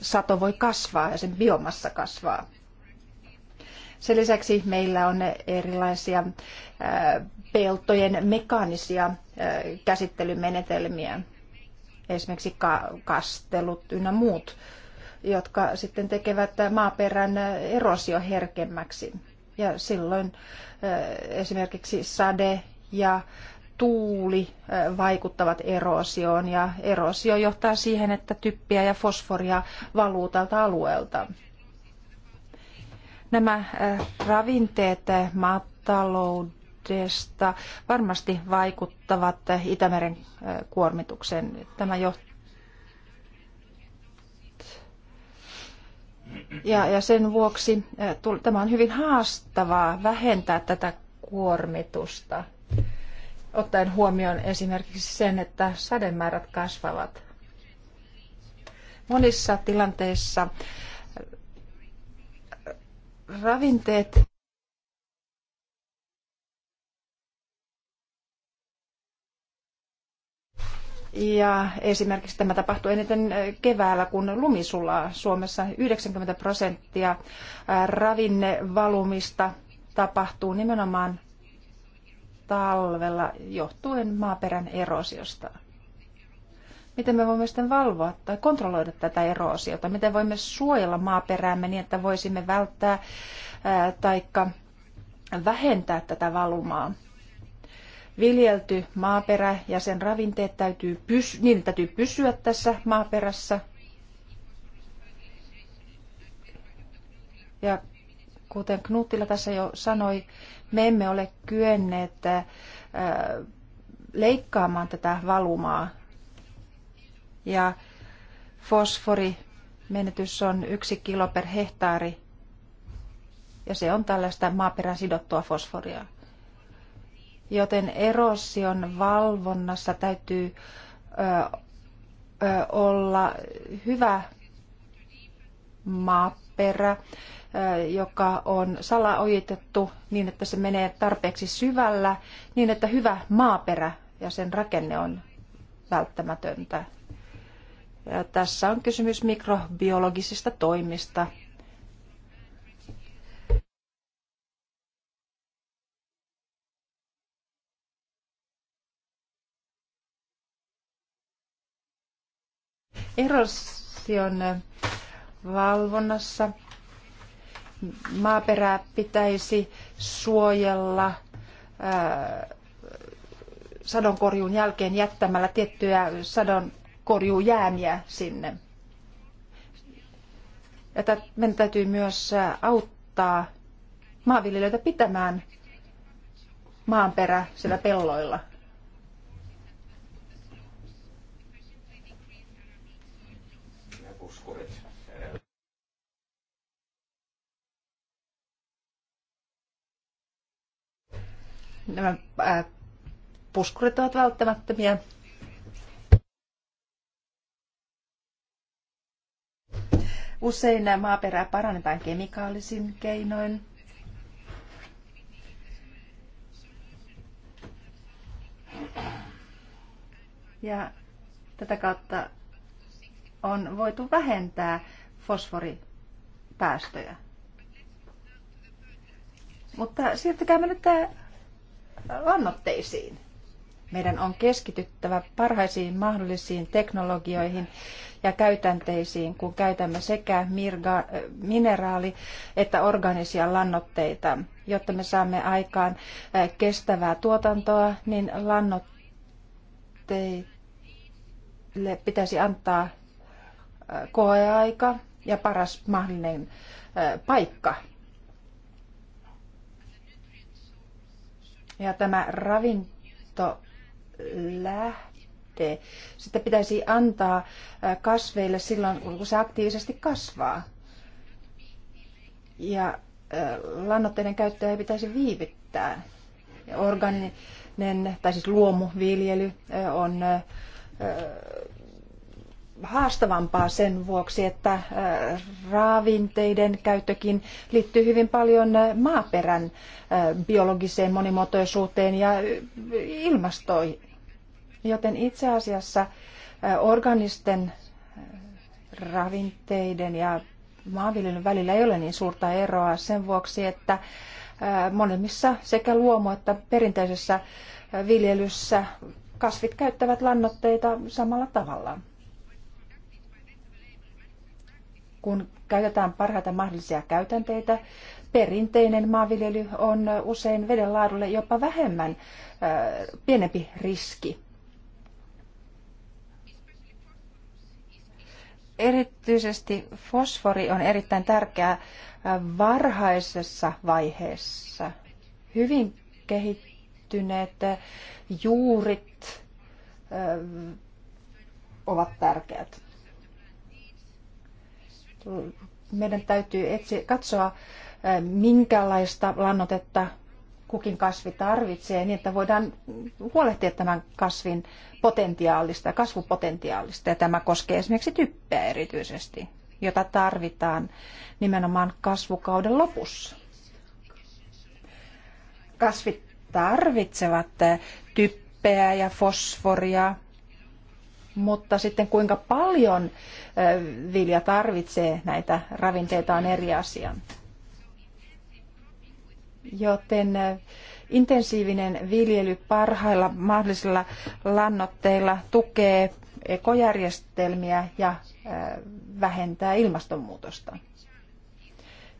[SPEAKER 4] sato voi kasvaa ja sen biomassa kasvaa. Sen lisäksi meillä on erilaisia äh, peltojen mekaanisia käsittelymenetelmiä, esimerkiksi kastelut ynnä muut, jotka sitten tekevät maaperän herkemmäksi Ja silloin esimerkiksi sade ja tuuli vaikuttavat erosioon ja erosio johtaa siihen, että typpiä ja fosforia valuu tältä alueelta. Nämä ravinteet maatalouden kaasuvuodesta varmasti vaikuttavat Itämeren kuormitukseen. Tämä johtaa Ja, ja sen vuoksi tämä on hyvin haastavaa vähentää tätä kuormitusta, ottaen huomioon esimerkiksi sen, että sademäärät kasvavat. Monissa tilanteissa ravinteet Ja esimerkiksi tämä tapahtuu eniten keväällä, kun lumi sulaa. Suomessa 90 prosenttia ravinnevalumista tapahtuu nimenomaan talvella johtuen maaperän erosiosta. Miten me voimme sitten valvoa tai kontrolloida tätä erosiota? Miten voimme suojella maaperäämme niin, että voisimme välttää tai vähentää tätä valumaa? viljelty maaperä ja sen ravinteet täytyy, pys- niin täytyy pysyä tässä maaperässä. Ja kuten Knutilla tässä jo sanoi, me emme ole kyenneet äh, leikkaamaan tätä valumaa. Ja fosforimenetys on yksi kilo per hehtaari, ja se on tällaista maaperän sidottua fosforia. Joten erosion valvonnassa täytyy ö, ö, olla hyvä maaperä, ö, joka on salaojitettu niin, että se menee tarpeeksi syvällä, niin että hyvä maaperä ja sen rakenne on välttämätöntä. Ja tässä on kysymys mikrobiologisista toimista, erosion äh, valvonnassa maaperää pitäisi suojella äh, sadonkorjuun jälkeen jättämällä tiettyjä sadonkorjuujäämiä sinne. Ja meidän täytyy myös äh, auttaa maanviljelijöitä pitämään maanperä siellä pelloilla. Nämä puskurit ovat välttämättömiä. Usein maaperää parannetaan kemikaalisin keinoin. Ja tätä kautta on voitu vähentää fosforipäästöjä. Mutta siirtykäämme nyt lannoitteisiin. Meidän on keskityttävä parhaisiin mahdollisiin teknologioihin ja käytänteisiin, kun käytämme sekä mirga, äh, mineraali- että organisia lannoitteita, jotta me saamme aikaan äh, kestävää tuotantoa, niin lannoitteille pitäisi antaa äh, koeaika ja paras mahdollinen paikka Ja tämä ravintolähde, sitä pitäisi antaa äh, kasveille silloin, kun se aktiivisesti kasvaa. Ja äh, lannoitteiden käyttöä ei pitäisi viivyttää. Organinen, tai siis luomuviljely äh, on haastavampaa sen vuoksi, että äh, raavinteiden käyttökin liittyy hyvin paljon äh, maaperän äh, biologiseen monimuotoisuuteen ja ilmastoihin. Joten itse asiassa organisten ravinteiden ja maanviljelyn välillä ei ole niin suurta eroa sen vuoksi, että molemmissa sekä luomu- että perinteisessä viljelyssä kasvit käyttävät lannoitteita samalla tavalla. kun käytetään parhaita mahdollisia käytänteitä, perinteinen maanviljely on usein veden laadulle jopa vähemmän pienempi riski. Erityisesti fosfori on erittäin tärkeää varhaisessa vaiheessa. Hyvin kehittyneet juurit ovat tärkeät meidän täytyy etsi, katsoa, minkälaista lannotetta kukin kasvi tarvitsee, niin että voidaan huolehtia tämän kasvin potentiaalista ja kasvupotentiaalista. Ja tämä koskee esimerkiksi typpeä erityisesti, jota tarvitaan nimenomaan kasvukauden lopussa. Kasvit tarvitsevat typpeä ja fosforia, mutta sitten kuinka paljon vilja tarvitsee näitä ravinteita on eri asia. Joten intensiivinen viljely parhailla mahdollisilla lannoitteilla tukee ekojärjestelmiä ja vähentää ilmastonmuutosta.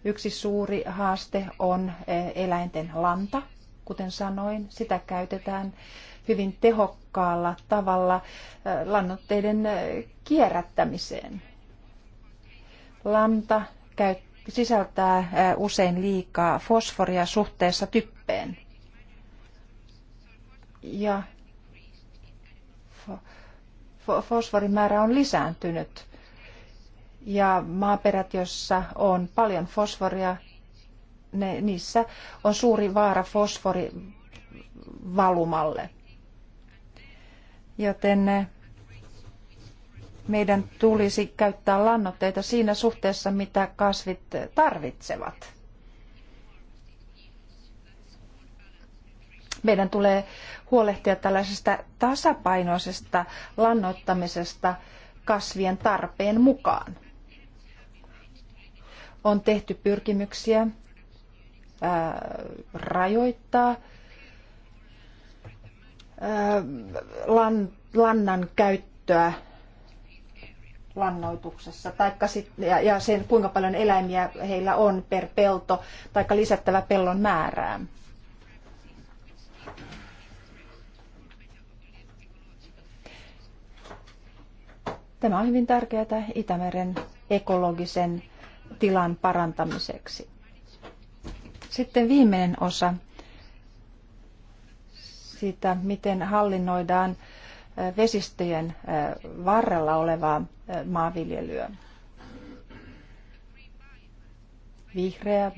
[SPEAKER 4] Yksi suuri haaste on eläinten lanta. Kuten sanoin, sitä käytetään hyvin tehokkaalla tavalla äh, lannoitteiden äh, kierrättämiseen. Lanta sisältää äh, usein liikaa fosforia suhteessa typpeen. Ja fosforin määrä on lisääntynyt. Ja maaperät, joissa on paljon fosforia, ne, niissä on suuri vaara fosforivalumalle. Joten eh, meidän tulisi käyttää lannoitteita siinä suhteessa, mitä kasvit tarvitsevat. Meidän tulee huolehtia tällaisesta tasapainoisesta lannoittamisesta kasvien tarpeen mukaan. On tehty pyrkimyksiä rajoittaa lannan käyttöä lannoituksessa taikka sit, ja, ja sen, kuinka paljon eläimiä heillä on per pelto tai lisättävä pellon määrää. Tämä on hyvin tärkeää Itämeren ekologisen tilan parantamiseksi. Sitten viimeinen osa siitä, miten hallinnoidaan vesistöjen varrella olevaa maanviljelyä. Vihreä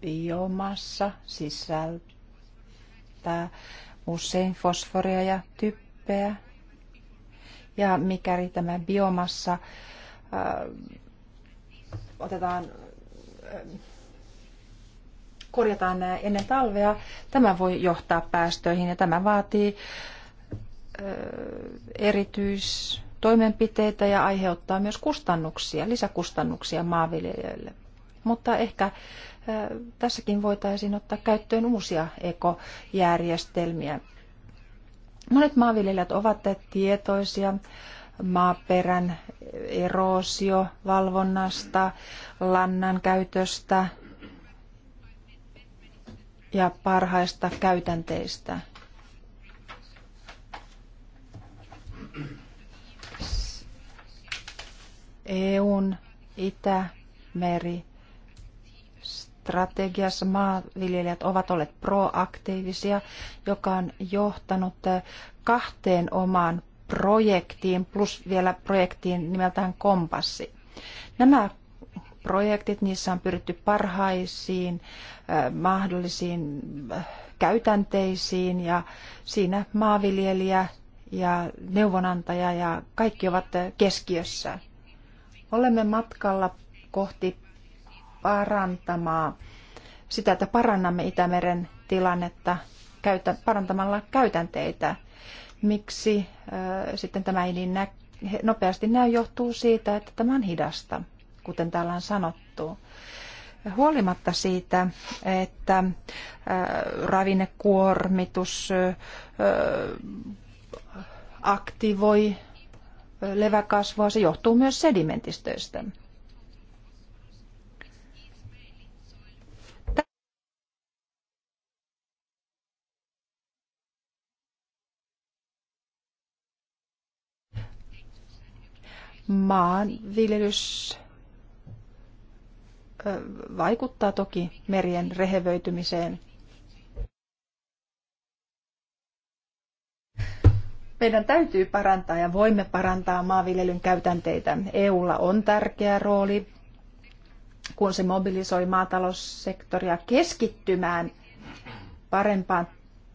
[SPEAKER 4] biomassa sisältää usein fosforia ja typpeä. Ja mikäli tämä biomassa äh, otetaan äh, korjataan ennen talvea, tämä voi johtaa päästöihin ja tämä vaatii erityistoimenpiteitä ja aiheuttaa myös kustannuksia, lisäkustannuksia maanviljelijöille. Mutta ehkä tässäkin voitaisiin ottaa käyttöön uusia ekojärjestelmiä. Monet maanviljelijät ovat tietoisia maaperän eroosio lannan käytöstä ja parhaista käytänteistä. EUn Itämeri strategiassa maanviljelijät ovat olleet proaktiivisia, joka on johtanut kahteen omaan projektiin plus vielä projektiin nimeltään Kompassi. Nämä projektit, niissä on pyritty parhaisiin mahdollisiin käytänteisiin ja siinä maanviljelijä ja neuvonantaja ja kaikki ovat keskiössä. Olemme matkalla kohti parantamaa sitä, että parannamme Itämeren tilannetta käytä, parantamalla käytänteitä. Miksi äh, sitten tämä ei niin nä- nopeasti näy, johtuu siitä, että tämä on hidasta kuten täällä on sanottu. Huolimatta siitä, että äh, ravinnekuormitus äh, aktivoi äh, leväkasvua, se johtuu myös sedimentistöistä. maanviljelys vaikuttaa toki merien rehevöitymiseen. Meidän täytyy parantaa ja voimme parantaa maanviljelyn käytänteitä. EUlla on tärkeä rooli, kun se mobilisoi maataloussektoria keskittymään parempaan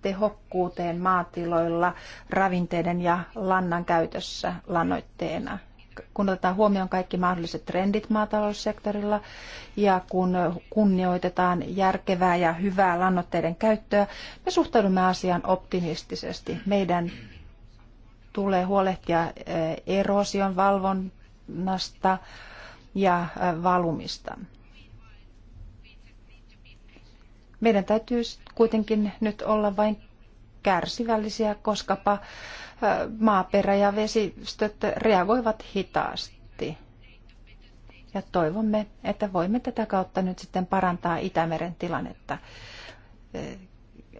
[SPEAKER 4] tehokkuuteen maatiloilla ravinteiden ja lannan käytössä lannoitteena – kun otetaan huomioon kaikki mahdolliset trendit maataloussektorilla ja kun kunnioitetaan järkevää ja hyvää lannoitteiden käyttöä, me suhtaudumme asiaan optimistisesti. Meidän tulee huolehtia erosion valvonnasta ja valumista. Meidän täytyy kuitenkin nyt olla vain kärsivällisiä, koskapa maaperä ja vesistöt reagoivat hitaasti. Ja toivomme, että voimme tätä kautta nyt sitten parantaa Itämeren tilannetta.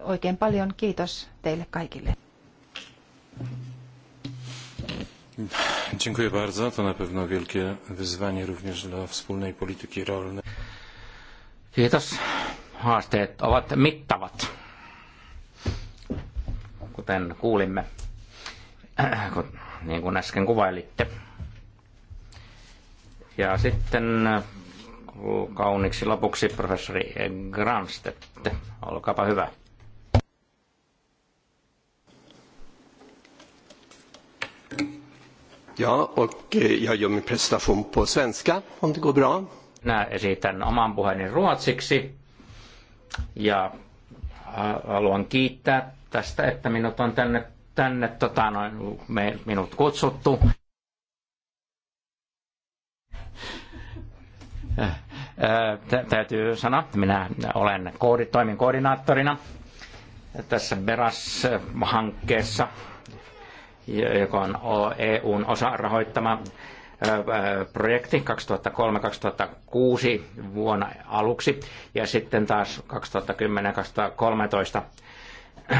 [SPEAKER 4] Oikein paljon kiitos teille kaikille.
[SPEAKER 1] Dziękuję bardzo. To na pewno wielkie wyzwanie również dla wspólnej polityki rolnej. Kiitos. Haasteet
[SPEAKER 2] ovat mittavat, kuten kuulimme. Äh, niin kuin äsken kuvailitte. Ja sitten äh, kauniksi lopuksi professori Granstedt. Olkaapa hyvä. Ja, och eh, jag gör min presentation på svenska, om det går bra. Minä esitän oman puheeni ruotsiksi ja äh, haluan kiittää tästä, että minut on tänne tänne tota, noin, me, minut kutsuttu. Täytyy sanoa, minä olen koodi, toimin koordinaattorina tässä Beras-hankkeessa, joka on EUn osa rahoittama projekti 2003-2006 vuonna aluksi ja sitten taas 2010-2013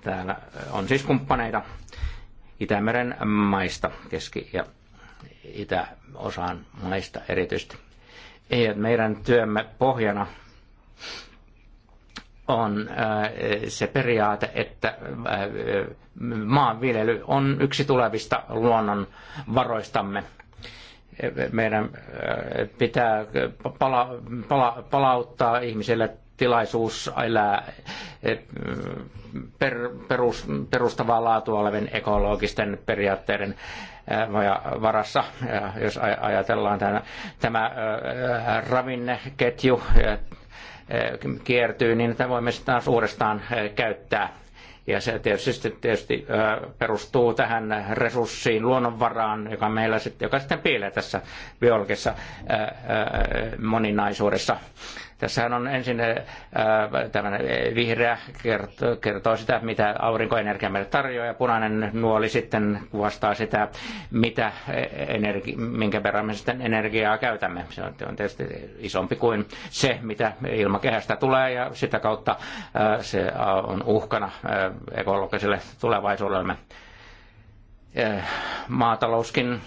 [SPEAKER 2] Täällä on siis kumppaneita Itämeren maista, Keski- ja itäosaan maista erityisesti. Meidän työmme pohjana on äh, se periaate, että äh, maanviljely on yksi tulevista luonnon varoistamme. Meidän äh, pitää pala, pala, palauttaa ihmiselle tilaisuus elää eh, per, perus, perustavaa laatua olevien ekologisten periaatteiden eh, varassa, jos ajatellaan tämä, tämä eh, ravinneketju kiertyy, niin tämä voimme taas uudestaan käyttää. Ja se tietysti, tietysti perustuu tähän resurssiin, luonnonvaraan, joka meillä sitten, joka sitten piilee tässä biologisessa moninaisuudessa. Tässähän on ensin tämmöinen vihreä kertoo, kertoo sitä, mitä aurinkoenergia meille tarjoaa, ja punainen nuoli sitten kuvastaa sitä, mitä e-, energi, minkä verran me sitten energiaa käytämme. Se on tietysti isompi kuin se, mitä ilmakehästä tulee, ja sitä kautta se on uhkana ekologiselle tulevaisuudelle maatalouskin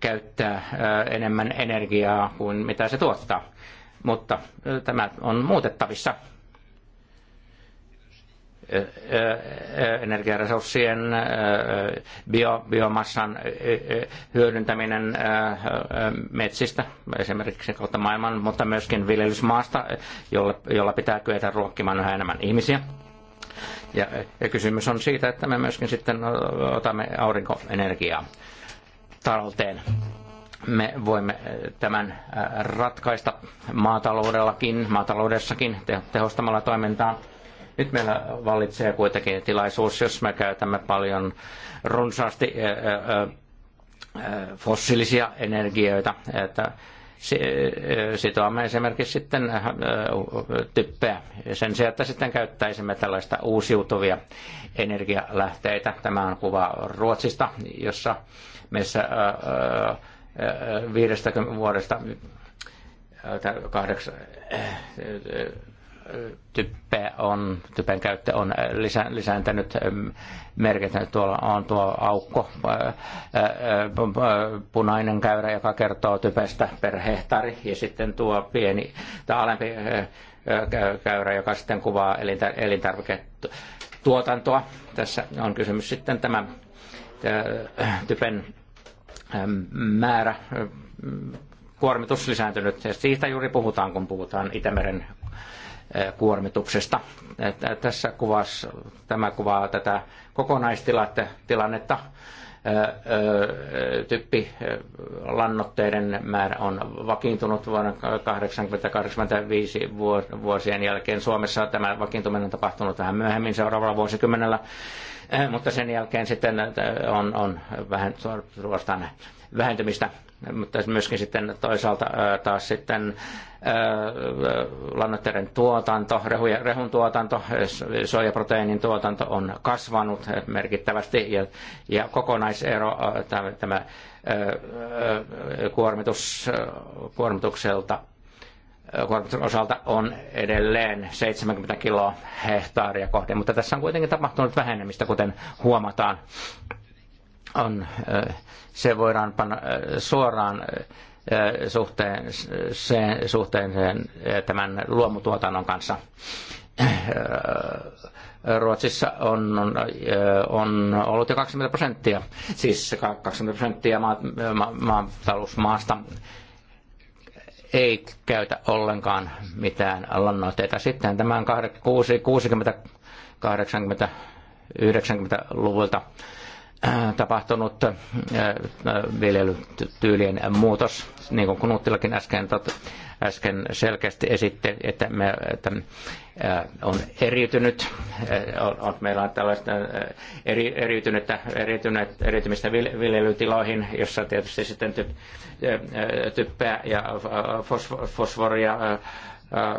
[SPEAKER 2] käyttää enemmän energiaa kuin mitä se tuottaa. Mutta tämä on muutettavissa energiaresurssien bio, biomassan hyödyntäminen metsistä, esimerkiksi kautta maailman, mutta myöskin viljelysmaasta, jolla, jolla pitää kyetä ruokkimaan yhä enemmän ihmisiä. Ja, ja kysymys on siitä, että me myöskin sitten otamme aurinkoenergiaa talteen. Me voimme eh, tämän eh, ratkaista maataloudellakin, maataloudessakin tehostamalla toimintaa. Nyt meillä vallitsee kuitenkin tilaisuus, jos me käytämme paljon runsaasti eh, fossiilisia energioita, että sitoamme esimerkiksi sitten typpeä sen sijaan, että sitten käyttäisimme tällaista uusiutuvia energialähteitä. Tämä on kuva Ruotsista, jossa meissä 50 vuodesta 8, typpeä on, typen käyttö on äh, lisä, lisääntynyt ähm, merkitään. Tuolla on tuo aukko, äh, äh, punainen käyrä, joka kertoo typestä per hehtaari, ja sitten tuo pieni tai alempi käyrä, joka sitten kuvaa elintarviketuotantoa. Tässä on kysymys sitten tämä typen ähm, määrä kuormitus lisääntynyt. Ja siitä juuri puhutaan, kun puhutaan Itämeren Eh, kuormituksesta. Eh, tässä kuvassa, tämä kuvaa tätä kokonaistilannetta. Eh, typpi lannoitteiden määrä on vakiintunut vuonna 1985 vuosien jälkeen. Suomessa tämä vakiintuminen on tapahtunut vähän myöhemmin seuraavalla vuosikymmenellä, mutta sen jälkeen sitten on, on vähän suorastaan vähentymistä, mutta myöskin sitten toisaalta taas sitten lannoitteiden tuotanto, rehun tuotanto, soijaproteiinin tuotanto on kasvanut merkittävästi ja, ja kokonaisero tämä, tämä kuormitus, kuormitukselta kuormituksen osalta on edelleen 70 kiloa hehtaaria kohden, mutta tässä on kuitenkin tapahtunut vähenemistä, kuten huomataan. On, se voidaan panna suoraan suhteen, sen, suhteen sen, tämän luomutuotannon kanssa. Ruotsissa on, on, on ollut jo 20 prosenttia, siis 20 prosenttia ma, ma, maatalousmaasta ei käytä ollenkaan mitään lannoitteita. Sitten tämän 60 80, 90-luvulta Äh, tapahtunut äh, viljelytyylien muutos, niin kuin Knuttilakin äsken, äsken selkeästi esitti, että, me, että äh, on eriytynyt, on, meillä on tällaista eri, eriytynyttä, eriytynyt, eriytymistä viljelytiloihin, jossa tietysti sitten typ, typpeä ja fosforia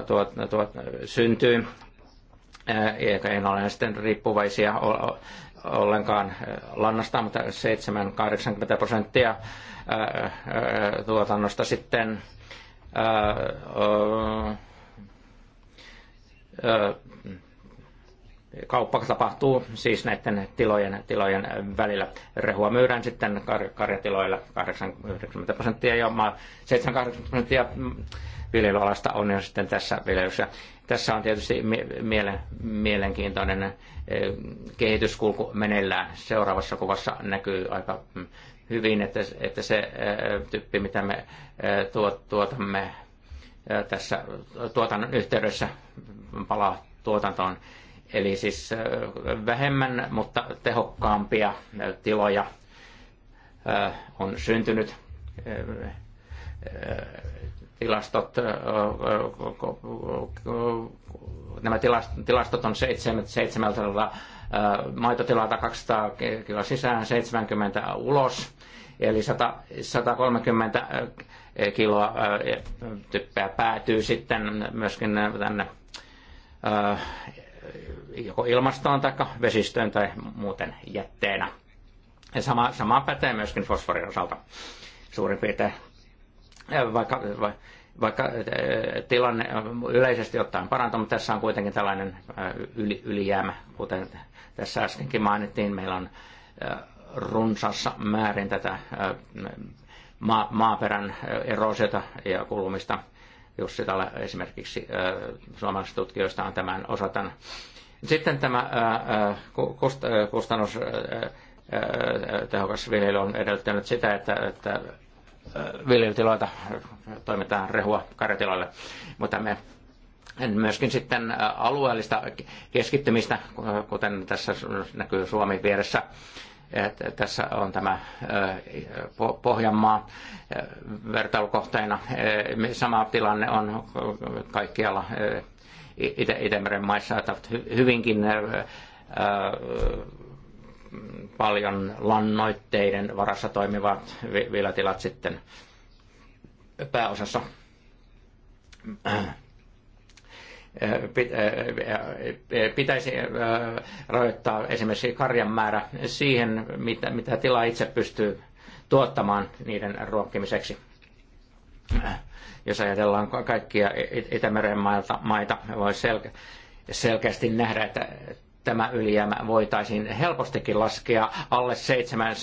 [SPEAKER 2] tuot, tuot, syntyy, eikä ole sitten riippuvaisia ollenkaan lannasta, mutta 7-80 prosenttia tuotannosta sitten kauppa tapahtuu siis näiden tilojen, tilojen välillä. Rehua myydään sitten kar, karjatiloilla 80 prosenttia ja 7-80 prosenttia mm, viljelyalasta on jo sitten tässä viljelyssä. Tässä on tietysti mielenkiintoinen eh, kehityskulku meneillään. Seuraavassa kuvassa näkyy aika mm, hyvin, että, että se eh, typpi, mitä me eh, tuotamme tässä tuotannon yhteydessä, palaa tuotantoon. Eli siis vähemmän, mutta tehokkaampia tiloja on syntynyt tilastot, nämä tilastot on 700 maitotilalta 200 kiloa sisään, 70 ulos, eli 100, 130 kiloa typpeä päätyy sitten myöskin tänne joko ilmastoon tai vesistöön tai muuten jätteenä. Ja sama, sama pätee myöskin fosforin osalta suurin piirtein vaikka, vaikka tilanne yleisesti ottaen parantunut, mutta tässä on kuitenkin tällainen yli, ylijäämä, kuten tässä äskenkin mainittiin, meillä on runsassa määrin tätä maa, maaperän erosiota ja kulumista. Jussi Tala esimerkiksi suomalaisista tutkijoista on tämän osatan. Sitten tämä kustannustehokas viljely on edellyttänyt sitä, että, että viljelytiloita toimitaan rehua karjatiloille, mutta me myöskin sitten alueellista keskittymistä, kuten tässä näkyy Suomi vieressä, tässä on tämä Pohjanmaa vertailukohteena. E, sama tilanne on kaikkialla Itämeren maissa, että hyvinkin paljon lannoitteiden varassa toimivat viljatilat sitten pääosassa pitäisi rajoittaa esimerkiksi karjan määrä siihen, mitä, mitä tila itse pystyy tuottamaan niiden ruokkimiseksi. Jos ajatellaan kaikkia Itämeren maita, voi selkeästi nähdä, että tämä ylijäämä voitaisiin helpostikin laskea alle 7,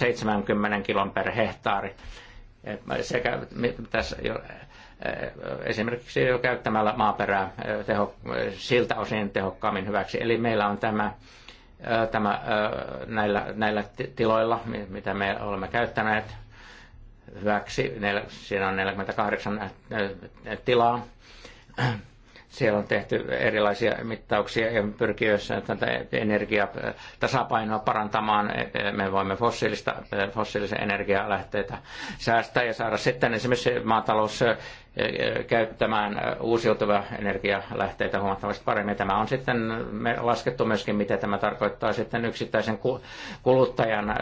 [SPEAKER 2] kilon per hehtaari. Sekä tässä, esimerkiksi jo käyttämällä maaperää teho, siltä osin tehokkaammin hyväksi. Eli meillä on tämä, tämä näillä, näillä tiloilla, mitä me olemme käyttäneet hyväksi, siinä on 48 tilaa, siellä on tehty erilaisia mittauksia ja pyrkiöissä tätä energiatasapainoa parantamaan. Me voimme fossiilista, fossiilisia energialähteitä säästää ja saada sitten esimerkiksi maatalous käyttämään uusiutuvia energialähteitä huomattavasti paremmin. Tämä on sitten me laskettu myöskin, mitä tämä tarkoittaa sitten yksittäisen kuluttajan,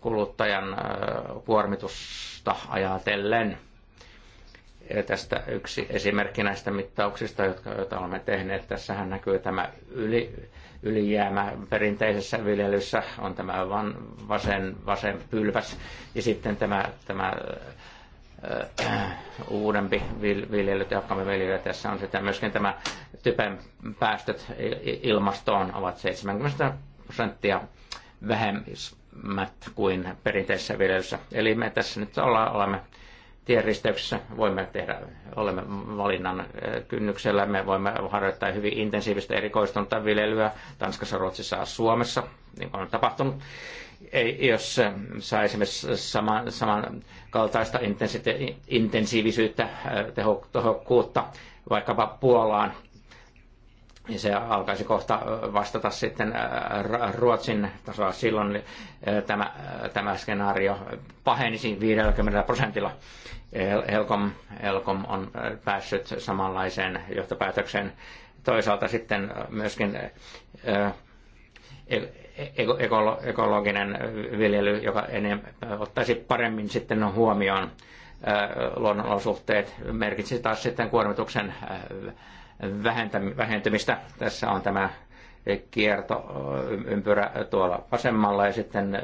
[SPEAKER 2] kuluttajan kuormitusta ajatellen tästä yksi esimerkki näistä mittauksista, jotka, joita olemme tehneet. Tässähän näkyy tämä yli, ylijäämä perinteisessä viljelyssä, on tämä van, vasen, vasen pylväs ja sitten tämä, tämä äh, uudempi viljely, jatkamme Tässä on sitä myöskin tämä typen päästöt ilmastoon ovat 70 prosenttia vähemmät kuin perinteisessä viljelyssä. Eli me tässä nyt olla, olemme tienristeyksessä voimme tehdä, olemme valinnan kynnyksellä, me voimme harjoittaa hyvin intensiivistä erikoistunutta viljelyä Tanskassa, Ruotsissa ja Suomessa, niin kuin on tapahtunut. Ei, jos saisimme sama, samankaltaista intensite, intensiivisyyttä, tehokkuutta vaikkapa Puolaan, ja se alkaisi kohta vastata sitten Ruotsin tasolla Silloin tämä, tämä skenaario pahenisi 50 prosentilla. elkom elkom on päässyt samanlaiseen johtopäätökseen. Toisaalta sitten myöskin e-, e-, e-, ekologinen viljely, joka ottaisi paremmin sitten huomioon luonnonolosuhteet, merkitsisi taas sitten kuormituksen vähentymistä. Tässä on tämä kierto ympyrä tuolla vasemmalla ja sitten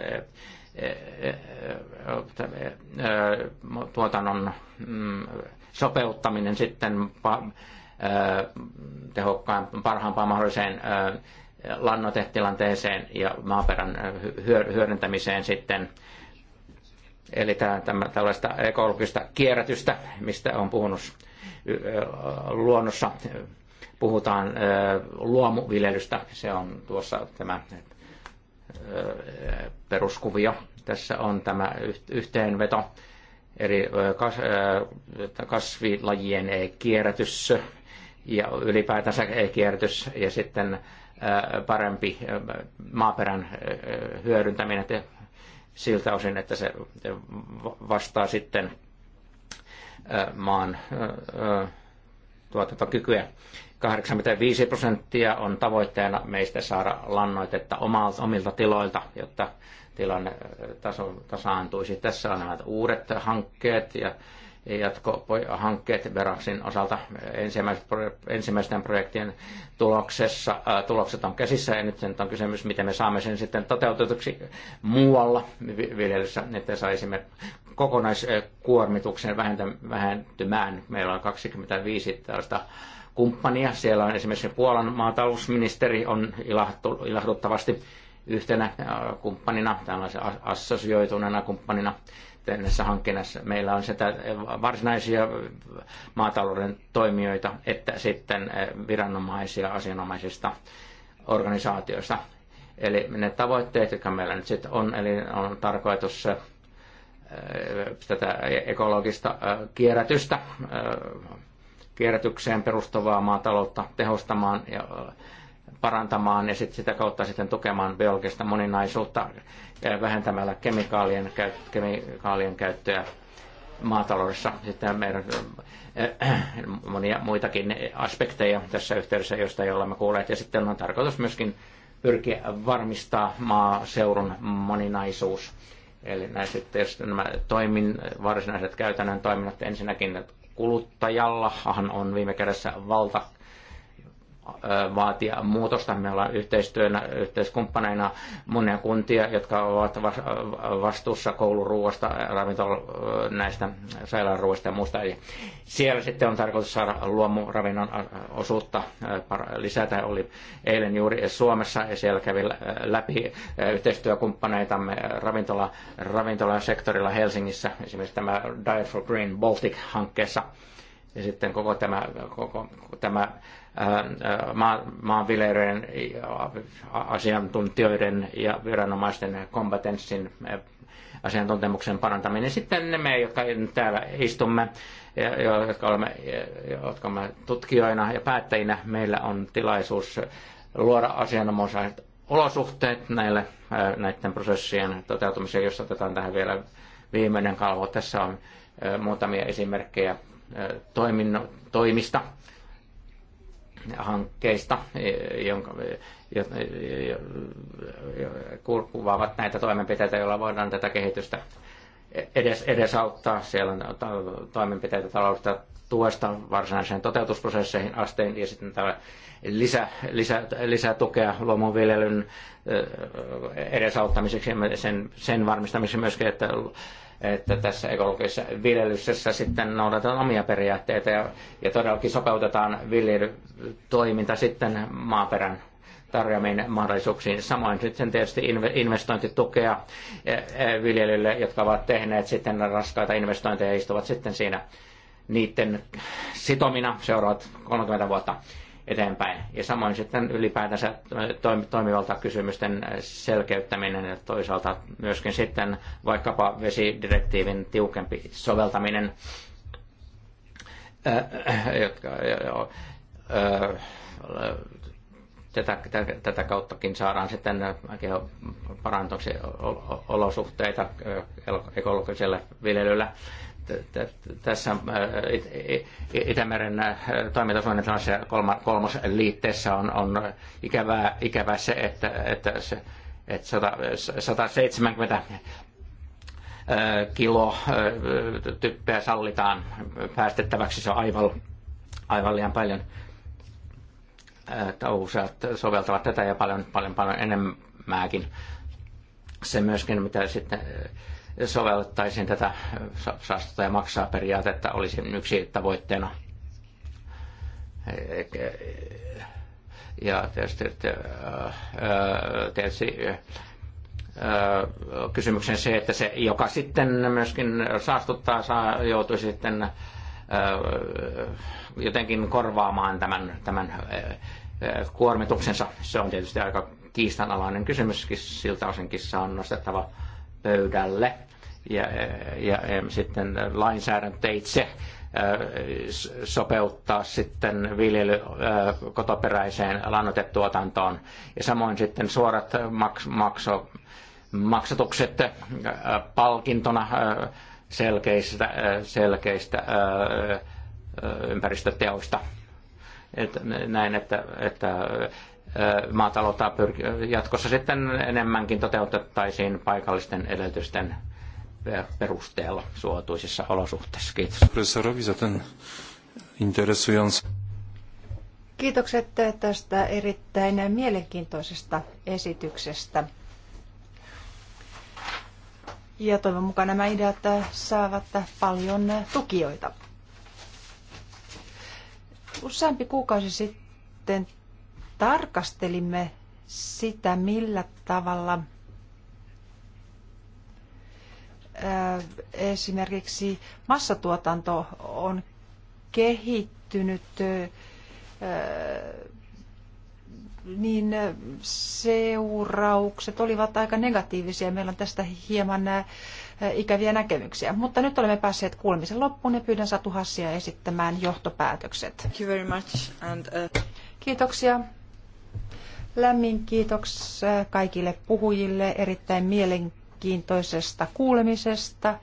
[SPEAKER 2] tuotannon mm, sopeuttaminen sitten tehokkaan parhaampaan mahdolliseen lannotetilanteeseen ja maaperän hyödyntämiseen sitten. Eli tämä, tämä, tällaista ekologista kierrätystä, mistä on puhunut luonnossa puhutaan luomuviljelystä. Se on tuossa tämä peruskuvio. Tässä on tämä yhteenveto eri kasvilajien kierrätys ja ylipäätänsä kierrätys ja sitten parempi maaperän hyödyntäminen siltä osin, että se vastaa sitten maan tuotantokykyä. 85 prosenttia on tavoitteena meistä saada lannoitetta omilta tiloilta, jotta tilanne taso, tasaantuisi. Tässä on nämä uudet hankkeet ja jatkohankkeet Veraksin osalta ensimmäisten projektien tuloksessa. Tulokset on käsissä ja nyt sen on kysymys, miten me saamme sen sitten toteutetuksi muualla viljelyssä, että saisimme kokonaiskuormituksen vähentymään. Meillä on 25 tällaista kumppania. Siellä on esimerkiksi Puolan maatalousministeri on ilahduttavasti yhtenä äh, kumppanina, tällaisen assosioituneena kumppanina tässä hankkeessa Meillä on sitä äh, varsinaisia maatalouden toimijoita, että sitten äh, viranomaisia asianomaisista organisaatioista. Eli ne tavoitteet, jotka meillä nyt sitten on, eli on tarkoitus Äh, tätä ekologista äh, kierrätystä, äh, kierrätykseen perustuvaa maataloutta tehostamaan ja parantamaan ja sit sitä kautta sitten tukemaan biologista moninaisuutta vähentämällä kemikaalien, kemikaalien käyttöä maataloudessa. Sitten meidän monia muitakin aspekteja tässä yhteydessä, joista ei olemme kuulleet. Ja sitten on tarkoitus myöskin pyrkiä varmistaa maaseurun moninaisuus Eli näissä jos nämä toimin, varsinaiset käytännön toiminnat ensinnäkin kuluttajalla on viime kädessä valta vaatia muutosta. Me ollaan yhteistyönä, yhteiskumppaneina monia kuntia, jotka ovat vastuussa kouluruoasta, ravintol näistä sairaanruoista ja muusta. Eli siellä sitten on tarkoitus saada luomuravinnon osuutta lisätä. Oli eilen juuri Suomessa ja siellä kävi läpi yhteistyökumppaneitamme ravintola, ravintolan sektorilla Helsingissä, esimerkiksi tämä Diet for Green Baltic-hankkeessa. Ja sitten koko tämä, koko tämä maanviljelijöiden, asiantuntijoiden ja viranomaisten kompetenssin asiantuntemuksen parantaminen. Sitten ne me, jotka täällä istumme, jotka olemme, jotka olemme tutkijoina ja päättäjinä, meillä on tilaisuus luoda asianomaiset olosuhteet näille, näiden prosessien toteutumiseen, jos otetaan tähän vielä viimeinen kalvo. Tässä on muutamia esimerkkejä toimista, hankkeista, e, jonka, e, jo, e, jo, kuvaavat näitä toimenpiteitä, joilla voidaan tätä kehitystä edes, edesauttaa. Siellä on toimenpiteitä taloudesta tuesta varsinaiseen toteutusprosesseihin asteen ja sitten tällä lisä, lisä, lisätukea luomuviljelyn edesauttamiseksi ja sen, sen varmistamiseksi myöskin, että että tässä ekologisessa viljelyssä sitten noudatetaan omia periaatteita ja, ja todellakin sopeutetaan viljelytoiminta sitten maaperän tarjoamiin mahdollisuuksiin. Samoin sitten tietysti investointitukea e, e, viljelylle, jotka ovat tehneet sitten raskaita investointeja ja istuvat sitten siinä niiden sitomina seuraavat 30 vuotta eteenpäin. Ja samoin sitten ylipäätänsä toimivaltakysymysten kysymysten selkeyttäminen ja toisaalta myöskin sitten vaikkapa vesidirektiivin tiukempi soveltaminen, jotka tätä, tätä kauttakin saadaan sitten parantoksi olosuhteita ekologiselle viljelylle tässä e-, e-, Itämeren toimintasuunnitelmassa kolmas liitteessä on, on ikävää, ikävää se, että, että, se, että 100, 170 kilo typpeä sallitaan päästettäväksi. Se on aivan, aivan liian paljon. Että useat soveltavat tätä ja paljon, paljon, paljon enemmänkin. Se myöskin, mitä sitten sovellettaisiin tätä saastuta ja maksaa periaatetta olisi yksi tavoitteena. E, e, e, ja tietysti, tietysti kysymyksen se, että se, joka sitten myöskin saastuttaa, saa, joutuisi sitten jotenkin korvaamaan tämän, tämän kuormituksensa. Se on tietysti aika kiistanalainen kysymyskin siltä osin kissa on nostettava pöydälle ja, ja, ja sitten lainsäädäntöitse äh, sopeuttaa sitten viljely äh, kotoperäiseen lannotetuotantoon. Ja samoin sitten suorat maks, makso, maksatukset äh, palkintona selkeistä, selkeistä ympäristöteoista. Et näin, että, että maataloutta jatkossa sitten enemmänkin toteutettaisiin paikallisten edellytysten perusteella suotuisissa olosuhteissa. Kiitos.
[SPEAKER 4] Kiitokset tästä erittäin mielenkiintoisesta esityksestä. Ja toivon mukaan nämä ideat saavat paljon tukijoita. Useampi kuukausi sitten tarkastelimme sitä, millä tavalla esimerkiksi massatuotanto on kehittynyt, niin seuraukset olivat aika negatiivisia. Meillä on tästä hieman ikäviä näkemyksiä. Mutta nyt olemme päässeet kuulemisen loppuun ja pyydän Satu Hassia esittämään johtopäätökset. Uh, Kiitoksia. Lämmin kiitos kaikille puhujille erittäin mielenkiintoisesta kuulemisesta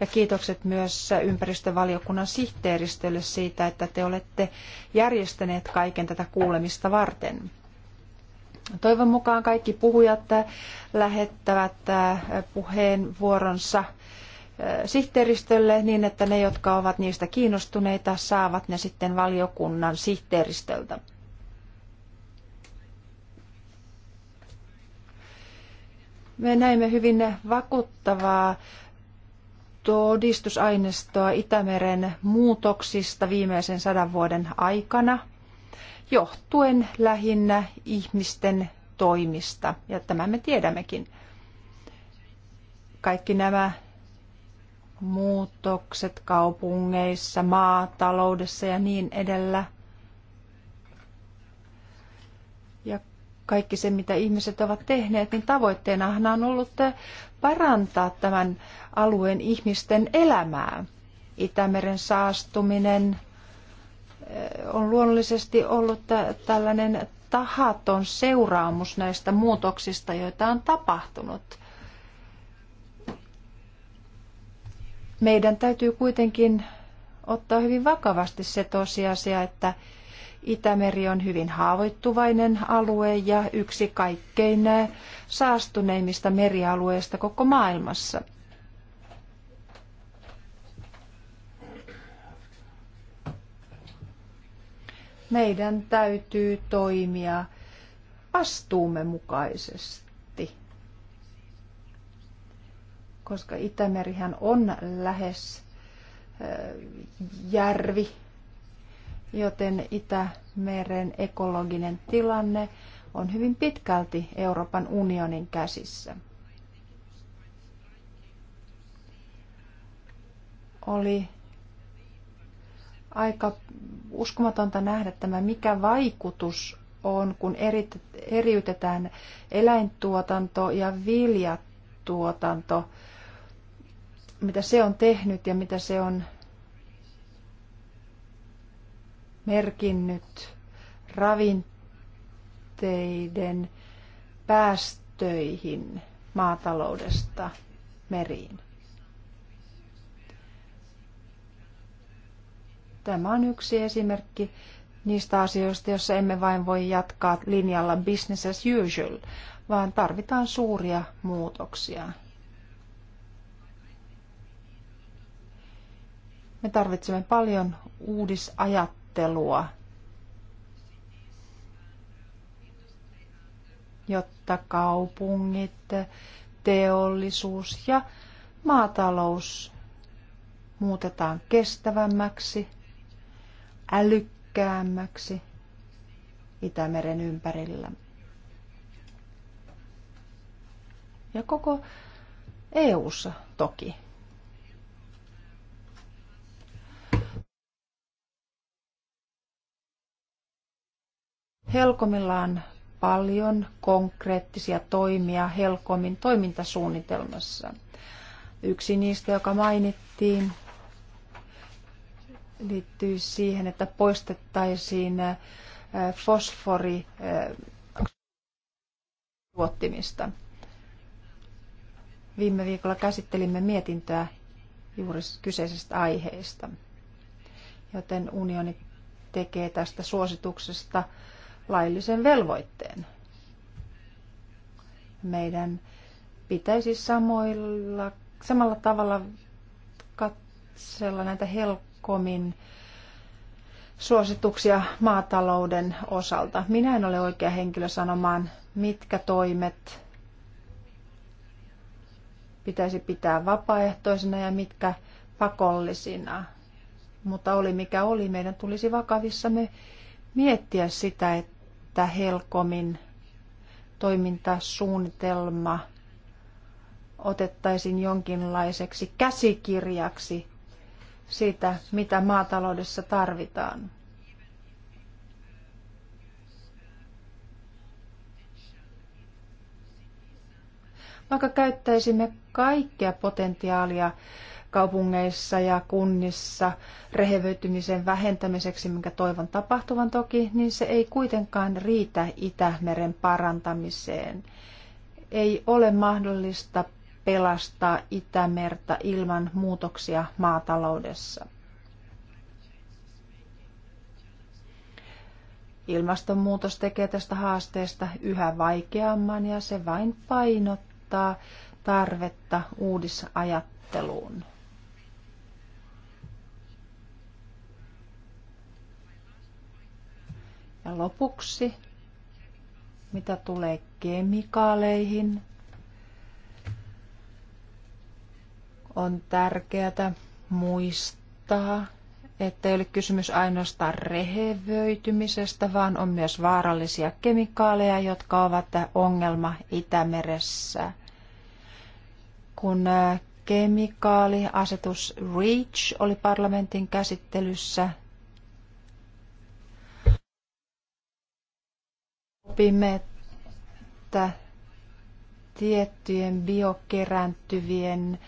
[SPEAKER 4] ja kiitokset myös ympäristövaliokunnan sihteeristölle siitä, että te olette järjestäneet kaiken tätä kuulemista varten. Toivon mukaan kaikki puhujat lähettävät puheenvuoronsa sihteeristölle niin, että ne, jotka ovat niistä kiinnostuneita, saavat ne sitten valiokunnan sihteeristöltä. Me näimme hyvin vakuuttavaa todistusaineistoa Itämeren muutoksista viimeisen sadan vuoden aikana, johtuen lähinnä ihmisten toimista, ja tämä me tiedämmekin. Kaikki nämä muutokset kaupungeissa, maataloudessa ja niin edellä kaikki se, mitä ihmiset ovat tehneet, niin tavoitteenahan on ollut parantaa tämän alueen ihmisten elämää. Itämeren saastuminen eh, on luonnollisesti ollut tällainen tahaton seuraamus näistä muutoksista, joita on tapahtunut. Meidän täytyy kuitenkin ottaa hyvin vakavasti se tosiasia, että Itämeri on hyvin haavoittuvainen alue ja yksi kaikkein saastuneimmista merialueista koko maailmassa. Meidän täytyy toimia vastuumme mukaisesti, koska Itämerihän on lähes järvi joten Itämeren ekologinen tilanne on hyvin pitkälti Euroopan unionin käsissä. Oli aika uskomatonta nähdä tämä, mikä vaikutus on, kun eriytetään eläintuotanto ja viljatuotanto, mitä se on tehnyt ja mitä se on merkinnyt ravinteiden päästöihin maataloudesta meriin. Tämä on yksi esimerkki niistä asioista, joissa emme vain voi jatkaa linjalla business as usual, vaan tarvitaan suuria muutoksia. Me tarvitsemme paljon uudisajattelua ajattelua, jotta kaupungit, teollisuus ja maatalous muutetaan kestävämmäksi, älykkäämmäksi Itämeren ympärillä. Ja koko EU:ssa toki. Helkomilla on paljon konkreettisia toimia Helkomin toimintasuunnitelmassa. Yksi niistä, joka mainittiin, liittyy siihen, että poistettaisiin fosfori tuottimista. Viime viikolla käsittelimme mietintöä juuri kyseisestä aiheesta, joten unioni tekee tästä suosituksesta laillisen velvoitteen. Meidän pitäisi samoilla, samalla tavalla katsella näitä helkomin suosituksia maatalouden osalta. Minä en ole oikea henkilö sanomaan, mitkä toimet pitäisi pitää vapaaehtoisena ja mitkä pakollisina. Mutta oli mikä oli, meidän tulisi vakavissamme miettiä sitä, että Helkomin toimintasuunnitelma otettaisiin jonkinlaiseksi käsikirjaksi siitä, mitä maataloudessa tarvitaan. Vaikka käyttäisimme kaikkea potentiaalia kaupungeissa ja kunnissa rehevöitymisen vähentämiseksi, minkä toivon tapahtuvan toki, niin se ei kuitenkaan riitä Itämeren parantamiseen. Ei ole mahdollista pelastaa Itämerta ilman muutoksia maataloudessa. Ilmastonmuutos tekee tästä haasteesta yhä vaikeamman ja se vain painottaa tarvetta uudisajatteluun. Ja lopuksi, mitä tulee kemikaaleihin, on tärkeää muistaa, että ei ole kysymys ainoastaan rehevöitymisestä, vaan on myös vaarallisia kemikaaleja, jotka ovat ongelma Itämeressä. Kun kemikaaliasetus REACH oli parlamentin käsittelyssä, opimme, että tiettyjen biokerääntyvien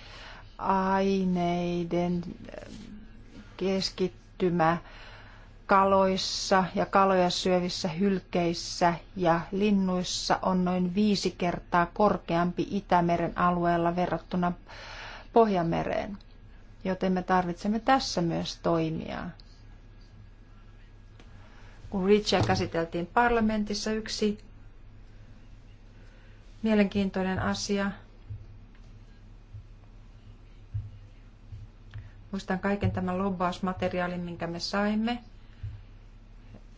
[SPEAKER 4] aineiden keskittymä kaloissa ja kaloja syövissä hylkeissä ja linnuissa on noin viisi kertaa korkeampi Itämeren alueella verrattuna Pohjanmereen. Joten me tarvitsemme tässä myös toimia kun Richia käsiteltiin parlamentissa yksi mielenkiintoinen asia. Muistan kaiken tämän lobbausmateriaalin, minkä me saimme.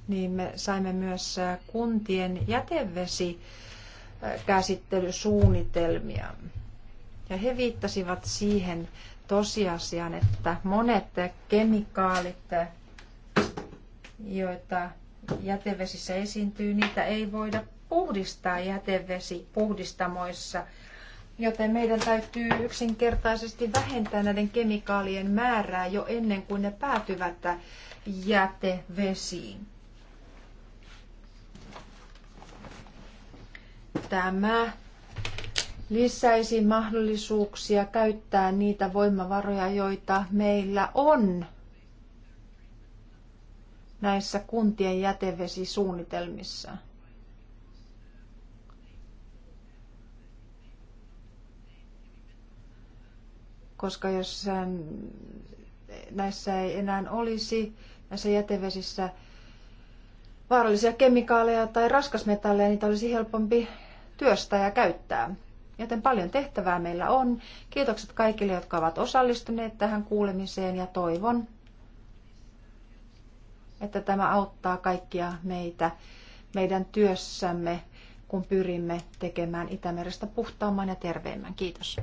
[SPEAKER 4] Niin me saimme myös äh, kuntien jätevesi äh, käsittelysuunnitelmia. Ja he viittasivat siihen tosiasiaan, että monet kemikaalit, joita jätevesissä esiintyy, niitä ei voida puhdistaa jätevesipuhdistamoissa. Joten meidän täytyy yksinkertaisesti vähentää näiden kemikaalien määrää jo ennen kuin ne päätyvät jätevesiin. Tämä lisäisi mahdollisuuksia käyttää niitä voimavaroja, joita meillä on näissä kuntien jätevesisuunnitelmissa. Koska jos näissä ei enää olisi näissä jätevesissä vaarallisia kemikaaleja tai raskasmetalleja, niitä olisi helpompi työstää ja käyttää. Joten paljon tehtävää meillä on. Kiitokset kaikille, jotka ovat osallistuneet tähän kuulemiseen ja toivon, että tämä auttaa kaikkia meitä meidän työssämme, kun pyrimme tekemään Itämerestä puhtaamman
[SPEAKER 3] ja terveemmän. Kiitos.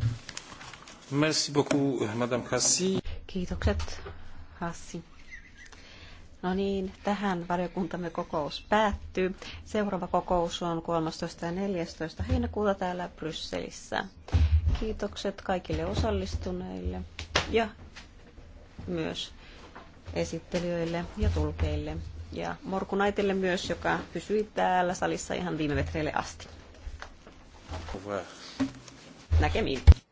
[SPEAKER 1] Merci beaucoup, Madame Hassi.
[SPEAKER 3] Kiitokset, Hassi. No niin, tähän valiokuntamme kokous päättyy. Seuraava kokous on 13. ja 14. heinäkuuta täällä Brysselissä. Kiitokset kaikille osallistuneille ja myös esittelijöille ja tulkeille ja morkunaitille myös, joka pysyi täällä salissa ihan viime metreille asti. Näkemiin.